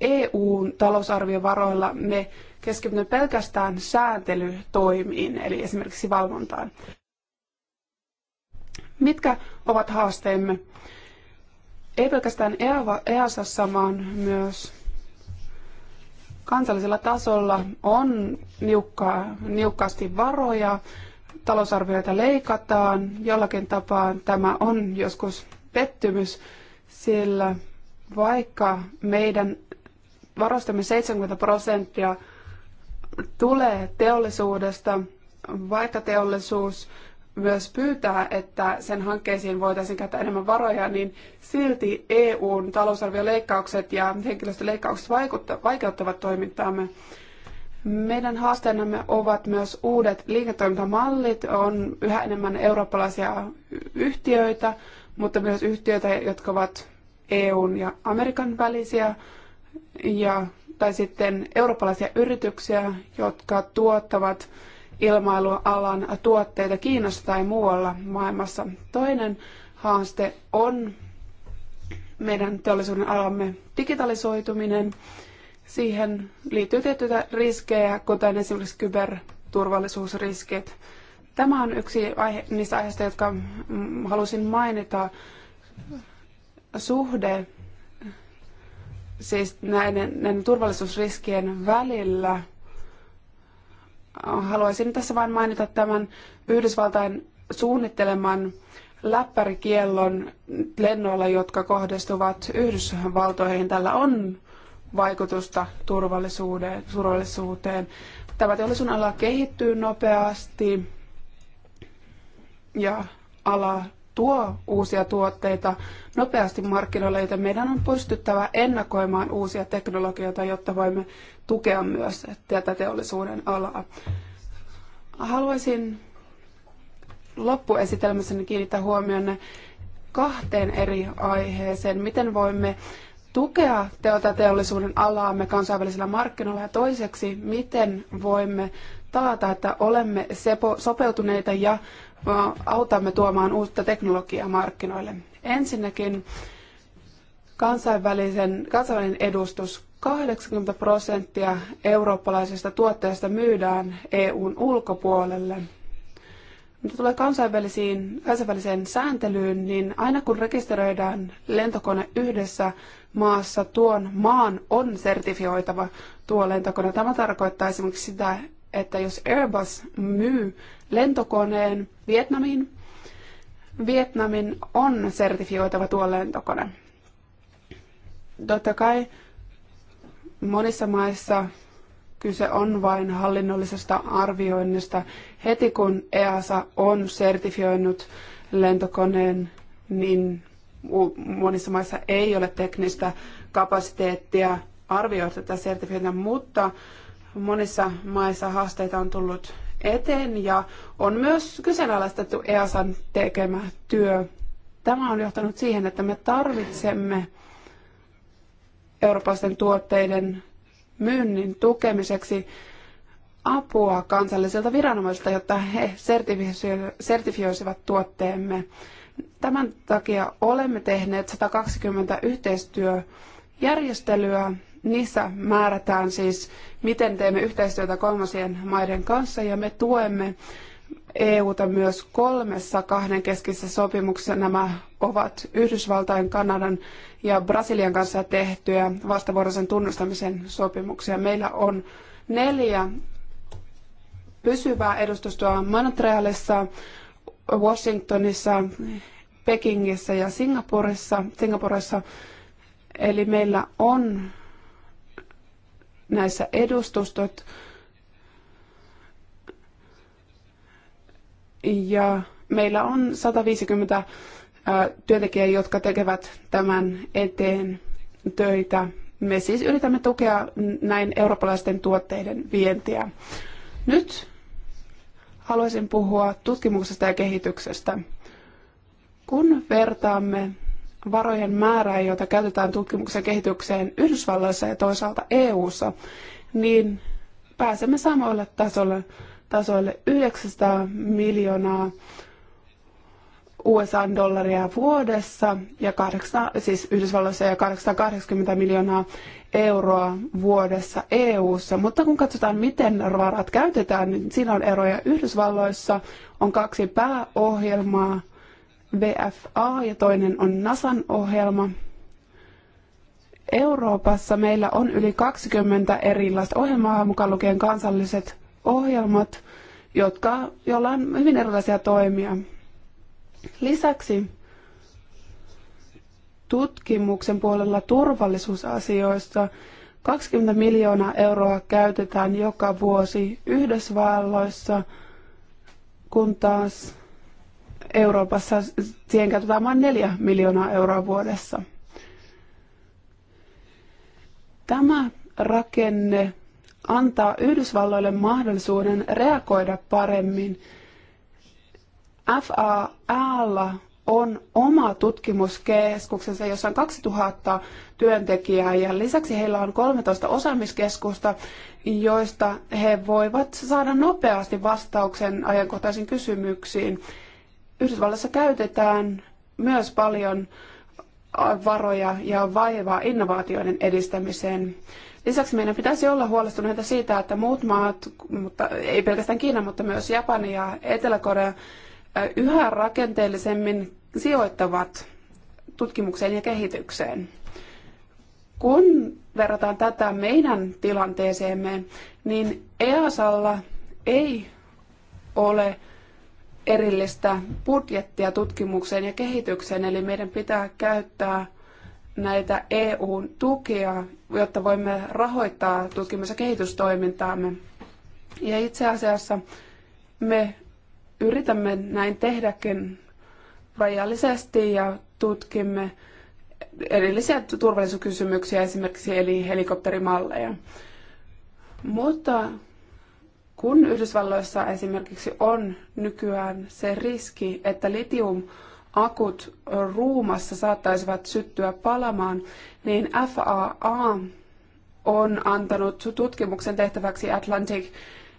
EUn talousarviovaroilla me keskittynyt pelkästään sääntelytoimiin, eli esimerkiksi valvontaan. Mitkä ovat haasteemme? Ei pelkästään EASassa, e vaan myös kansallisella tasolla on niukkaa, niukkaasti varoja, talousarvioita leikataan, jollakin tapaa tämä on joskus pettymys, sillä vaikka meidän varastamme 70 prosenttia tulee teollisuudesta, vaikka teollisuus myös pyytää, että sen hankkeisiin voitaisiin käyttää enemmän varoja, niin silti EUn talousarvioleikkaukset ja henkilöstöleikkaukset vaikeuttavat toimintaamme. Meidän haasteenamme ovat myös uudet liiketoimintamallit. On yhä enemmän eurooppalaisia yhtiöitä, mutta myös yhtiöitä, jotka ovat EUn ja Amerikan välisiä. Ja tai sitten eurooppalaisia yrityksiä, jotka tuottavat ilmailualan tuotteita Kiinassa tai muualla maailmassa. Toinen haaste on meidän teollisuuden alamme digitalisoituminen. Siihen liittyy tiettyjä riskejä, kuten esimerkiksi kyberturvallisuusriskit. Tämä on yksi aihe, niistä aiheista, jotka halusin mainita. Suhde siis näiden, näiden turvallisuusriskien välillä. Haluaisin tässä vain mainita tämän Yhdysvaltain suunnitteleman läppärikiellon lennoilla, jotka kohdistuvat Yhdysvaltoihin. Tällä on vaikutusta turvallisuuteen. turvallisuuteen. Tämä teollisuuden ala kehittyy nopeasti ja ala tuo uusia tuotteita nopeasti markkinoille, joten meidän on pystyttävä ennakoimaan uusia teknologioita, jotta voimme tukea myös tätä teollisuuden alaa. Haluaisin loppuesitelmässäni kiinnittää huomionne kahteen eri aiheeseen, miten voimme tukea tätä teollisuuden alaamme kansainvälisillä markkinoilla ja toiseksi, miten voimme taata, että olemme sopeutuneita ja Äh, autamme tuomaan uutta teknologiaa markkinoille. Ensinnäkin kansainvälisen, kansainvälinen edustus. 80 prosenttia eurooppalaisista tuotteista myydään EUn ulkopuolelle. Mitä tulee kansainvälisiin, kansainväliseen sääntelyyn, niin aina kun rekisteröidään lentokone yhdessä maassa, tuon maan on sertifioitava tuo lentokone. Tämä tarkoittaa esimerkiksi sitä, että jos Airbus myy lentokoneen, Vietnamiin. Vietnamin on sertifioitava lentokone. Totta kai monissa maissa kyse on vain hallinnollisesta arvioinnista. Heti kun EASA on sertifioinut lentokoneen, niin monissa maissa ei ole teknistä kapasiteettia arvioida tätä sertifiointia, mutta monissa maissa haasteita on tullut eteen ja on myös kyseenalaistettu EASan tekemä työ. Tämä on johtanut siihen, että me tarvitsemme eurooppalaisten tuotteiden myynnin tukemiseksi apua kansallisilta viranomaisilta, jotta he sertifioisivat tuotteemme. Tämän takia olemme tehneet 120 yhteistyöjärjestelyä Niissä määrätään siis, miten teemme yhteistyötä kolmansien maiden kanssa ja me tuemme EUta myös kolmessa kahdenkeskisessä sopimuksessa. Nämä ovat Yhdysvaltain, Kanadan ja Brasilian kanssa tehtyjä vastavuoroisen tunnustamisen sopimuksia. Meillä on neljä pysyvää edustustoa Montrealissa, Washingtonissa, Pekingissä ja Singapurissa. Singapurissa. Eli meillä on näissä edustustot. Ja meillä on 150 työntekijää, jotka tekevät tämän eteen töitä. Me siis yritämme tukea näin eurooppalaisten tuotteiden vientiä. Nyt haluaisin puhua tutkimuksesta ja kehityksestä. Kun vertaamme varojen määrää, jota käytetään tutkimuksen kehitykseen Yhdysvalloissa ja toisaalta EU:ssa, niin pääsemme samoille tasoille, tasoille 900 miljoonaa USA-dollaria vuodessa, ja 8, siis Yhdysvalloissa ja 880 miljoonaa euroa vuodessa EU:ssa. Mutta kun katsotaan, miten varat käytetään, niin siinä on eroja. Yhdysvalloissa on kaksi pääohjelmaa, VFA ja toinen on NASAn ohjelma. Euroopassa meillä on yli 20 erilaista ohjelmaa, mukaan lukien kansalliset ohjelmat, jotka, joilla on hyvin erilaisia toimia. Lisäksi tutkimuksen puolella turvallisuusasioista 20 miljoonaa euroa käytetään joka vuosi Yhdysvalloissa, kun taas Euroopassa. Siihen käytetään vain 4 miljoonaa euroa vuodessa. Tämä rakenne antaa Yhdysvalloille mahdollisuuden reagoida paremmin. FAAlla on oma tutkimuskeskuksensa, jossa on 2000 työntekijää ja lisäksi heillä on 13 osaamiskeskusta, joista he voivat saada nopeasti vastauksen ajankohtaisiin kysymyksiin. Yhdysvalloissa käytetään myös paljon varoja ja vaivaa innovaatioiden edistämiseen. Lisäksi meidän pitäisi olla huolestuneita siitä, että muut maat, mutta ei pelkästään Kiina, mutta myös Japani ja Etelä-Korea, äh, yhä rakenteellisemmin sijoittavat tutkimukseen ja kehitykseen. Kun verrataan tätä meidän tilanteeseemme, niin EASalla ei ole erillistä budjettia tutkimukseen ja kehitykseen, eli meidän pitää käyttää näitä EUn tukia, jotta voimme rahoittaa tutkimus- ja kehitystoimintaamme. Ja itse asiassa me yritämme näin tehdäkin rajallisesti ja tutkimme erillisiä turvallisuuskysymyksiä, esimerkiksi eli helikopterimalleja. Mutta kun Yhdysvalloissa esimerkiksi on nykyään se riski, että litiumakut ruumassa saattaisivat syttyä palamaan, niin FAA on antanut tutkimuksen tehtäväksi Atlantic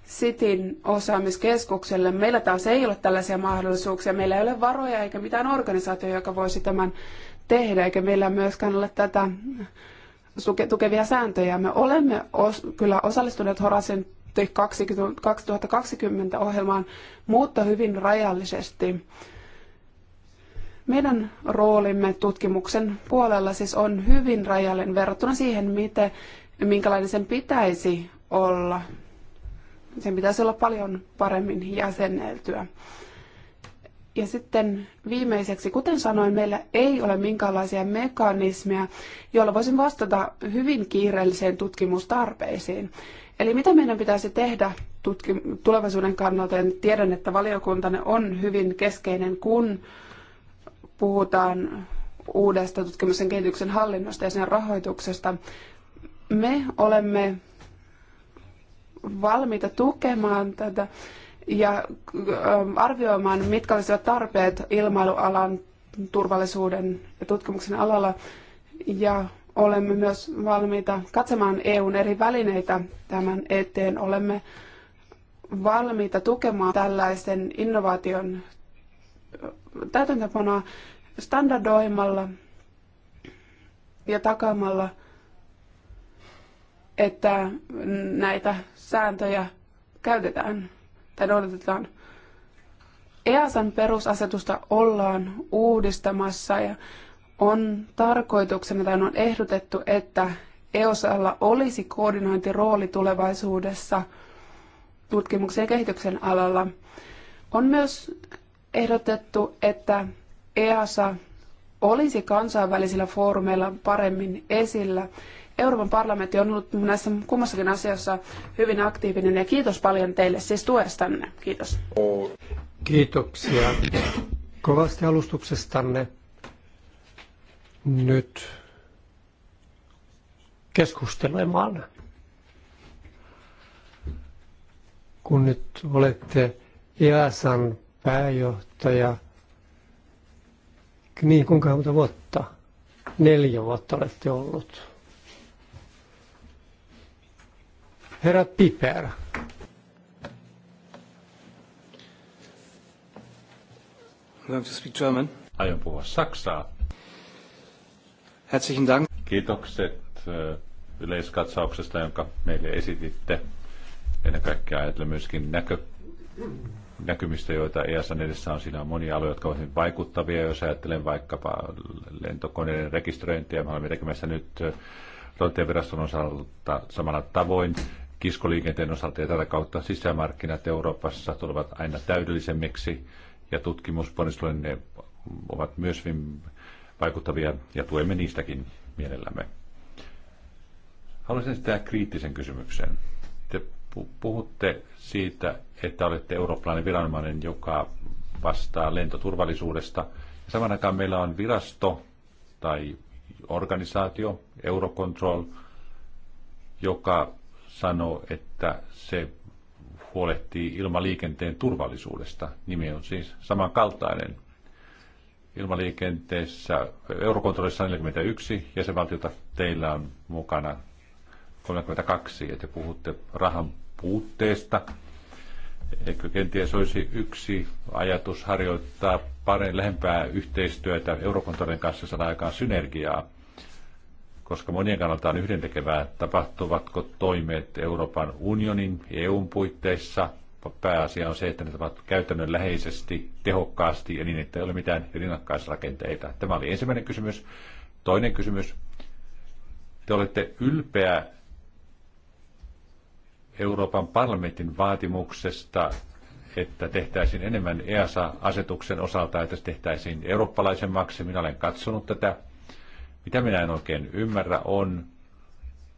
Cityn osaamiskeskukselle. Meillä taas ei ole tällaisia mahdollisuuksia. Meillä ei ole varoja eikä mitään organisaatiota, joka voisi tämän tehdä, eikä meillä myöskään ole tätä tukevia sääntöjä. Me olemme os- kyllä osallistuneet Horasin liittyy 2020 ohjelmaan, mutta hyvin rajallisesti. Meidän roolimme tutkimuksen puolella siis on hyvin rajallinen verrattuna siihen, miten, minkälainen sen pitäisi olla. Sen pitäisi olla paljon paremmin jäsenneltyä. Ja sitten viimeiseksi, kuten sanoin, meillä ei ole minkäänlaisia mekanismeja, joilla voisin vastata hyvin kiireelliseen tutkimustarpeisiin. Eli mitä meidän pitäisi tehdä tutki- tulevaisuuden kannalta? En tiedän, että valiokuntanne on hyvin keskeinen, kun puhutaan uudesta tutkimuksen kehityksen hallinnosta ja sen rahoituksesta. Me olemme valmiita tukemaan tätä ja ähm, arvioimaan, mitkä olisivat tarpeet ilmailualan turvallisuuden ja tutkimuksen alalla. Ja olemme myös valmiita katsomaan EUn eri välineitä tämän eteen. Olemme valmiita tukemaan tällaisen innovaation täytäntöpanoa standardoimalla ja takaamalla, että näitä sääntöjä käytetään tai noudatetaan. EASan perusasetusta ollaan uudistamassa ja on tarkoituksena tai on ehdotettu, että EOSalla olisi koordinointirooli tulevaisuudessa tutkimuksen ja kehityksen alalla. On myös ehdotettu, että EASA olisi kansainvälisillä foorumeilla paremmin esillä. Euroopan parlamentti on ollut näissä kummassakin asiassa hyvin aktiivinen ja kiitos paljon teille siis tuestanne. Kiitos. Kiitoksia kovasti alustuksestanne nyt keskustelemaan. Kun nyt olette IASAN pääjohtaja, niin kuinka monta vuotta? Neljä vuotta olette ollut. Herra Piper. Going to speak German. Aion puhua saksaa. Herzlichen Dank. Kiitokset yleiskatsauksesta, jonka meille esititte. Ennen kaikkea ajatellen myöskin näkö, näkymistä, joita EASan edessä on. Siinä on monia aloja, jotka ovat vaikuttavia. Jos ajattelen vaikkapa lentokoneiden rekisteröintiä, me olemme tekemässä nyt Rautatieviraston osalta samalla tavoin kiskoliikenteen osalta ja tätä kautta sisämarkkinat Euroopassa tulevat aina täydellisemmiksi ja tutkimusponnistelujen ovat myös hyvin vaikuttavia ja tuemme niistäkin mielellämme. Haluaisin esittää kriittisen kysymyksen. Te puhutte siitä, että olette eurooppalainen viranomainen, joka vastaa lentoturvallisuudesta. Ja saman aikaan meillä on virasto tai organisaatio, Eurocontrol, joka sanoo, että se huolehtii ilmaliikenteen turvallisuudesta. Nimi on siis samankaltainen ilmaliikenteessä. Eurokontrollissa 41 jäsenvaltiota teillä on mukana 32, että puhutte rahan puutteesta. Eikö kenties olisi yksi ajatus harjoittaa paremmin lähempää yhteistyötä Eurokontrollin kanssa saada aikaan synergiaa, koska monien kannalta on yhdentekevää, tapahtuvatko toimet Euroopan unionin, EUn puitteissa – pääasia on se, että ne ovat käytännön läheisesti, tehokkaasti ja niin, että ei ole mitään rinnakkaisrakenteita. Tämä oli ensimmäinen kysymys. Toinen kysymys. Te olette ylpeä Euroopan parlamentin vaatimuksesta, että tehtäisiin enemmän EASA-asetuksen osalta, että se tehtäisiin eurooppalaisemmaksi. Minä olen katsonut tätä. Mitä minä en oikein ymmärrä on,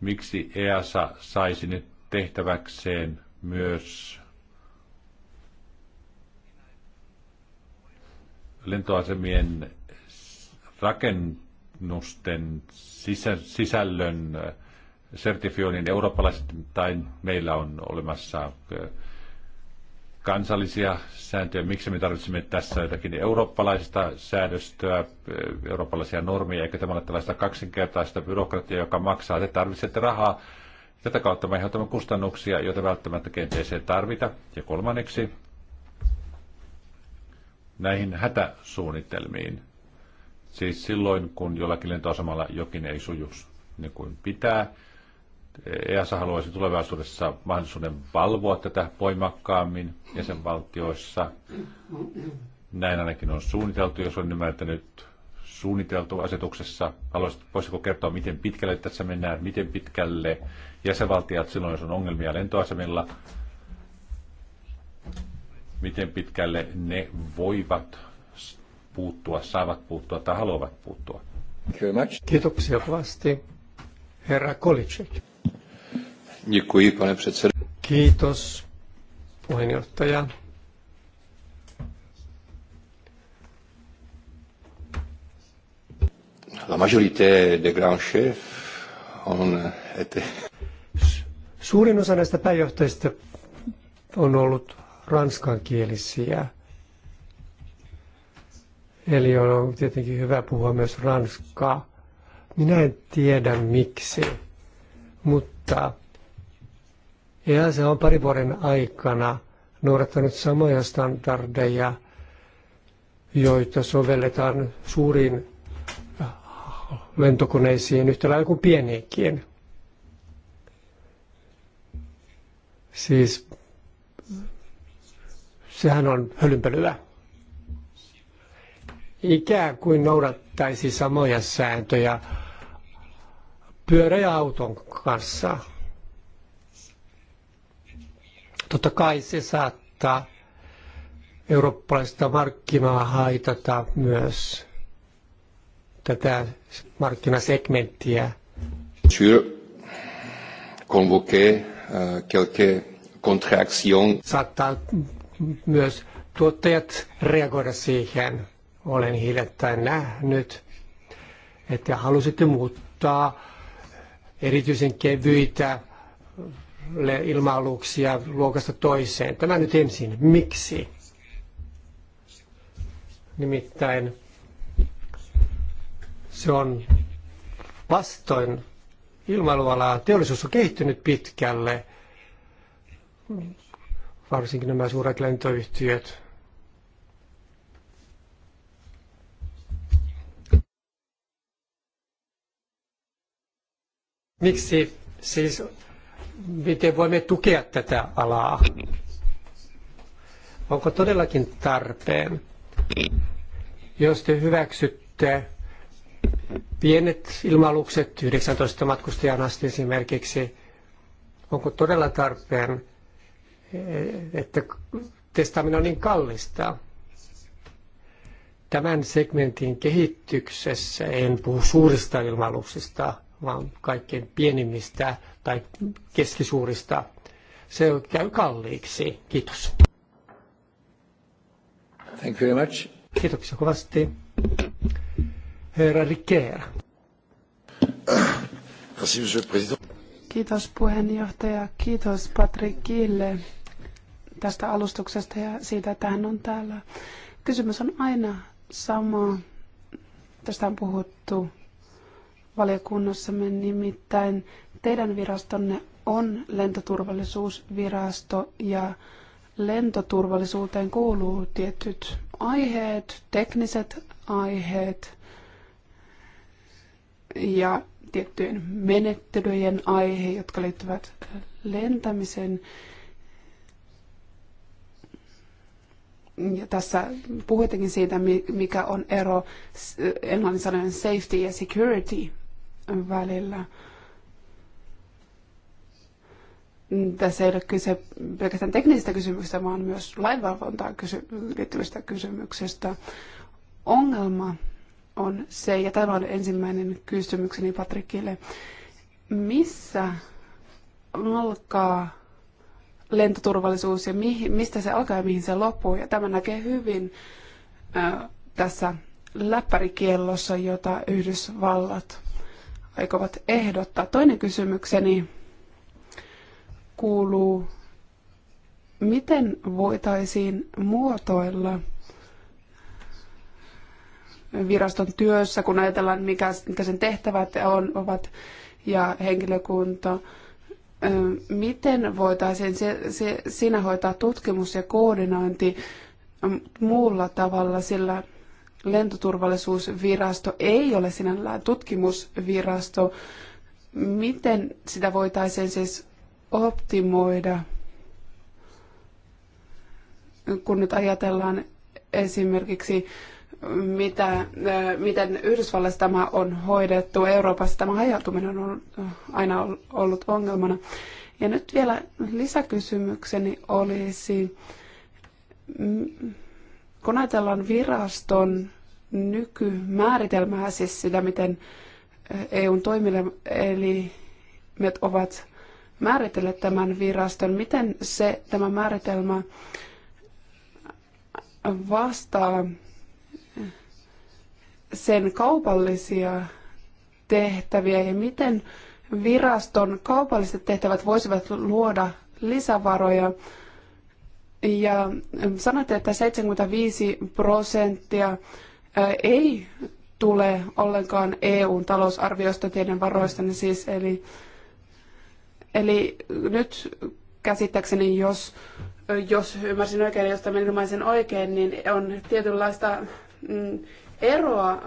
miksi EASA saisi nyt tehtäväkseen myös lentoasemien rakennusten sisä, sisällön äh, sertifioinnin eurooppalaiset, tai meillä on olemassa äh, kansallisia sääntöjä. Miksi me tarvitsemme tässä jotakin eurooppalaista säädöstöä, äh, eurooppalaisia normeja, eikä tämä ole tällaista kaksinkertaista byrokratiaa, joka maksaa. Te tarvitsette rahaa. Tätä kautta me aiheutamme kustannuksia, joita välttämättä kenties ei tarvita. Ja kolmanneksi, näihin hätäsuunnitelmiin. Siis silloin, kun jollakin lentoasemalla jokin ei suju niin kuin pitää. EASA haluaisi tulevaisuudessa mahdollisuuden valvoa tätä voimakkaammin jäsenvaltioissa. Näin ainakin on suunniteltu, jos on ymmärtänyt suunniteltu asetuksessa. Haluaisit, voisiko kertoa, miten pitkälle tässä mennään, miten pitkälle jäsenvaltiot silloin, jos on ongelmia lentoasemilla, miten pitkälle ne voivat puuttua, saavat puuttua tai haluavat puuttua. Kiitoksia kovasti, herra Kolicek. Kiitos, puheenjohtaja. La majorité des grands chefs on été... Suurin osa näistä pääjohtajista on ollut ranskankielisiä. Eli on tietenkin hyvä puhua myös ranskaa. Minä en tiedä miksi, mutta ja se on pari vuoden aikana noudattanut samoja standardeja, joita sovelletaan suuriin lentokoneisiin yhtä lailla kuin pieniinkin. Siis Sehän on hölynpölyä. Ikään kuin noudattaisi samoja sääntöjä pyörä ja auton kanssa. Totta kai se saattaa eurooppalaista markkinaa haitata myös tätä markkinasegmenttiä. Monsieur convoquer euh, quelques contractions. Saattaa myös tuottajat reagoida siihen. Olen hiljattain nähnyt, että halusitte muuttaa erityisen kevyitä ilma-aluksia luokasta toiseen. Tämä nyt ensin. Miksi? Nimittäin se on vastoin ilmailualaa. Teollisuus on kehittynyt pitkälle varsinkin nämä suuret lentoyhtiöt. Miksi siis, miten voimme tukea tätä alaa? Onko todellakin tarpeen, jos te hyväksytte pienet ilmalukset 19 matkustajan asti esimerkiksi, onko todella tarpeen että testaaminen on niin kallista. Tämän segmentin kehityksessä en puhu suurista ilmaluksista, vaan kaikkein pienimmistä tai keskisuurista. Se käy kalliiksi. Kiitos. Thank you very much. Kiitoksia kovasti. Herra Riker. Kiitos puheenjohtaja. Kiitos Patrikille tästä alustuksesta ja siitä, että hän on täällä. Kysymys on aina sama. Tästä on puhuttu valiokunnassamme nimittäin. Teidän virastonne on lentoturvallisuusvirasto ja lentoturvallisuuteen kuuluu tietyt aiheet, tekniset aiheet ja tiettyjen menettelyjen aihe, jotka liittyvät lentämiseen. Ja tässä puhuittekin siitä, mikä on ero englannin sanojen safety ja security välillä. Tässä ei ole kyse pelkästään teknisistä kysymyksistä, vaan myös lainvalvontaan kysy- liittyvistä kysymyksistä. Ongelma on se, ja tämä on ensimmäinen kysymykseni Patrikille, missä alkaa lentoturvallisuus ja mihin, mistä se alkaa ja mihin se loppuu. Ja tämä näkee hyvin ö, tässä läppärikiellossa, jota Yhdysvallat aikovat ehdottaa. Toinen kysymykseni kuuluu, miten voitaisiin muotoilla viraston työssä, kun ajatellaan, mikä, mikä sen tehtävät on, ovat ja henkilökunta, miten voitaisiin se, se, siinä hoitaa tutkimus ja koordinointi muulla tavalla, sillä lentoturvallisuusvirasto ei ole sinällään tutkimusvirasto. Miten sitä voitaisiin siis optimoida, kun nyt ajatellaan esimerkiksi mitä, äh, miten Yhdysvalloissa tämä on hoidettu. Euroopassa tämä hajautuminen on aina ollut ongelmana. Ja nyt vielä lisäkysymykseni olisi, mm, kun ajatellaan viraston nykymääritelmää, siis sitä, miten äh, EUn toimille, eli me ovat määritelleet tämän viraston, miten se, tämä määritelmä vastaa sen kaupallisia tehtäviä ja miten viraston kaupalliset tehtävät voisivat luoda lisävaroja. Ja ähm, sanoitte, että 75 prosenttia äh, ei tule ollenkaan EUn talousarviosta teidän varoistanne siis. Eli, eli nyt käsittääkseni, jos, äh, jos ymmärsin oikein, jos tämän ilmaisen oikein, niin on tietynlaista mm, eroa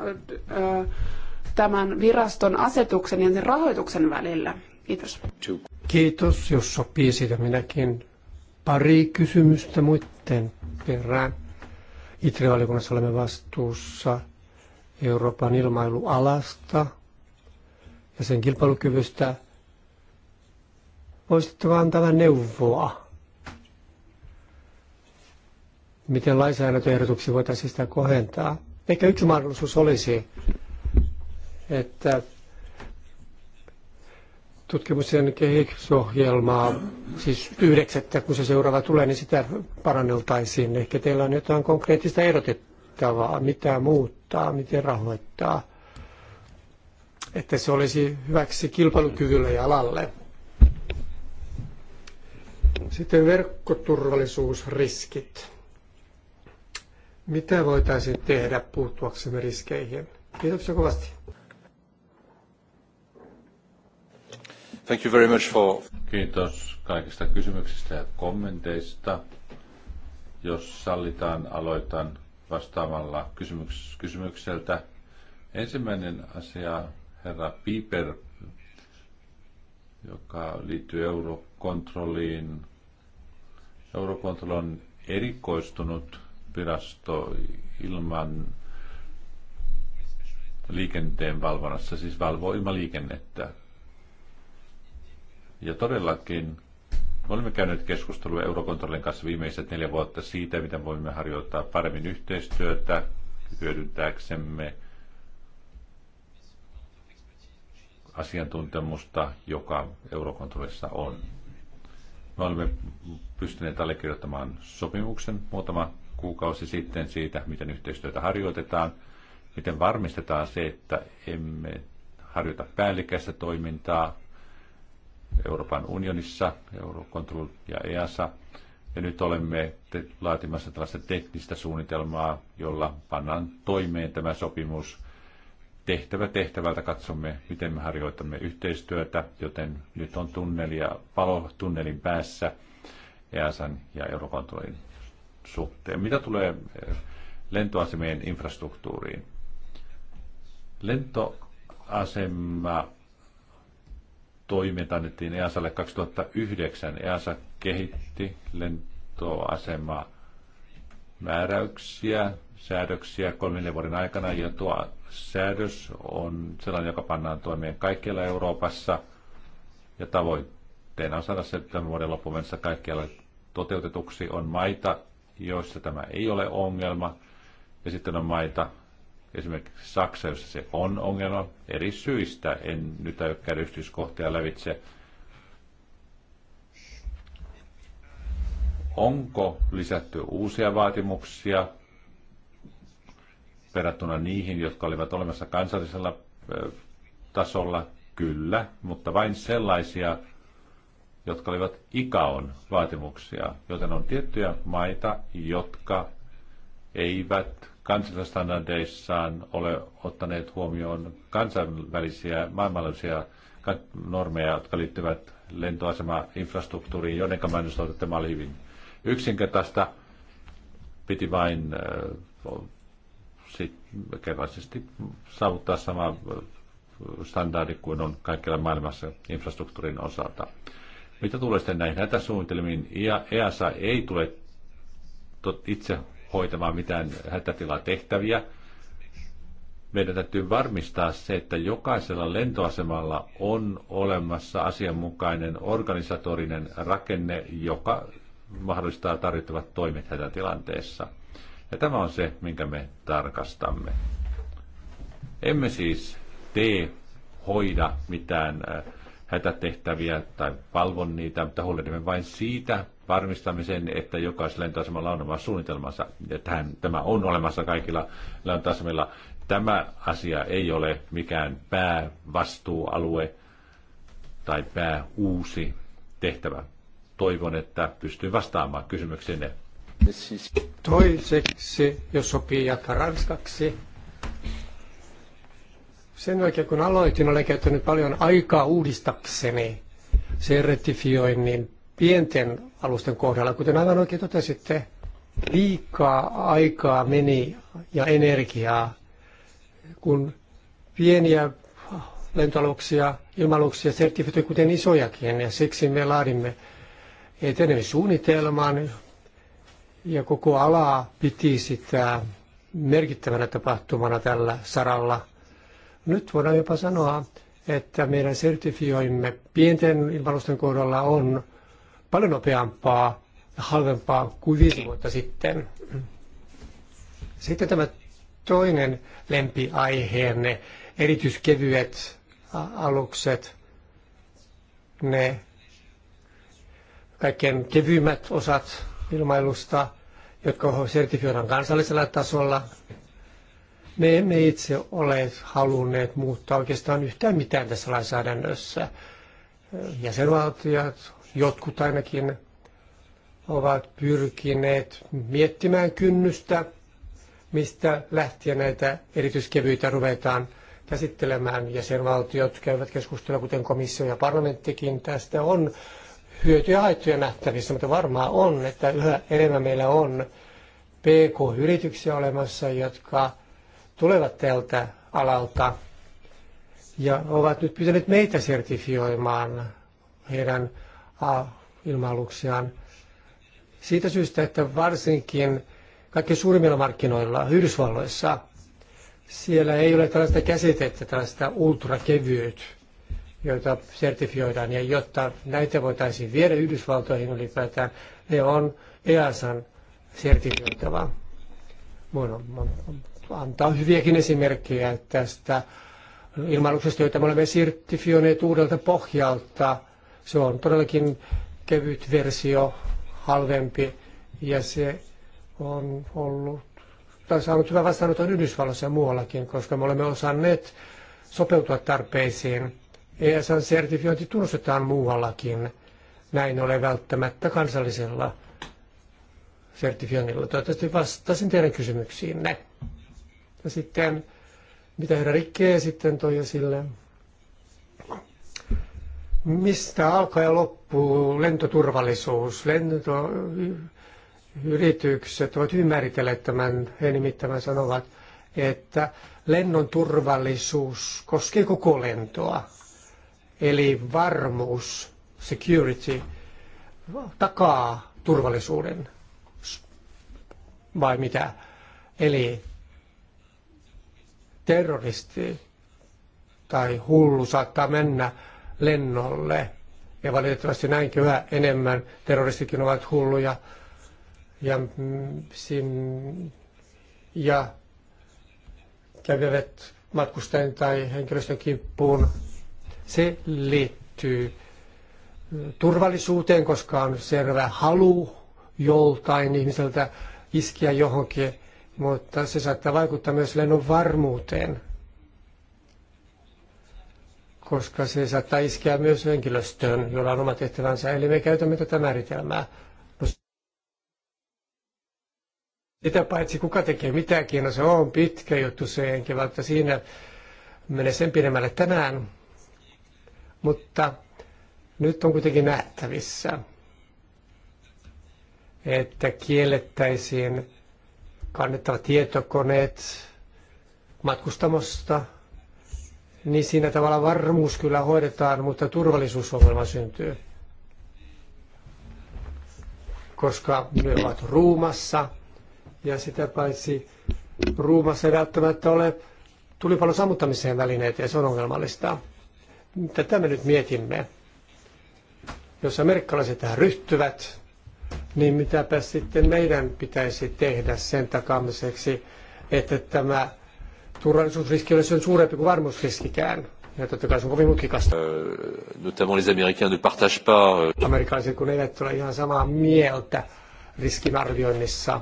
tämän viraston asetuksen ja sen rahoituksen välillä? Kiitos. Kiitos, jos sopii siitä minäkin pari kysymystä muiden perään. Itrivaliokunnassa olemme vastuussa Euroopan ilmailualasta ja sen kilpailukyvystä. vaan antaa neuvoa? Miten lainsäädäntöehdotuksia voitaisiin sitä kohentaa? Ehkä yksi mahdollisuus olisi, että tutkimuksen kehitysohjelmaa, siis yhdeksättä, kun se seuraava tulee, niin sitä paranneltaisiin. Ehkä teillä on jotain konkreettista erotettavaa, mitä muuttaa, miten rahoittaa, että se olisi hyväksi kilpailukyvylle ja alalle. Sitten verkkoturvallisuusriskit. Mitä voitaisiin tehdä puuttuaksemme riskeihin? Kiitoksia kovasti. Thank you very much for... Kiitos kaikista kysymyksistä ja kommenteista. Jos sallitaan, aloitan vastaamalla kysymyks- kysymykseltä. Ensimmäinen asia, herra Piper, joka liittyy eurokontrolliin. Eurokontrolli on erikoistunut virasto ilman liikenteen valvonnassa, siis valvoo liikennettä. Ja todellakin me olemme käyneet keskustelua Eurokontrollin kanssa viimeiset neljä vuotta siitä, miten voimme harjoittaa paremmin yhteistyötä hyödyntääksemme asiantuntemusta, joka Eurokontrollissa on. Me olemme pystyneet allekirjoittamaan sopimuksen muutama kuukausi sitten siitä, miten yhteistyötä harjoitetaan, miten varmistetaan se, että emme harjoita päällikkäistä toimintaa Euroopan unionissa, Eurocontrol ja EASA. Ja nyt olemme laatimassa tällaista teknistä suunnitelmaa, jolla pannaan toimeen tämä sopimus. Tehtävä tehtävältä katsomme, miten me harjoitamme yhteistyötä, joten nyt on tunnelia, ja palo tunnelin päässä EASAn ja Eurocontrolin suhteen. Mitä tulee eh, lentoasemien infrastruktuuriin? Lentoasema toiminta annettiin EASAlle 2009. EASA kehitti lentoasema määräyksiä, säädöksiä kolmen vuoden aikana, ja tuo säädös on sellainen, joka pannaan toimeen kaikkialla Euroopassa, ja tavoitteena on saada se tämän vuoden loppuun mennessä kaikkialla toteutetuksi. On maita, joissa tämä ei ole ongelma. Ja sitten on maita, esimerkiksi Saksa, jossa se on ongelma eri syistä. En nyt aio käydä yksityiskohtia lävitse. Onko lisätty uusia vaatimuksia verrattuna niihin, jotka olivat olemassa kansallisella tasolla? Kyllä, mutta vain sellaisia, jotka olivat ikaon vaatimuksia, joten on tiettyjä maita, jotka eivät kansallistandardeissaan ole ottaneet huomioon kansainvälisiä, maailmanlaisia normeja, jotka liittyvät lentoasema-infrastruktuuriin, joiden kanssa tämä oli hyvin yksinkertaista. Piti vain äh, sit, saavuttaa sama standardi kuin on kaikilla maailmassa infrastruktuurin osalta. Mitä tulee sitten näihin hätäsuunnitelmiin, EASA e ei tule itse hoitamaan mitään hätätilatehtäviä. Meidän täytyy varmistaa se, että jokaisella lentoasemalla on olemassa asianmukainen organisatorinen rakenne, joka mahdollistaa tarvittavat toimet hätätilanteessa. Ja tämä on se, minkä me tarkastamme. Emme siis tee, hoida mitään äh, hätätehtäviä tai palvon niitä, mutta huolehdimme vain siitä varmistamisen, että jokaisella lentoasemalla on oma suunnitelmansa. Ja tähän, tämä on olemassa kaikilla lentoasemilla. Tämä asia ei ole mikään päävastuualue tai pääuusi tehtävä. Toivon, että pystyy vastaamaan kysymyksenne. Toiseksi, jos sopii jatkaa ranskaksi. Sen jälkeen kun aloitin, olen käyttänyt paljon aikaa uudistakseni sertifioinnin pienten alusten kohdalla. Kuten aivan oikein totesitte, liikaa aikaa meni ja energiaa, kun pieniä lentoaluksia, ilmaluksia sertifioitiin kuten isojakin, ja siksi me laadimme etenemissuunnitelman, ja koko alaa piti sitä merkittävänä tapahtumana tällä saralla. Nyt voidaan jopa sanoa, että meidän sertifioimme pienten ilmalusten kohdalla on paljon nopeampaa ja halvempaa kuin viisi vuotta sitten. Sitten tämä toinen lempiaiheenne, erityiskevyet alukset, ne kaikkein kevyimmät osat ilmailusta, jotka sertifioidaan kansallisella tasolla, me emme itse ole halunneet muuttaa oikeastaan yhtään mitään tässä lainsäädännössä. Jäsenvaltiot, jotkut ainakin, ovat pyrkineet miettimään kynnystä, mistä lähtien näitä erityiskevyitä ruvetaan käsittelemään. Jäsenvaltiot käyvät keskustelua, kuten komissio ja parlamenttikin. Tästä on hyötyjä ja haittoja nähtävissä, mutta varmaan on, että yhä enemmän meillä on PK-yrityksiä olemassa, jotka tulevat tältä alalta ja ovat nyt pyytäneet meitä sertifioimaan heidän ilma siitä syystä, että varsinkin kaikki suurimmilla markkinoilla Yhdysvalloissa siellä ei ole tällaista käsitettä, tällaista ultrakevyyt, joita sertifioidaan. Ja jotta näitä voitaisiin viedä Yhdysvaltoihin ylipäätään, ne on EASan sertifioitava. Bueno, antaa hyviäkin esimerkkejä tästä ilmailuksesta, joita me olemme sertifioineet uudelta pohjalta. Se on todellakin kevyt versio, halvempi ja se on ollut tai saanut hyvän vastaanoton Yhdysvalloissa ja muuallakin, koska me olemme osanneet sopeutua tarpeisiin. ESAn sertifiointi tunnustetaan muuallakin. Näin ole välttämättä kansallisella sertifioinnilla. Toivottavasti vastasin teidän kysymyksiinne. Ja sitten, mitä herra rikkee sitten toi esille, mistä alkaa ja loppuu lentoturvallisuus. Lentoyritykset ovat ymmärritelleet tämän, he nimittäin sanovat, että lennon turvallisuus koskee koko lentoa. Eli varmuus, security, takaa turvallisuuden. Vai mitä? Eli terroristi tai hullu saattaa mennä lennolle. Ja valitettavasti näinkin yhä enemmän terroristikin ovat hulluja. Ja, mm, sin, ja kävivät matkustajien tai henkilöstön kippuun. Se liittyy mm, turvallisuuteen, koska on selvä halu joltain ihmiseltä iskiä johonkin mutta se saattaa vaikuttaa myös lennon varmuuteen, koska se saattaa iskeä myös henkilöstöön, jolla on oma tehtävänsä. Eli me käytämme tätä määritelmää. No, sitä paitsi kuka tekee mitäkin, no se on pitkä juttu se, enkä välttämättä siinä mene sen pidemmälle tänään. Mutta nyt on kuitenkin nähtävissä, että kiellettäisiin kannettavat tietokoneet matkustamosta, niin siinä tavalla varmuus kyllä hoidetaan, mutta turvallisuusongelma syntyy. Koska ne ovat ruumassa ja sitä paitsi ruumassa ei välttämättä ole tulipalon sammuttamiseen välineitä ja se on ongelmallista. Tätä me nyt mietimme. Jos amerikkalaiset tähän ryhtyvät, niin mitäpä sitten meidän pitäisi tehdä sen takaamiseksi, että tämä turvallisuusriski olisi suurempi kuin varmuusriskikään. Ja totta kai se on kovin mutkikasta. Euh, notamment les Américains ne partagent pas. Euh, Amerikkalaiset kun eivät ole ihan samaa mieltä riskinarvioinnissa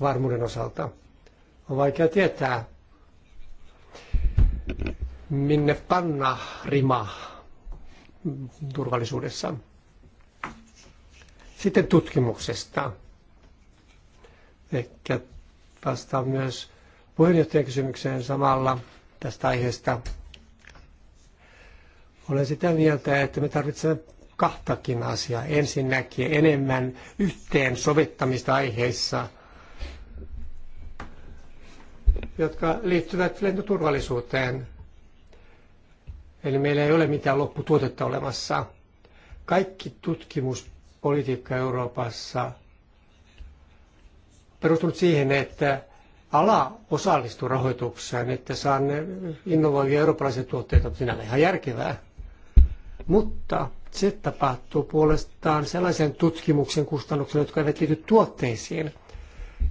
varmuuden osalta. On vaikea tietää, minne panna rima turvallisuudessa. Sitten tutkimuksesta. Ehkä vastaan myös puheenjohtajan kysymykseen samalla tästä aiheesta. Olen sitä mieltä, että me tarvitsemme kahtakin asiaa. Ensinnäkin enemmän yhteen sovittamista aiheissa, jotka liittyvät lentoturvallisuuteen. Eli meillä ei ole mitään lopputuotetta olemassa. Kaikki tutkimus politiikka Euroopassa perustunut siihen, että ala osallistuu rahoitukseen, että saa ne innovoivia eurooppalaisia tuotteita, mutta sinällä ihan järkevää. Mutta se tapahtuu puolestaan sellaisen tutkimuksen kustannuksella, jotka eivät liity tuotteisiin.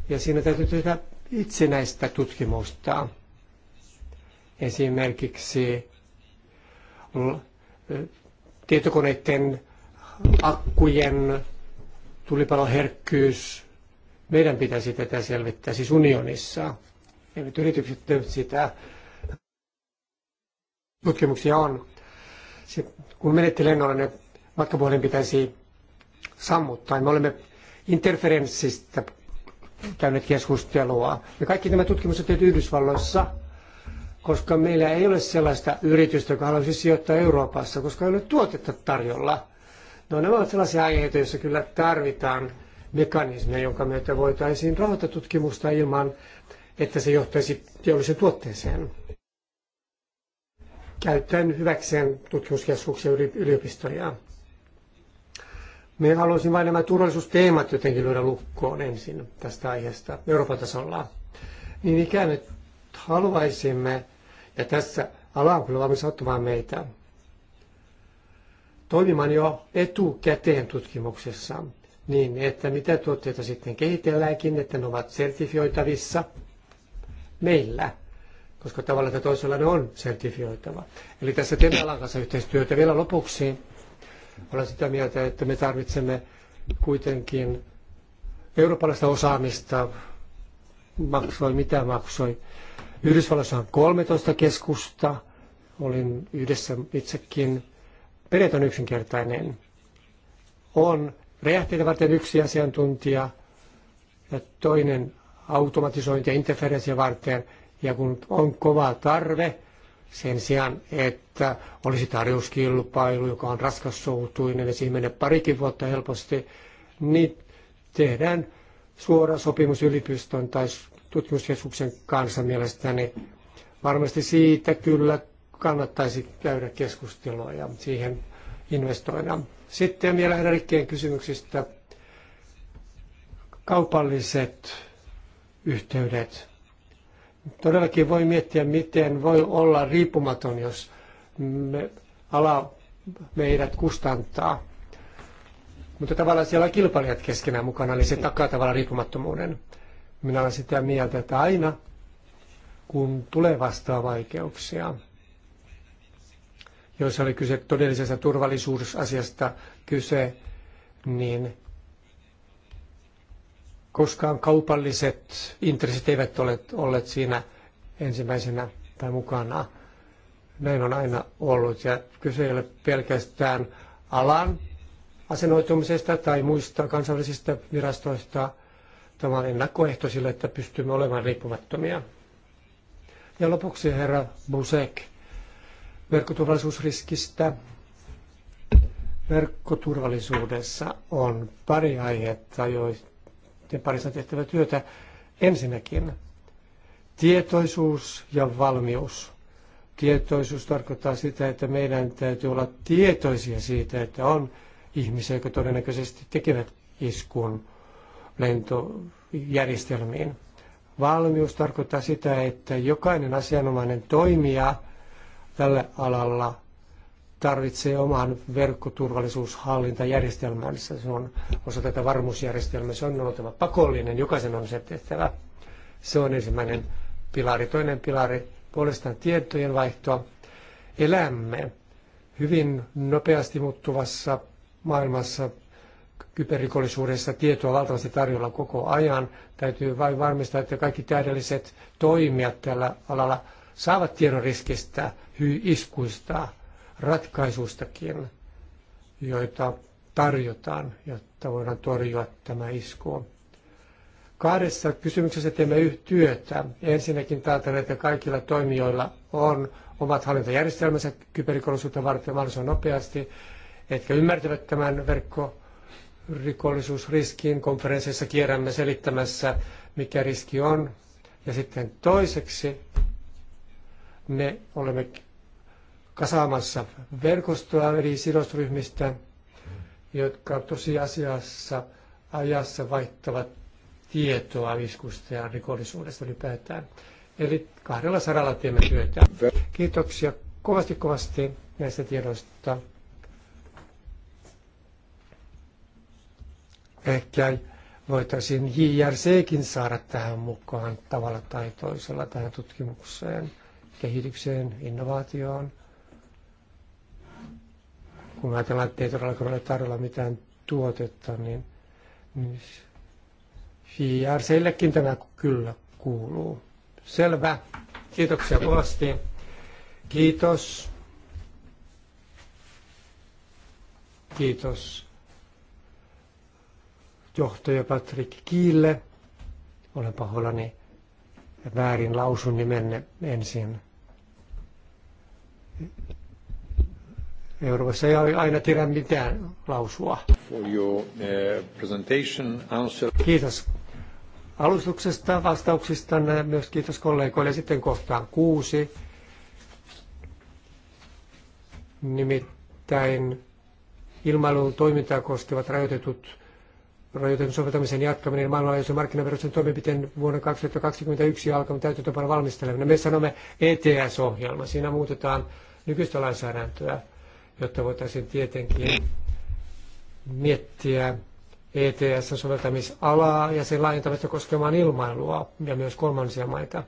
Ja siinä täytyy tehdä itsenäistä tutkimusta. Esimerkiksi tietokoneiden akkujen tulipaloherkkyys, meidän pitäisi tätä selvittää, siis unionissa. Eivät yritykset sitä. Tutkimuksia on. Sitten, kun menette lennolla, ne matkapuhelin pitäisi sammuttaa. Me olemme interferenssistä käyneet keskustelua. Ja kaikki tutkimus on tehty Yhdysvalloissa, koska meillä ei ole sellaista yritystä, joka haluaisi sijoittaa Euroopassa, koska ei ole tuotetta tarjolla. No nämä ovat sellaisia aiheita, joissa kyllä tarvitaan mekanismeja, jonka myötä voitaisiin rahoittaa tutkimusta ilman, että se johtaisi teolliseen tuotteeseen. Käyttäen hyväkseen tutkimuskeskuksia yliopistoja. Me haluaisin vain nämä turvallisuusteemat jotenkin lyödä lukkoon ensin tästä aiheesta Euroopan tasolla. Niin ikään, että haluaisimme, ja tässä ala on kyllä valmis auttamaan meitä, toimimaan jo etukäteen tutkimuksessa niin, että mitä tuotteita sitten kehitelläänkin, että ne ovat sertifioitavissa meillä, koska tavallaan tai toisella ne on sertifioitava. Eli tässä teemme alan kanssa yhteistyötä. Vielä lopuksi olen sitä mieltä, että me tarvitsemme kuitenkin eurooppalaista osaamista, maksoi mitä maksoi. Yhdysvalloissa on 13 keskusta, olin yhdessä itsekin Periaate on yksinkertainen. On räjähteitä varten yksi asiantuntija ja toinen ja interferenssiä varten. Ja kun on kova tarve, sen sijaan, että olisi tarjouskilpailu, joka on raskassoutuinen ja siihen menee parikin vuotta helposti, niin tehdään suora sopimus yliopiston tai tutkimuskeskuksen kanssa mielestäni. Varmasti siitä kyllä kannattaisi käydä keskustelua ja siihen investoida. Sitten vielä Henrikkeen kysymyksistä kaupalliset yhteydet. Todellakin voi miettiä, miten voi olla riippumaton, jos me, ala meidät kustantaa. Mutta tavallaan siellä on kilpailijat keskenään mukana, niin se takaa tavallaan riippumattomuuden. Minä olen sitä mieltä, että aina kun tulee vastaan vaikeuksia, joissa oli kyse todellisesta turvallisuusasiasta kyse, niin koskaan kaupalliset intressit eivät ole olleet siinä ensimmäisenä tai mukana. Näin on aina ollut ja kyse ei ole pelkästään alan asennoitumisesta tai muista kansallisista virastoista. Tämä on ennakkoehto sille, että pystymme olemaan riippumattomia. Ja lopuksi herra Busek verkkoturvallisuusriskistä. Verkkoturvallisuudessa on pari aihetta, joiden parissa on tehtävä työtä. Ensinnäkin tietoisuus ja valmius. Tietoisuus tarkoittaa sitä, että meidän täytyy olla tietoisia siitä, että on ihmisiä, jotka todennäköisesti tekevät iskun lentojärjestelmiin. Valmius tarkoittaa sitä, että jokainen asianomainen toimija tällä alalla tarvitsee oman verkkoturvallisuushallintajärjestelmänsä. Se on osa tätä varmuusjärjestelmää. Se on oltava pakollinen. Jokaisen on se tehtävä. Se on ensimmäinen pilari. Toinen pilari puolestaan tietojen vaihtoa. Elämme hyvin nopeasti muuttuvassa maailmassa kyberrikollisuudessa tietoa valtavasti tarjolla koko ajan. Täytyy vain varmistaa, että kaikki täydelliset toimijat tällä alalla – saavat tiedon riskistä, iskuista, ratkaisuistakin, joita tarjotaan, jotta voidaan torjua tämä isku. Kahdessa kysymyksessä teemme työtä. Ensinnäkin taataan, että kaikilla toimijoilla on omat hallintajärjestelmänsä kyberrikollisuutta varten mahdollisimman nopeasti, etkä ymmärtävät tämän verkkorikollisuusriskin. Konferensseissa kierrämme selittämässä, mikä riski on. Ja sitten toiseksi me olemme kasaamassa verkostoa eri sidosryhmistä, jotka tosiasiassa ajassa vaihtavat tietoa iskusta ja rikollisuudesta ylipäätään. Eli kahdella saralla teemme työtä. Kiitoksia kovasti kovasti näistä tiedoista. Ehkä voitaisiin JRCkin saada tähän mukaan tavalla tai toisella tähän tutkimukseen kehitykseen, innovaatioon. Kun ajatellaan, että ei todellakaan ole tarjolla mitään tuotetta, niin, niin JRCllekin tämä kyllä kuuluu. Selvä. Kiitoksia kovasti. Kiitos. Kiitos johtaja Patrick Kiille. Olen pahoillani väärin lausun nimenne ensin. Euroopassa ei aina tiedä mitään lausua. Uh, kiitos alustuksesta, vastauksista, myös kiitos kollegoille. Sitten kohtaan kuusi. Nimittäin ilmailun toimintaa koskevat rajoitetut rajoitetun soveltamisen jatkaminen maailmanlaajuisen markkinaperusten toimenpiteen vuonna 2021 alkaen täytäntöönpanon valmisteleminen. Me sanomme ETS-ohjelma. Siinä muutetaan nykyistä lainsäädäntöä, jotta voitaisiin tietenkin miettiä ETS-soveltamisalaa ja sen laajentamista koskemaan ilmailua ja myös kolmansia maita.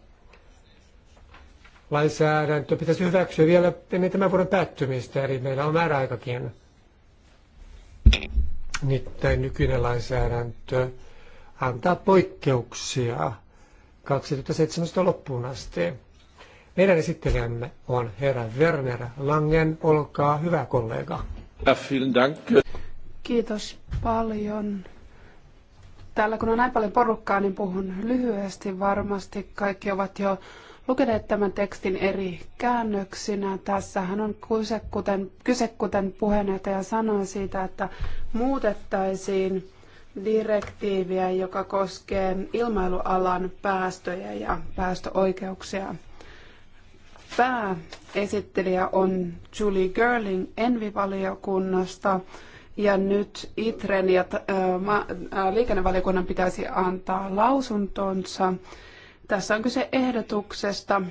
Lainsäädäntö pitäisi hyväksyä vielä ennen tämän vuoden päättymistä, eli meillä on määräaikakin. Nimittäin nykyinen lainsäädäntö antaa poikkeuksia 2017 loppuun asti. Meidän esittelijämme on herra Werner Langen. Olkaa hyvä kollega. Kiitos paljon. Täällä kun on näin paljon porukkaa, niin puhun lyhyesti varmasti. Kaikki ovat jo lukeneet tämän tekstin eri käännöksinä. Tässähän on kyse, kuten, kyse, kuten puheenjohtaja sanoi siitä, että muutettaisiin direktiiviä, joka koskee ilmailualan päästöjä ja päästöoikeuksia pääesittelijä on Julie Görling Envi-valiokunnasta. Ja nyt ITREN ja äh, äh, liikennevaliokunnan pitäisi antaa lausuntonsa. Tässä on kyse ehdotuksesta,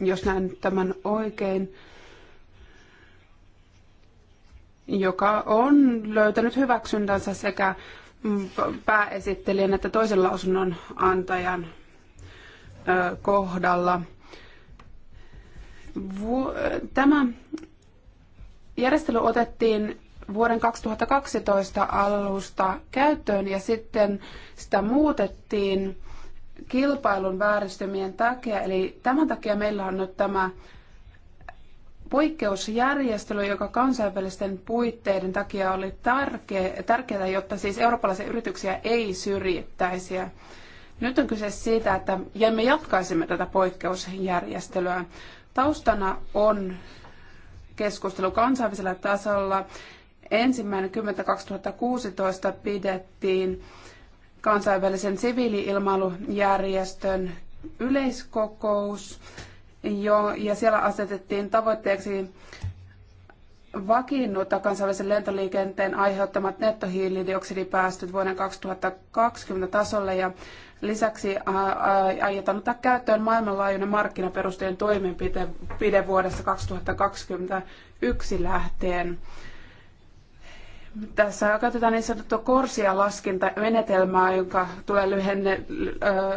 jos näen tämän oikein, joka on löytänyt hyväksyntänsä sekä pääesittelijän että toisen lausunnon antajan äh, kohdalla tämä järjestely otettiin vuoden 2012 alusta käyttöön ja sitten sitä muutettiin kilpailun vääristymien takia. Eli tämän takia meillä on nyt tämä poikkeusjärjestely, joka kansainvälisten puitteiden takia oli tärkeää, jotta siis eurooppalaisia yrityksiä ei syrjittäisi. Nyt on kyse siitä, että ja me jatkaisimme tätä poikkeusjärjestelyä. Taustana on keskustelu kansainvälisellä tasolla. Ensimmäinen 10.2016 pidettiin kansainvälisen siviiliilmailujärjestön yleiskokous, jo, ja siellä asetettiin tavoitteeksi vakiinnuttaa kansainvälisen lentoliikenteen aiheuttamat nettohiilidioksidipäästöt vuoden 2020 tasolle ja Lisäksi aiotaan ottaa käyttöön maailmanlaajuinen markkinaperusteinen toimenpide vuodessa 2021 lähtien. Tässä käytetään niin sanottua Corsia-laskentamenetelmää, jonka tulee lyhenne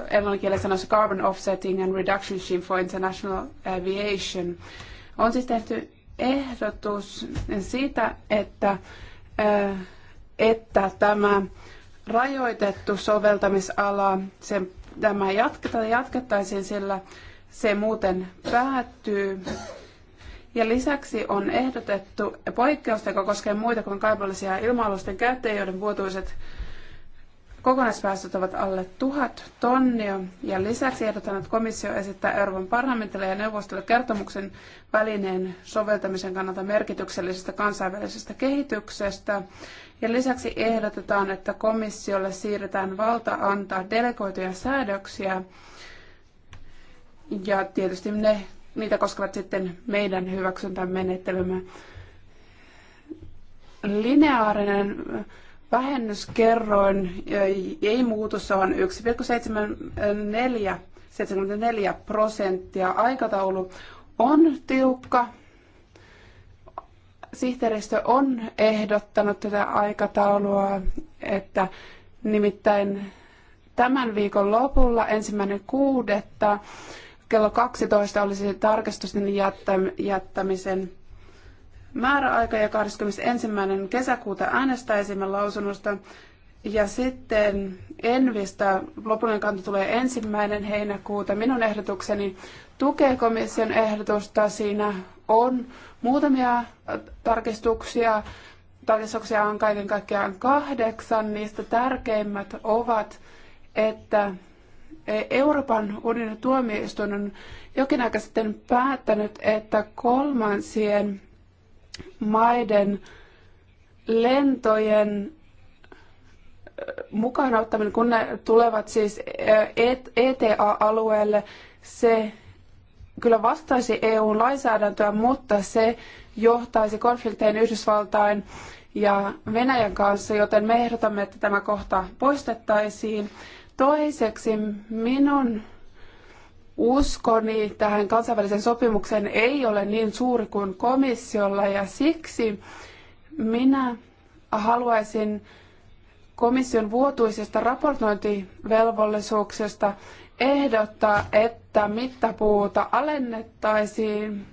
englanninkielessä sanossa Carbon Offsetting and Reduction Scheme for International Aviation. On siis tehty ehdotus siitä, että, että tämä rajoitettu soveltamisala. Se, tämä jatketa, jatkettaisiin, sillä se muuten päättyy. Ja lisäksi on ehdotettu poikkeusta, joka koskee muita kuin kaupallisia ilma-alusten käyttäjiä, joiden vuotuiset kokonaispäästöt ovat alle tuhat tonnia. Ja lisäksi ehdotan, että komissio esittää Euroopan parlamentille ja neuvostolle kertomuksen välineen soveltamisen kannalta merkityksellisestä kansainvälisestä kehityksestä ja lisäksi ehdotetaan, että komissiolle siirretään valta antaa delegoituja säädöksiä. Ja tietysti ne, niitä koskevat sitten meidän hyväksyntämenettelymme. Lineaarinen vähennyskerroin ei muutu, se on 1,74 74 prosenttia. Aikataulu on tiukka, sihteeristö on ehdottanut tätä aikataulua, että nimittäin tämän viikon lopulla ensimmäinen kuudetta kello 12 olisi tarkastusten jättämisen määräaika ja 21. kesäkuuta äänestäisimme lausunnosta. Ja sitten Envistä lopullinen kanta tulee ensimmäinen heinäkuuta. Minun ehdotukseni tukee komission ehdotusta. Siinä on muutamia äh, tarkistuksia. Tarkistuksia on kaiken kaikkiaan kahdeksan. Niistä tärkeimmät ovat, että e- Euroopan unionin tuomioistuin on jokin aika sitten päättänyt, että kolmansien maiden lentojen äh, mukaan ottaminen, kun ne tulevat siis äh, ETA-alueelle, se kyllä vastaisi EU-lainsäädäntöä, mutta se johtaisi konflikteihin Yhdysvaltain ja Venäjän kanssa, joten me ehdotamme, että tämä kohta poistettaisiin. Toiseksi minun uskoni tähän kansainväliseen sopimukseen ei ole niin suuri kuin komissiolla ja siksi minä haluaisin komission vuotuisesta raportointivelvollisuuksesta ehdottaa, että että mittapuuta alennettaisiin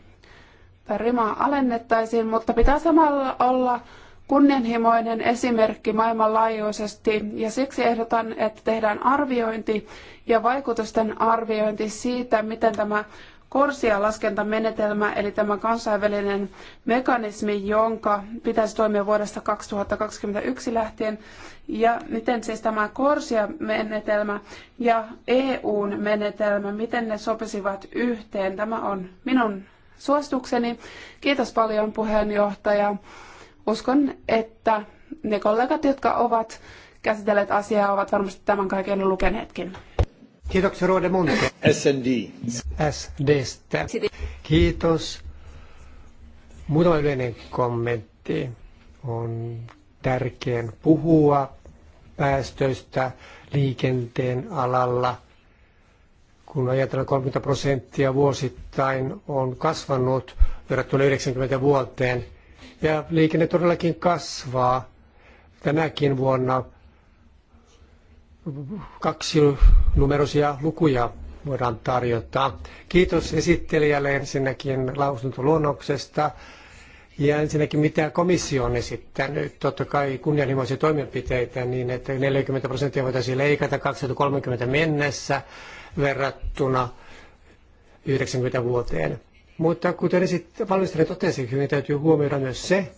tai rimaa alennettaisiin, mutta pitää samalla olla kunnianhimoinen esimerkki maailmanlaajuisesti ja siksi ehdotan, että tehdään arviointi ja vaikutusten arviointi siitä, miten tämä corsia laskentamenetelmä, eli tämä kansainvälinen mekanismi, jonka pitäisi toimia vuodesta 2021 lähtien, ja miten siis tämä corsia menetelmä ja EUn menetelmä, miten ne sopisivat yhteen. Tämä on minun suositukseni. Kiitos paljon puheenjohtaja. Uskon, että ne kollegat, jotka ovat käsitelleet asiaa, ovat varmasti tämän kaiken lukeneetkin. Kiitoksia Rode Monko. SND. SDstä. Kiitos. Muutama yleinen kommentti. On tärkeän puhua päästöistä liikenteen alalla. Kun ajatellaan 30 prosenttia vuosittain on kasvanut verrattuna 90 vuoteen, ja liikenne todellakin kasvaa tänäkin vuonna kaksi numeroisia lukuja voidaan tarjota. Kiitos esittelijälle ensinnäkin lausuntoluonnoksesta. Ja ensinnäkin mitä komissio on esittänyt, totta kai kunnianhimoisia toimenpiteitä niin, että 40 prosenttia voitaisiin leikata 2030 mennessä verrattuna 90 vuoteen. Mutta kuten valmistelija totesi, hyvin täytyy huomioida myös se,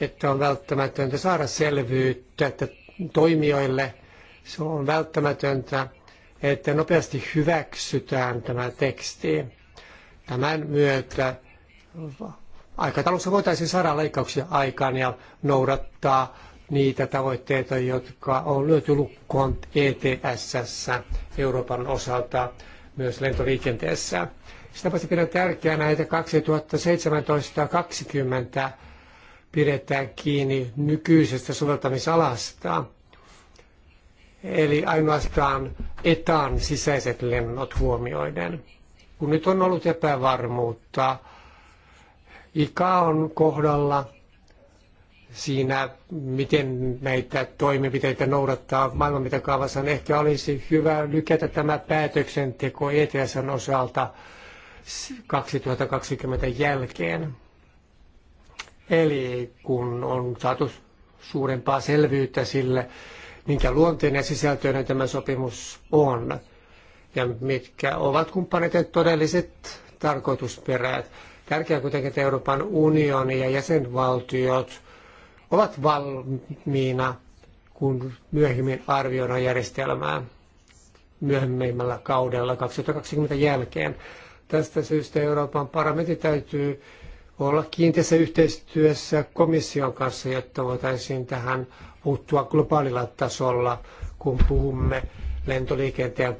että on välttämätöntä saada selvyyttä että toimijoille – se on välttämätöntä, että nopeasti hyväksytään tämä teksti. Tämän myötä aikataulussa voitaisiin saada leikkauksia aikaan ja noudattaa niitä tavoitteita, jotka on lyöty lukkoon ETSS Euroopan osalta myös lentoliikenteessä. Sitä paitsi pidän tärkeänä, että 2017-2020 pidetään kiinni nykyisestä soveltamisalasta eli ainoastaan etan sisäiset lennot huomioiden. Kun nyt on ollut epävarmuutta, ikä on kohdalla siinä, miten näitä toimenpiteitä noudattaa maailman mittakaavassa, niin ehkä olisi hyvä lykätä tämä päätöksenteko ETSn osalta 2020 jälkeen. Eli kun on saatu suurempaa selvyyttä sille, minkä luonteinen ja sisältöinen tämä sopimus on ja mitkä ovat kumppaneiden todelliset tarkoitusperät. Tärkeää kuitenkin, että Euroopan unioni ja jäsenvaltiot ovat valmiina, kun myöhemmin arvioidaan järjestelmää myöhemmällä kaudella 2020 jälkeen. Tästä syystä Euroopan parlamentti täytyy olla kiinteässä yhteistyössä komission kanssa, jotta voitaisiin tähän puuttua globaalilla tasolla, kun puhumme lentoliikenteen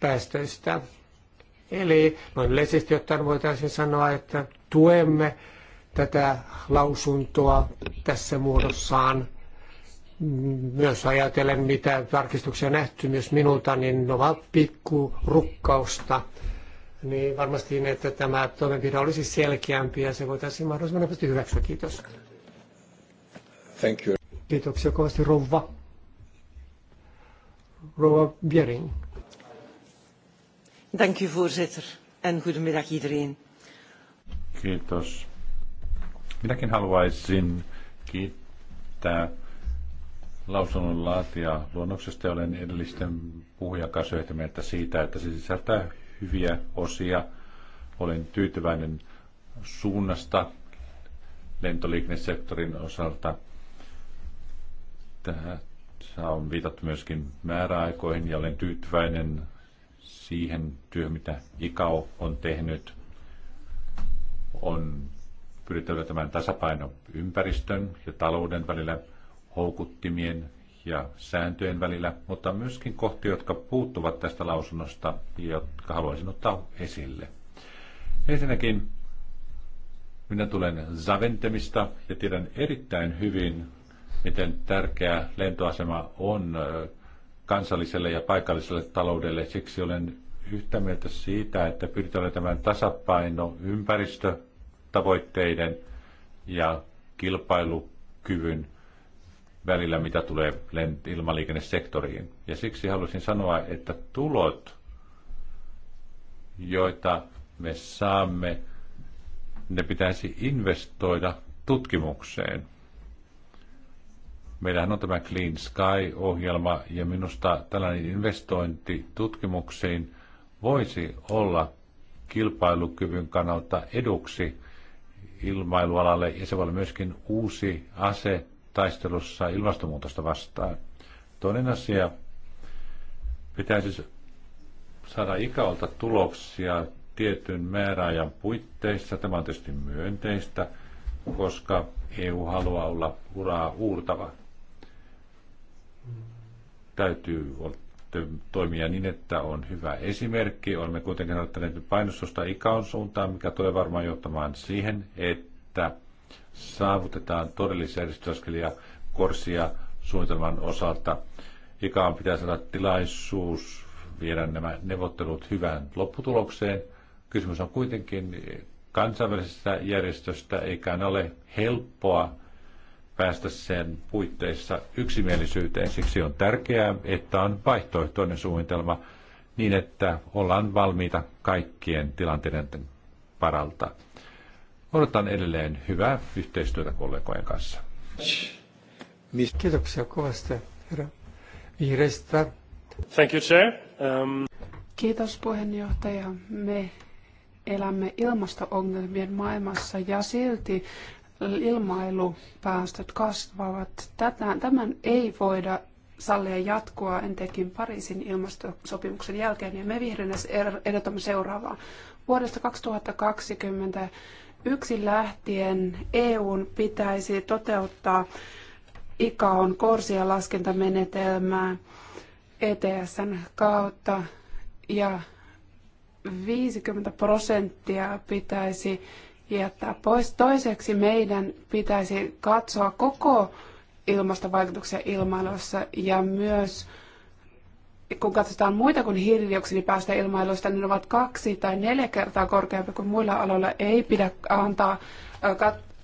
päästöistä. Eli noin yleisesti ottaen voitaisiin sanoa, että tuemme tätä lausuntoa tässä muodossaan. Myös ajatellen, mitä tarkistuksia nähty myös minulta, niin ne ovat pikku rukkausta. Niin varmasti, niin, että tämä toimenpide olisi selkeämpi ja se voitaisiin mahdollisimman nopeasti hyväksyä. Kiitos. Thank you. Kiitoksia kovasti rouva. Rouva Bjering. Dank u voorzitter en goedemiddag iedereen. Kiitos. Minäkin haluaisin kiittää lausunnon laatia luonnoksesta ja olen edellisten puhujan kanssa yhtä mieltä siitä, että se sisältää hyviä osia. Olen tyytyväinen suunnasta lentoliikennesektorin osalta – tässä on viitattu myöskin määräaikoihin ja olen tyytyväinen siihen työhön, mitä IKAO on tehnyt. On pyritty löytämään tasapaino ympäristön ja talouden välillä, houkuttimien ja sääntöjen välillä, mutta myöskin kohti, jotka puuttuvat tästä lausunnosta ja jotka haluaisin ottaa esille. Ensinnäkin minä tulen Zaventemista ja tiedän erittäin hyvin miten tärkeä lentoasema on kansalliselle ja paikalliselle taloudelle. Siksi olen yhtä mieltä siitä, että pyritään tämän tasapaino ympäristötavoitteiden ja kilpailukyvyn välillä, mitä tulee ilmaliikennesektoriin. Ja siksi haluaisin sanoa, että tulot, joita me saamme, ne pitäisi investoida tutkimukseen. Meillähän on tämä Clean Sky-ohjelma ja minusta tällainen investointi tutkimuksiin voisi olla kilpailukyvyn kannalta eduksi ilmailualalle ja se voi olla myöskin uusi ase taistelussa ilmastonmuutosta vastaan. Toinen asia, pitäisi saada ikäolta tuloksia tietyn määräajan puitteissa. Tämä on tietysti myönteistä, koska EU haluaa olla uraa uurtava täytyy toimia niin, että on hyvä esimerkki. Olemme kuitenkin ottaneet painostusta ikaon suuntaan, mikä tulee varmaan johtamaan siihen, että saavutetaan todellisia edistysaskelia korsia suunnitelman osalta. Ikaan pitää saada tilaisuus viedä nämä neuvottelut hyvään lopputulokseen. Kysymys on kuitenkin kansainvälisestä järjestöstä, eikä ole helppoa päästä sen puitteissa yksimielisyyteen. Siksi on tärkeää, että on vaihtoehtoinen suunnitelma niin, että ollaan valmiita kaikkien tilanteiden paralta. Odotan edelleen hyvää yhteistyötä kollegojen kanssa. Kiitoksia kovasti, herra vihreistä. Thank you, Chair. Um... Kiitos puheenjohtaja. Me elämme ilmasto-ongelmien maailmassa ja silti ilmailupäästöt kasvavat. Tätä, tämän ei voida sallia jatkoa entenkin Pariisin ilmastosopimuksen jälkeen, ja me vihreänä edotamme er-, seuraavaa. Vuodesta 2020 yksi lähtien EUn pitäisi toteuttaa ICAOn korsia laskentamenetelmää ETSn kautta, ja 50 prosenttia pitäisi jättää pois. Toiseksi meidän pitäisi katsoa koko ilmastovaikutuksia ilmailussa ja myös kun katsotaan muita kuin hiilidioksidipäästöjä ilmailusta, niin ne ovat kaksi tai neljä kertaa korkeampia kuin muilla aloilla. Ei pidä antaa,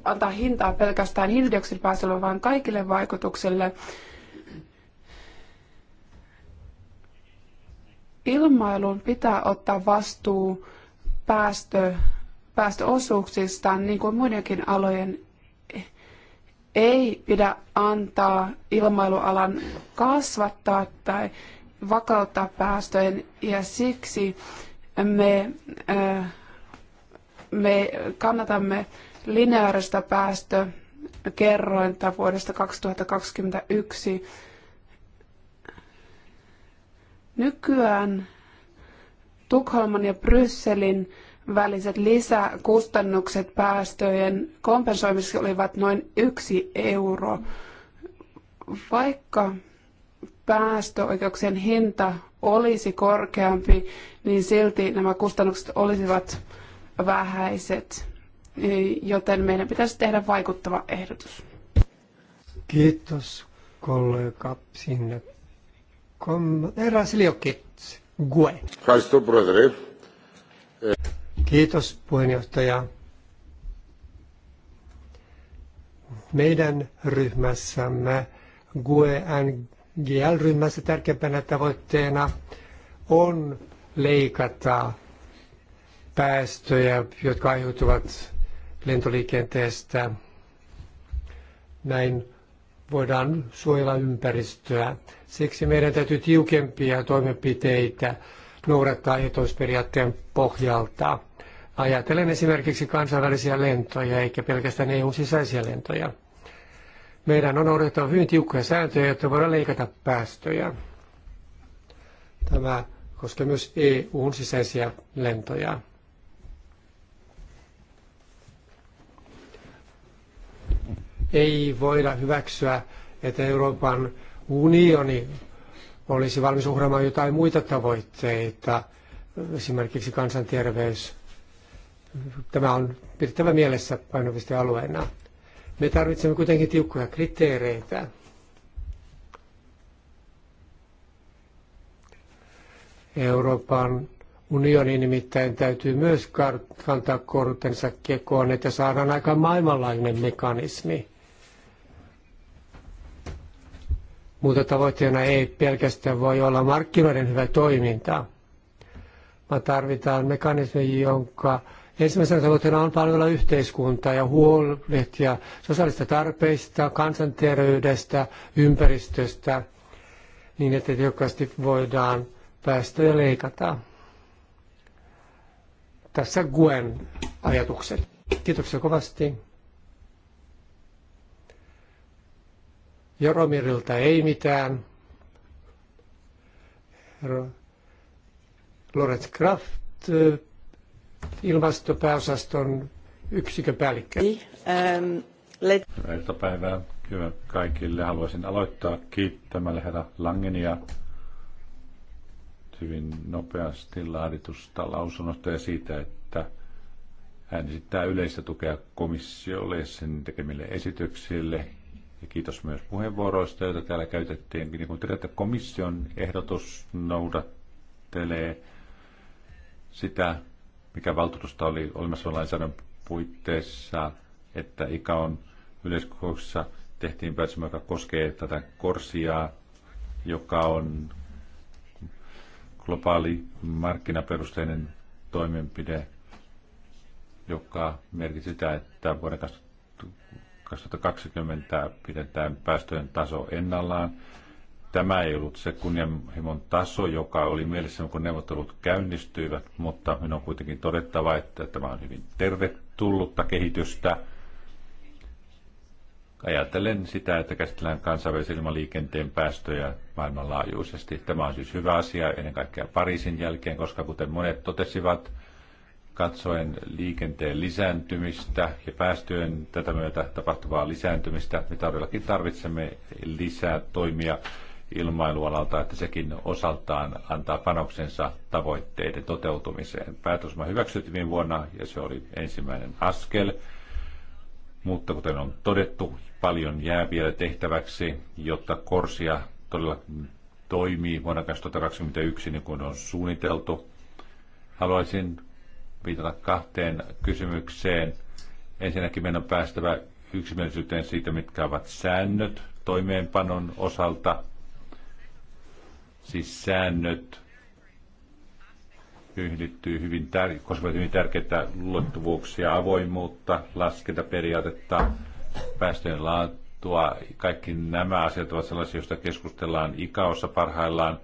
antaa hintaa pelkästään hiilidioksidipäästölle, vaan kaikille vaikutuksille. Ilmailun pitää ottaa vastuu päästö päästöosuuksistaan, niin kuin muidenkin alojen, ei pidä antaa ilmailualan kasvattaa tai vakauttaa päästöjen, ja siksi me, äh, me kannatamme lineaarista päästökerrointa vuodesta 2021. Nykyään Tukholman ja Brysselin väliset lisäkustannukset päästöjen kompensoimiseksi olivat noin yksi euro. Vaikka päästöoikeuksien hinta olisi korkeampi, niin silti nämä kustannukset olisivat vähäiset, joten meidän pitäisi tehdä vaikuttava ehdotus. Kiitos kollega sinne. Kom... Herra Siliokit, Gue. Kiitos puheenjohtaja. Meidän ryhmässämme, GUE-NGL-ryhmässä tärkeimpänä tavoitteena on leikata päästöjä, jotka aiheutuvat lentoliikenteestä. Näin voidaan suojella ympäristöä. Siksi meidän täytyy tiukempia toimenpiteitä noudattaa ehdotusperiaatteen pohjalta. Ajatellen esimerkiksi kansainvälisiä lentoja eikä pelkästään eu sisäisiä lentoja. Meidän on odotettava hyvin tiukkoja sääntöjä, jotta voidaan leikata päästöjä. Tämä koskee myös EUn sisäisiä lentoja. Ei voida hyväksyä, että Euroopan unioni olisi valmis uhraamaan jotain muita tavoitteita, esimerkiksi kansanterveys tämä on pidettävä mielessä painopistealueena. Me tarvitsemme kuitenkin tiukkoja kriteereitä. Euroopan unioni nimittäin täytyy myös kantaa kortensa kekoon, että saadaan aika maailmanlainen mekanismi. Muuta tavoitteena ei pelkästään voi olla markkinoiden hyvä toiminta, vaan tarvitaan mekanismi, jonka Ensimmäisenä tavoitteena on palvella yhteiskuntaa ja huolehtia sosiaalista tarpeista, kansanterveydestä, ympäristöstä, niin että tehokkaasti voidaan päästöjä leikata. Tässä Gwen ajatukset. Kiitoksia kovasti. Joromirilta ei mitään. Lorenz Kraft ilmastopääosaston yksiköpäällikkö. Niin, ähm, Hyvää iltapäivää. Hyvä kaikille. Haluaisin aloittaa kiittämällä herra Langenia hyvin nopeasti laaditusta lausunnosta ja siitä, että hän esittää yleistä tukea komissiolle ja sen tekemille esityksille. Ja kiitos myös puheenvuoroista, joita täällä käytettiin. Niin kuin tiedätte, komission ehdotus noudattelee sitä mikä valtuutusta oli olemassa lainsäädännön puitteissa, että ikä on yleiskokouksessa tehtiin päätös, joka koskee tätä korsiaa, joka on globaali markkinaperusteinen toimenpide, joka merkitsee sitä, että vuoden 2020 pidetään päästöjen taso ennallaan Tämä ei ollut se kunnianhimon taso, joka oli mielessä, kun neuvottelut käynnistyivät, mutta minun on kuitenkin todettava, että tämä on hyvin tervetullutta kehitystä. Ajatellen sitä, että käsitellään kansainvälisen ilmaliikenteen päästöjä maailmanlaajuisesti. Tämä on siis hyvä asia ennen kaikkea Pariisin jälkeen, koska kuten monet totesivat, katsoen liikenteen lisääntymistä ja päästöjen tätä myötä tapahtuvaa lisääntymistä, me todellakin tarvitsemme lisää toimia ilmailualalta, että sekin osaltaan antaa panoksensa tavoitteiden toteutumiseen. Päätösmä hyväksyttiin viime vuonna ja se oli ensimmäinen askel, mutta kuten on todettu, paljon jää vielä tehtäväksi, jotta Korsia todella toimii vuonna 2021 niin kuin on suunniteltu. Haluaisin viitata kahteen kysymykseen. Ensinnäkin meidän on päästävä yksimielisyyteen siitä, mitkä ovat säännöt toimeenpanon osalta – siis säännöt, yhdittyy hyvin, tär- koskevat hyvin tärkeitä luottuvuuksia, avoimuutta, laskentaperiaatetta, päästöjen laatua. Kaikki nämä asiat ovat sellaisia, joista keskustellaan ikaossa parhaillaan,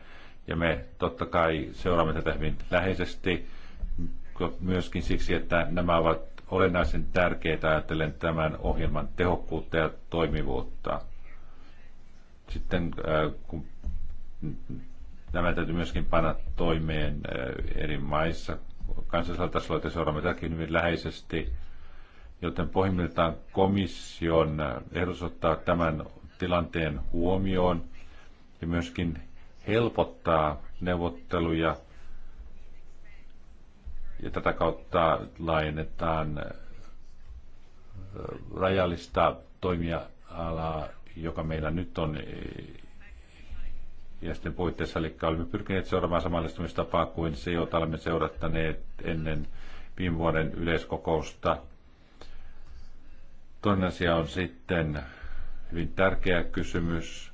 ja me totta kai seuraamme tätä hyvin läheisesti, myöskin siksi, että nämä ovat olennaisen tärkeitä ajatellen tämän ohjelman tehokkuutta ja toimivuutta. Sitten äh, kun Nämä täytyy myöskin panna toimeen äh, eri maissa. Kansallisella tasolla te seuraamme tätäkin hyvin läheisesti, joten pohjimmiltaan komission äh, ehdotus ottaa tämän tilanteen huomioon ja myöskin helpottaa neuvotteluja ja tätä kautta laajennetaan äh, rajallista toimialaa, joka meillä nyt on ja puitteissa, eli olemme pyrkineet seuraamaan samallistumistapaa kuin se, jota olemme seurattaneet ennen viime vuoden yleiskokousta. Toinen asia on sitten hyvin tärkeä kysymys,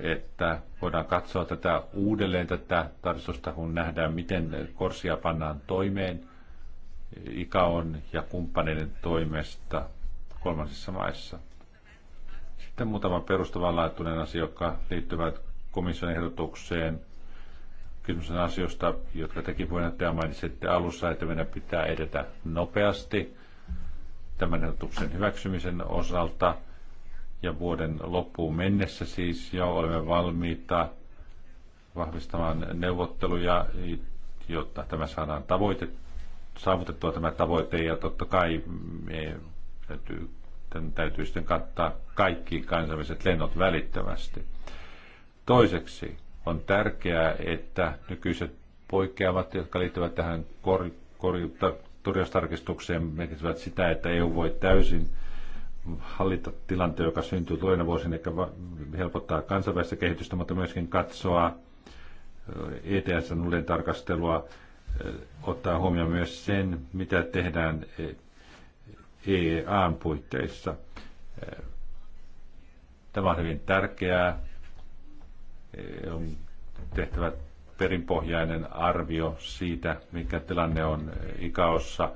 että voidaan katsoa tätä uudelleen tätä tarkistusta, kun nähdään, miten korsia pannaan toimeen ikaon ja kumppaneiden toimesta kolmansissa maissa. Sitten muutama perustavanlaatuinen asia, joka liittyvät komission ehdotukseen. Kysymys on asioista, jotka tekin puheenjohtaja mainitsitte alussa, että meidän pitää edetä nopeasti tämän ehdotuksen hyväksymisen osalta ja vuoden loppuun mennessä siis jo olemme valmiita vahvistamaan neuvotteluja, jotta tämä saadaan tavoite, saavutettua tämä tavoite ja totta kai me täytyy, tämän täytyy sitten kattaa kaikki kansainväliset lennot välittömästi. Toiseksi on tärkeää, että nykyiset poikkeamat, jotka liittyvät tähän kor- kor- turjastarkistukseen, merkitsevät sitä, että EU voi täysin hallita tilanteen, joka syntyy tulevina vuosina, eikä helpottaa kansainvälistä kehitystä, mutta myöskin katsoa ETSn uuden tarkastelua, ottaa huomioon myös sen, mitä tehdään EEAn puitteissa. Tämä on hyvin tärkeää on tehtävä perinpohjainen arvio siitä, mikä tilanne on ikaossa,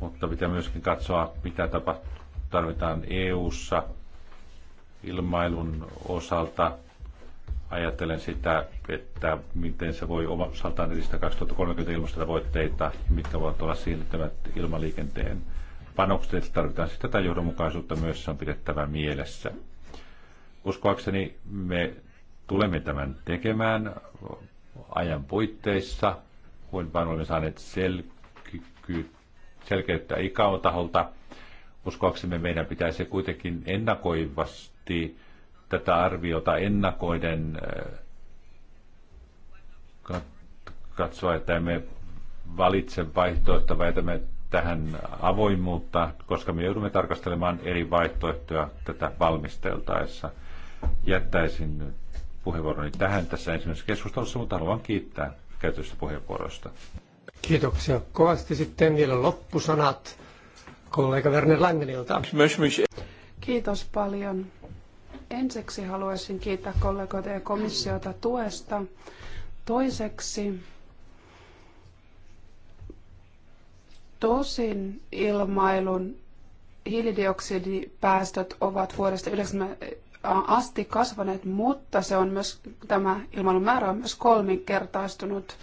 mutta pitää myöskin katsoa, mitä tapa tarvitaan EU-ssa ilmailun osalta. Ajattelen sitä, että miten se voi osaltaan edistää 2030 ilmastotavoitteita mitkä voivat olla siirtymät ilmaliikenteen panokset. Tarvitaan sitä siis tätä johdonmukaisuutta myös on pidettävä mielessä. Uskoakseni me Tulemme tämän tekemään ajan puitteissa, kun vain olemme saaneet selky- selkeyttä ikaon taholta. Uskoaksemme meidän pitäisi kuitenkin ennakoivasti tätä arviota ennakoiden äh, katsoa, että emme valitse vaihtoehtoa, me tähän avoimuutta, koska me joudumme tarkastelemaan eri vaihtoehtoja tätä valmisteltaessa. Jättäisin nyt puheenvuoroni tähän tässä ensimmäisessä keskustelussa, mutta haluan kiittää käytöstä puheenvuoroista. Kiitoksia kovasti. Sitten vielä loppusanat kollega Werner Langenilta. Kiitos paljon. Ensiksi haluaisin kiittää kollegoita ja komissiota tuesta. Toiseksi tosin ilmailun hiilidioksidipäästöt ovat vuodesta asti kasvaneet, mutta se on myös, tämä ilmailun määrä on myös kolminkertaistunut.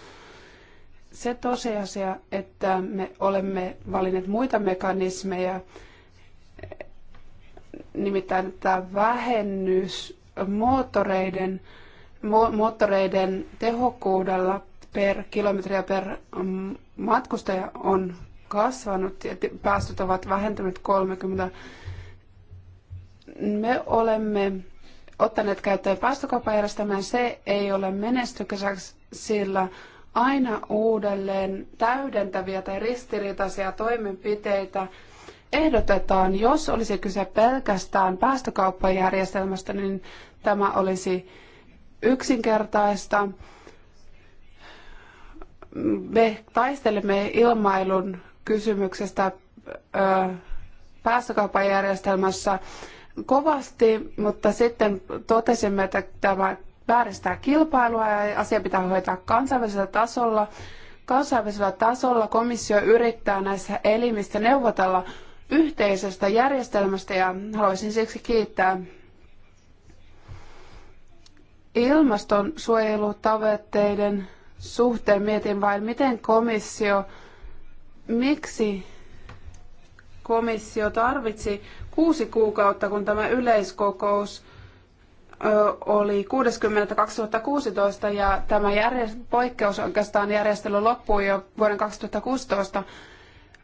Se tosiasia, että me olemme valinneet muita mekanismeja, nimittäin tämä vähennys moottoreiden, mo- moottoreiden tehokkuudella per kilometriä per matkustaja on kasvanut ja päästöt ovat vähentyneet 30 me olemme ottaneet käyttöön päästökauppajärjestelmän. Se ei ole menestykäs, sillä aina uudelleen täydentäviä tai ristiriitaisia toimenpiteitä ehdotetaan. Jos olisi kyse pelkästään päästökauppajärjestelmästä, niin tämä olisi yksinkertaista. Me taistelemme ilmailun kysymyksestä päästökauppajärjestelmässä. järjestelmässä kovasti, mutta sitten totesimme, että tämä vääristää kilpailua ja asia pitää hoitaa kansainvälisellä tasolla. Kansainvälisellä tasolla komissio yrittää näissä elimissä neuvotella yhteisestä järjestelmästä ja haluaisin siksi kiittää ilmastonsuojelutavoitteiden suhteen. Mietin vain, miten komissio, miksi komissio tarvitsi kuusi kuukautta, kun tämä yleiskokous oli 60.2016 ja tämä järjest- poikkeus oikeastaan järjestely loppui jo vuoden 2016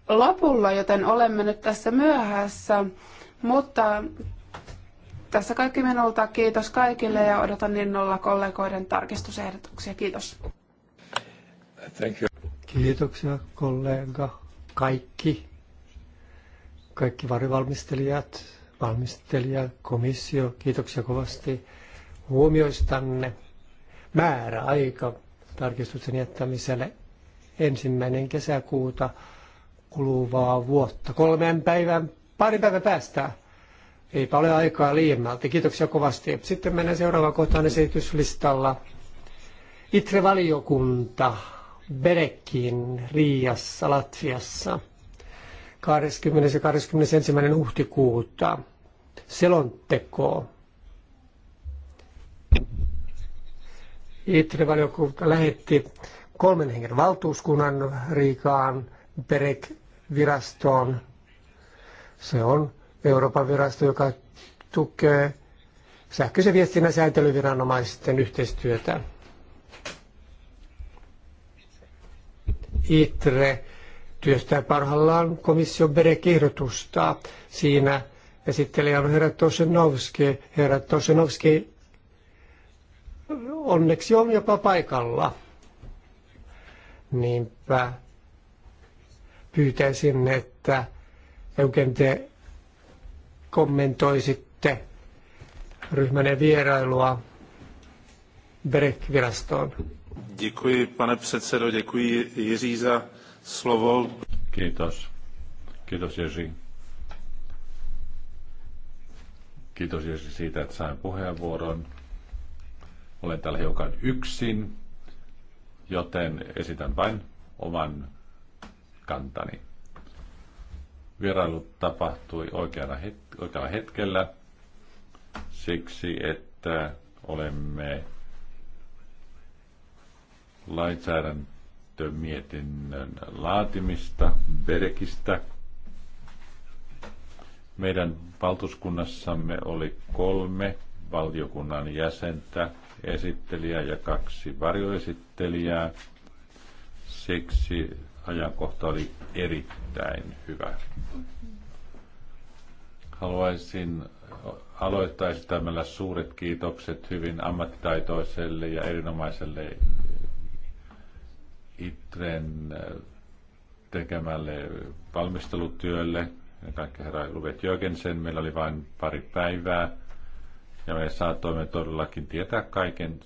lopulla, joten olemme nyt tässä myöhässä. Mutta tässä kaikki minulta. Kiitos kaikille ja odotan innolla kollegoiden tarkistusehdotuksia. Kiitos. Thank you. Kiitoksia kollega. Kaikki kaikki varivalmistelijat, valmistelija, komissio, kiitoksia kovasti huomioistanne. Määrä aika tarkistuksen jättämiselle ensimmäinen kesäkuuta kuluvaa vuotta. kolmeen päivän, pari päivän päästä. Ei paljon aikaa liiemmälti. Kiitoksia kovasti. Sitten mennään seuraavaan kohtaan esityslistalla. Itre-valiokunta Berekin Riassa, Latviassa. 20. ja 21. huhtikuuta selontekoa. Itre-valiokunta lähetti kolmen hengen valtuuskunnan Riikaan PEREK-virastoon. Se on Euroopan virasto, joka tukee sähköisen viestinnän sääntelyviranomaisten yhteistyötä. ITRE työstää parhaillaan komission berekehdotusta. Siinä esittelijä on herra Tosenovski. Herra Tosenovski onneksi on jopa paikalla. Niinpä pyytäisin, että Eugen te kommentoisitte ryhmänne vierailua BEREK-virastoon. Děkuji, pane předsedo, děkuji Jiří za slovo. Kiitos. Kiitos Jesi. Kiitos Jesi siitä, että sain puheenvuoron. Olen täällä hiukan yksin, joten esitän vain oman kantani. Vierailu tapahtui oikealla, het- oikealla hetkellä siksi, että olemme lainsäädäntö mietinnön laatimista Berekistä. Meidän valtuuskunnassamme oli kolme valiokunnan jäsentä, esittelijä ja kaksi varjoesittelijää. Siksi ajankohta oli erittäin hyvä. Haluaisin aloittaa esittämällä suuret kiitokset hyvin ammattitaitoiselle ja erinomaiselle ITREn äh, tekemälle valmistelutyölle, kaikki herra Luvet Jörgensen, meillä oli vain pari päivää, ja me saatoimme todellakin tietää kaiken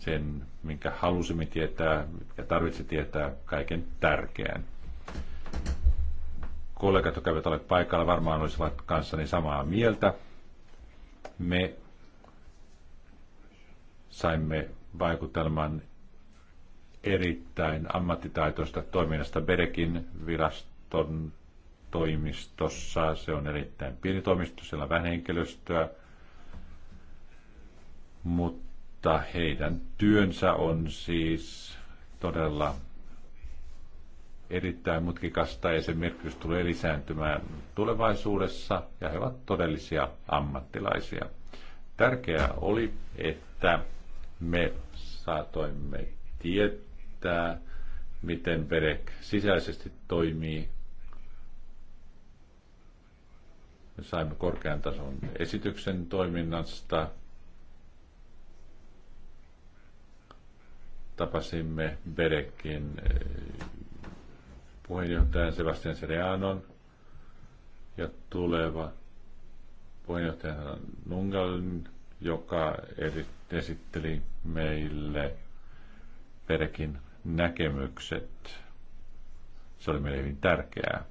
sen, minkä halusimme tietää ja tarvitsi tietää kaiken tärkeän. Kollegat, jotka eivät ole paikalla, varmaan olisivat kanssani samaa mieltä. Me saimme vaikutelman, erittäin ammattitaitoista toiminnasta Berekin viraston toimistossa. Se on erittäin pieni toimisto, siellä on vähän henkilöstöä, mutta heidän työnsä on siis todella erittäin mutkikasta ja sen merkitys tulee lisääntymään tulevaisuudessa ja he ovat todellisia ammattilaisia. Tärkeää oli, että me saatoimme tietää, selittää, miten perek sisäisesti toimii. Me saimme korkean tason esityksen toiminnasta. Tapasimme Berekin eh, puheenjohtajan Sebastian Sereanon ja tuleva puheenjohtaja Nungalin, joka esitteli meille Berekin näkemykset. Se oli meille hyvin tärkeää.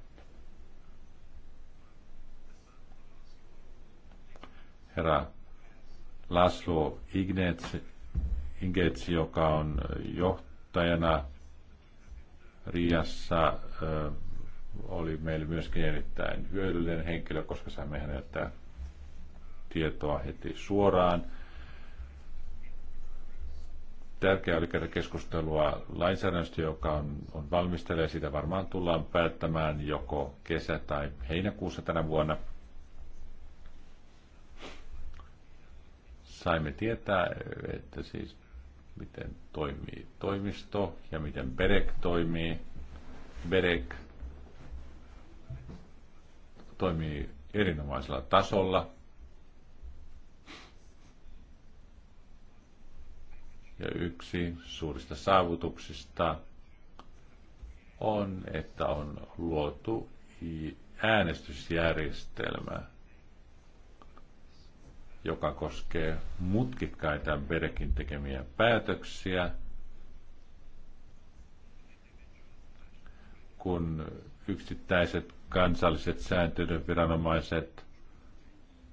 Herra Laszlo Ignetsi, Ingetsi, joka on johtajana Riassa, oli meille myöskin erittäin hyödyllinen henkilö, koska saimme häneltä tietoa heti suoraan – tärkeää oli käydä keskustelua lainsäädännöstä, joka on, on valmistella ja siitä varmaan tullaan päättämään joko kesä- tai heinäkuussa tänä vuonna. Saimme tietää, että siis miten toimii toimisto ja miten BEREC toimii. BEREC toimii erinomaisella tasolla – Ja yksi suurista saavutuksista on, että on luotu äänestysjärjestelmä, joka koskee mutkikkaita Berekin tekemiä päätöksiä, kun yksittäiset kansalliset sääntelyviranomaiset viranomaiset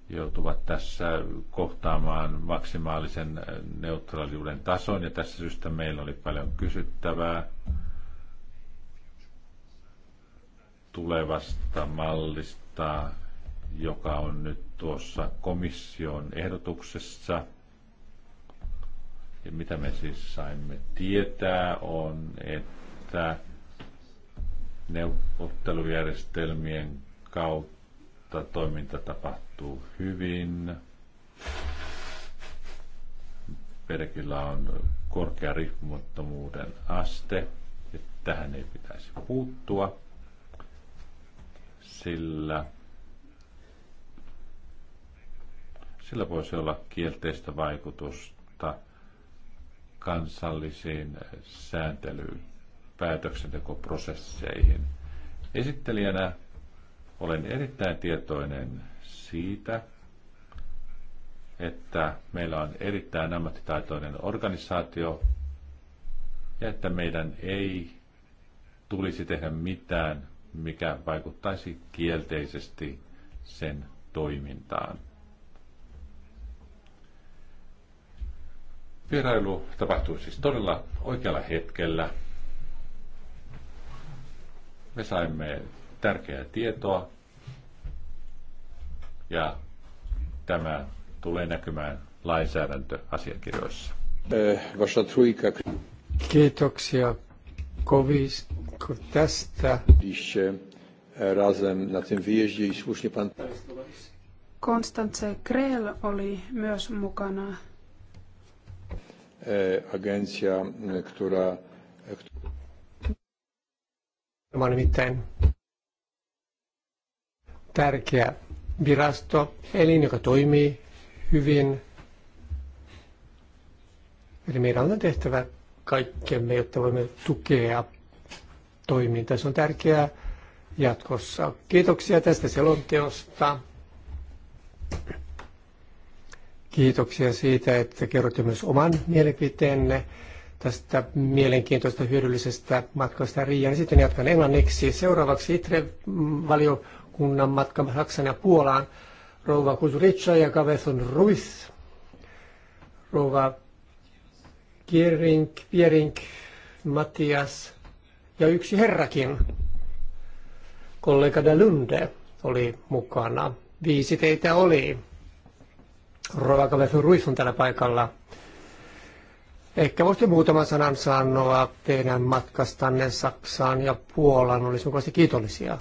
joutuvat tässä kohtaamaan maksimaalisen äh, neutraaliuden tason, ja tässä syystä meillä oli paljon kysyttävää tulevasta mallista, joka on nyt tuossa komission ehdotuksessa. Ja mitä me siis saimme tietää on, että neuvottelujärjestelmien kautta toiminta tapahtuu hoidettu hyvin. Perkillä on korkea riippumattomuuden aste, että tähän ei pitäisi puuttua, sillä sillä voisi olla kielteistä vaikutusta kansallisiin sääntelyyn, päätöksentekoprosesseihin. Esittelijänä olen erittäin tietoinen siitä, että meillä on erittäin ammattitaitoinen organisaatio ja että meidän ei tulisi tehdä mitään, mikä vaikuttaisi kielteisesti sen toimintaan. Vierailu tapahtui siis todella oikealla hetkellä. Me saimme tärkeää tietoa ja tämä tulee näkymään lainsäädäntöasiakirjoissa. Kiitoksia kovis tästä. E, razem na tym wyjeździe i słusznie pan... Konstance Krell oli myös mukana. E, agencja, e, która... Tämä on nimittäin tärkeä virasto, elin, joka toimii hyvin. Eli meidän on tehtävä kaikkemme, jotta voimme tukea toimintaa. Se on tärkeää jatkossa. Kiitoksia tästä selonteosta. Kiitoksia siitä, että kerrotte myös oman mielipiteenne tästä mielenkiintoista hyödyllisestä matkasta riian. Sitten jatkan englanniksi. Seuraavaksi Itre valio kunnan matka Saksan ja Puolaan. Rouva Kuzurica ja Kaveson Ruiz. Rouva Kierink, Pierink, Matias ja yksi herrakin. Kollega Dalunde oli mukana. Viisi teitä oli. Rouva Kaveson Ruiz on tällä paikalla. Ehkä voisitte muutaman sanan sanoa teidän matkastanne Saksaan ja Puolaan. Olisimme kovasti kiitollisia.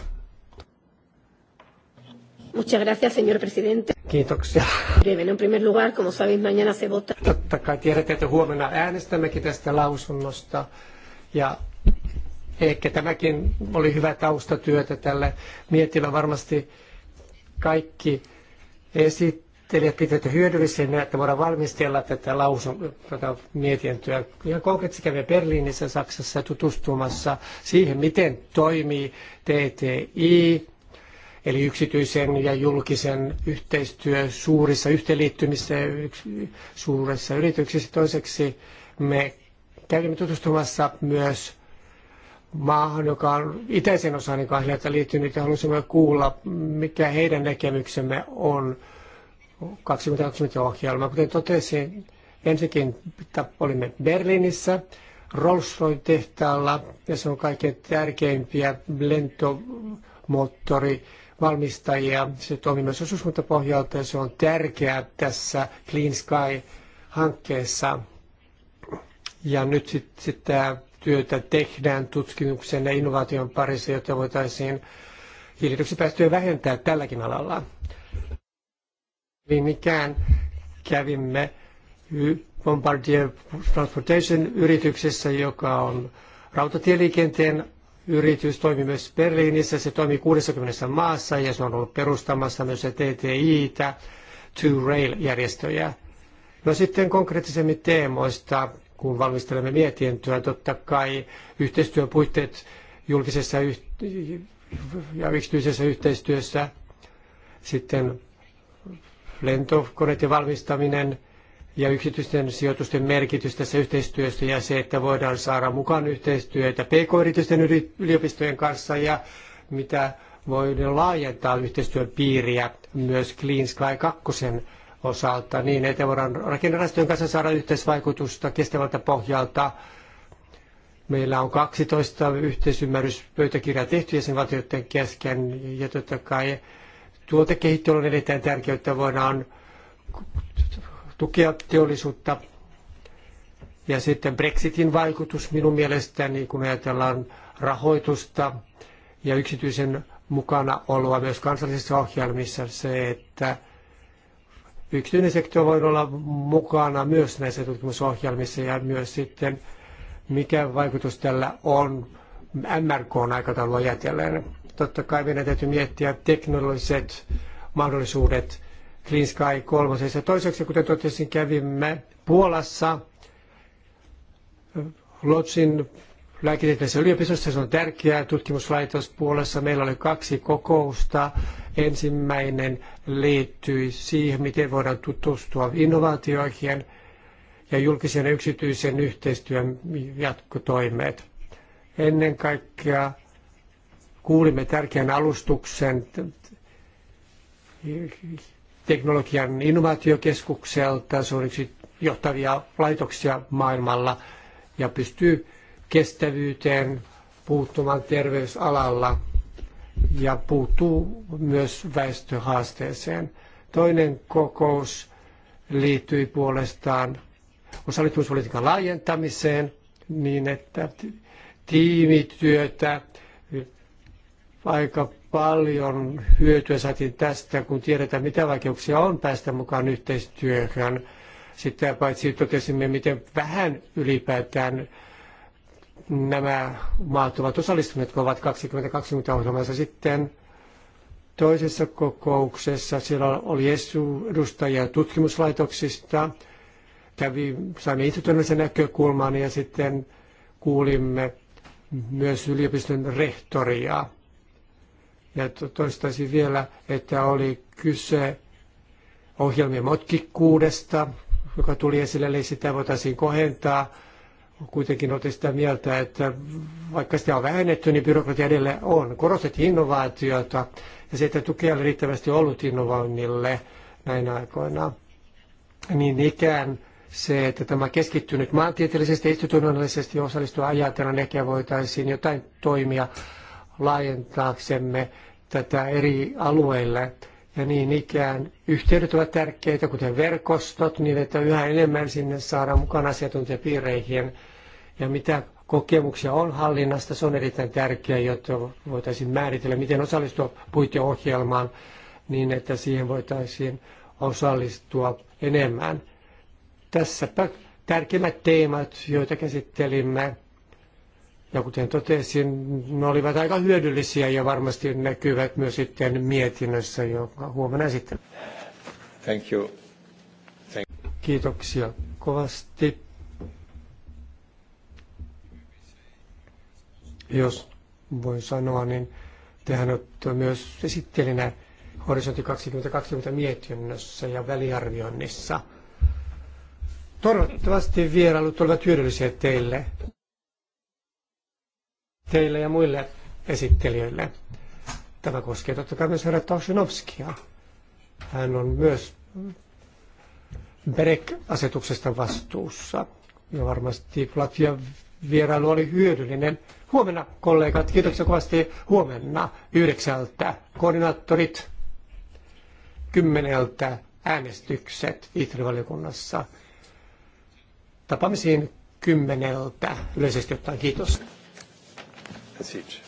Muchas gracias, señor presidente. Kiitoksia. En primer lugar, como sabéis, mañana se vota. Totta kai tiedätte, että huomenna äänestämmekin tästä lausunnosta. Ja ehkä tämäkin oli hyvä taustatyötä tälle mietillä varmasti kaikki esittelijät pitävät hyödyllisenä, että voidaan valmistella tätä, lausun, tätä mietintöä. Ihan konkreettisesti kävi Berliinissä Saksassa tutustumassa siihen, miten toimii TTI, eli yksityisen ja julkisen yhteistyö suurissa yhteenliittymissä suuressa yrityksissä. Toiseksi me kävimme tutustumassa myös maahan, joka on itäisen osan niin kahdelta liittynyt ja halusimme kuulla, mikä heidän näkemyksemme on 2020 ohjelma. Kuten totesin, ensinnäkin olimme Berliinissä Rolls-Royce-tehtaalla ja se on kaikkein tärkeimpiä lentomoottoritehtaita valmistajia. Se toimii myös osuuskuntapohjalta ja se on tärkeää tässä Clean Sky-hankkeessa. Ja nyt sitten sit työtä tehdään tutkimuksen ja innovaation parissa, jotta voitaisiin hiilidioksidipäästöjä vähentää tälläkin alalla. Niin ikään kävimme Bombardier Transportation yrityksessä, joka on rautatieliikenteen yritys toimi myös Berliinissä, se toimii 60 maassa ja se on ollut perustamassa myös TTI TTI-tä, Two Rail-järjestöjä. No sitten konkreettisemmin teemoista, kun valmistelemme mietintöä, totta kai yhteistyöpuitteet julkisessa ja yksityisessä yhteistyössä, sitten lentokoneiden valmistaminen – ja yksityisten sijoitusten merkitys tässä yhteistyössä ja se, että voidaan saada mukaan yhteistyötä pk-yritysten yliopistojen kanssa ja mitä voidaan laajentaa yhteistyön piiriä myös Clean Sky 2 osalta niin, että voidaan rakennerastojen kanssa saada yhteisvaikutusta kestävältä pohjalta. Meillä on 12 yhteisymmärryspöytäkirjaa tehty jäsenvaltioiden kesken ja totta kai tuotekehittely on erittäin tärkeää, että voidaan tukea teollisuutta. Ja sitten Brexitin vaikutus minun mielestäni, kun ajatellaan rahoitusta ja yksityisen mukana oloa myös kansallisissa ohjelmissa, se, että yksityinen sektori voi olla mukana myös näissä tutkimusohjelmissa ja myös sitten mikä vaikutus tällä on MRKn aikataulua ajatellen. Totta kai meidän täytyy miettiä teknologiset mahdollisuudet Green Sky 3. Toiseksi, kuten totesin, kävimme Puolassa Lotsin lääketieteellisessä yliopistossa. Se on tärkeä tutkimuslaitos Puolassa. Meillä oli kaksi kokousta. Ensimmäinen liittyi siihen, miten voidaan tutustua innovaatioihin ja julkisen ja yksityisen yhteistyön jatkotoimet. Ennen kaikkea kuulimme tärkeän alustuksen teknologian innovaatiokeskukselta. Se on yksi johtavia laitoksia maailmalla ja pystyy kestävyyteen puuttumaan terveysalalla ja puuttuu myös väestöhaasteeseen. Toinen kokous liittyi puolestaan osallistumispolitiikan laajentamiseen niin, että tiimityötä aika paljon hyötyä saatiin tästä, kun tiedetään, mitä vaikeuksia on päästä mukaan yhteistyöhön. Sitä paitsi totesimme, miten vähän ylipäätään nämä maat ovat osallistuneet, kun ovat 2020 ohjelmassa sitten toisessa kokouksessa. Siellä oli edustajia tutkimuslaitoksista. Kävi, saimme itse näkökulman ja sitten kuulimme myös yliopiston rehtoria ja toistaisin vielä, että oli kyse ohjelmien motkikkuudesta, joka tuli esille, eli sitä voitaisiin kohentaa. Kuitenkin oltiin sitä mieltä, että vaikka sitä on vähennetty, niin byrokratia edelleen on. Korostettiin innovaatiota ja se, että tukea oli riittävästi ollut innovoinnille näinä aikoina. Niin ikään se, että tämä keskittynyt maantieteellisesti ja institutionaalisesti osallistua ajatellen, ehkä voitaisiin jotain toimia laajentaaksemme tätä eri alueille. Ja niin ikään yhteydet ovat tärkeitä, kuten verkostot, niin että yhä enemmän sinne saadaan mukaan asiantuntijapiireihin. Ja mitä kokemuksia on hallinnasta, se on erittäin tärkeää, jotta voitaisiin määritellä, miten osallistua puiteohjelmaan, niin että siihen voitaisiin osallistua enemmän. Tässäpä tärkeimmät teemat, joita käsittelimme. Ja no, kuten totesin, ne olivat aika hyödyllisiä ja varmasti näkyvät myös sitten mietinnössä, jonka huomenna esittelen. Thank you. Thank you. Kiitoksia kovasti. Jos voin sanoa, niin tehän olette myös esittelinä Horisontti 2020 mietinnössä ja väliarvioinnissa. Toivottavasti vierailut olivat hyödyllisiä teille teille ja muille esittelijöille. Tämä koskee totta kai myös herra Toshinovskia. Hän on myös BEREC-asetuksesta vastuussa. Ja varmasti Latvian vierailu oli hyödyllinen. Huomenna kollegat, kiitoksia kovasti huomenna yhdeksältä. Koordinaattorit kymmeneltä äänestykset Itrivaliokunnassa. Tapaamisiin kymmeneltä yleisesti ottaen. Kiitos. That's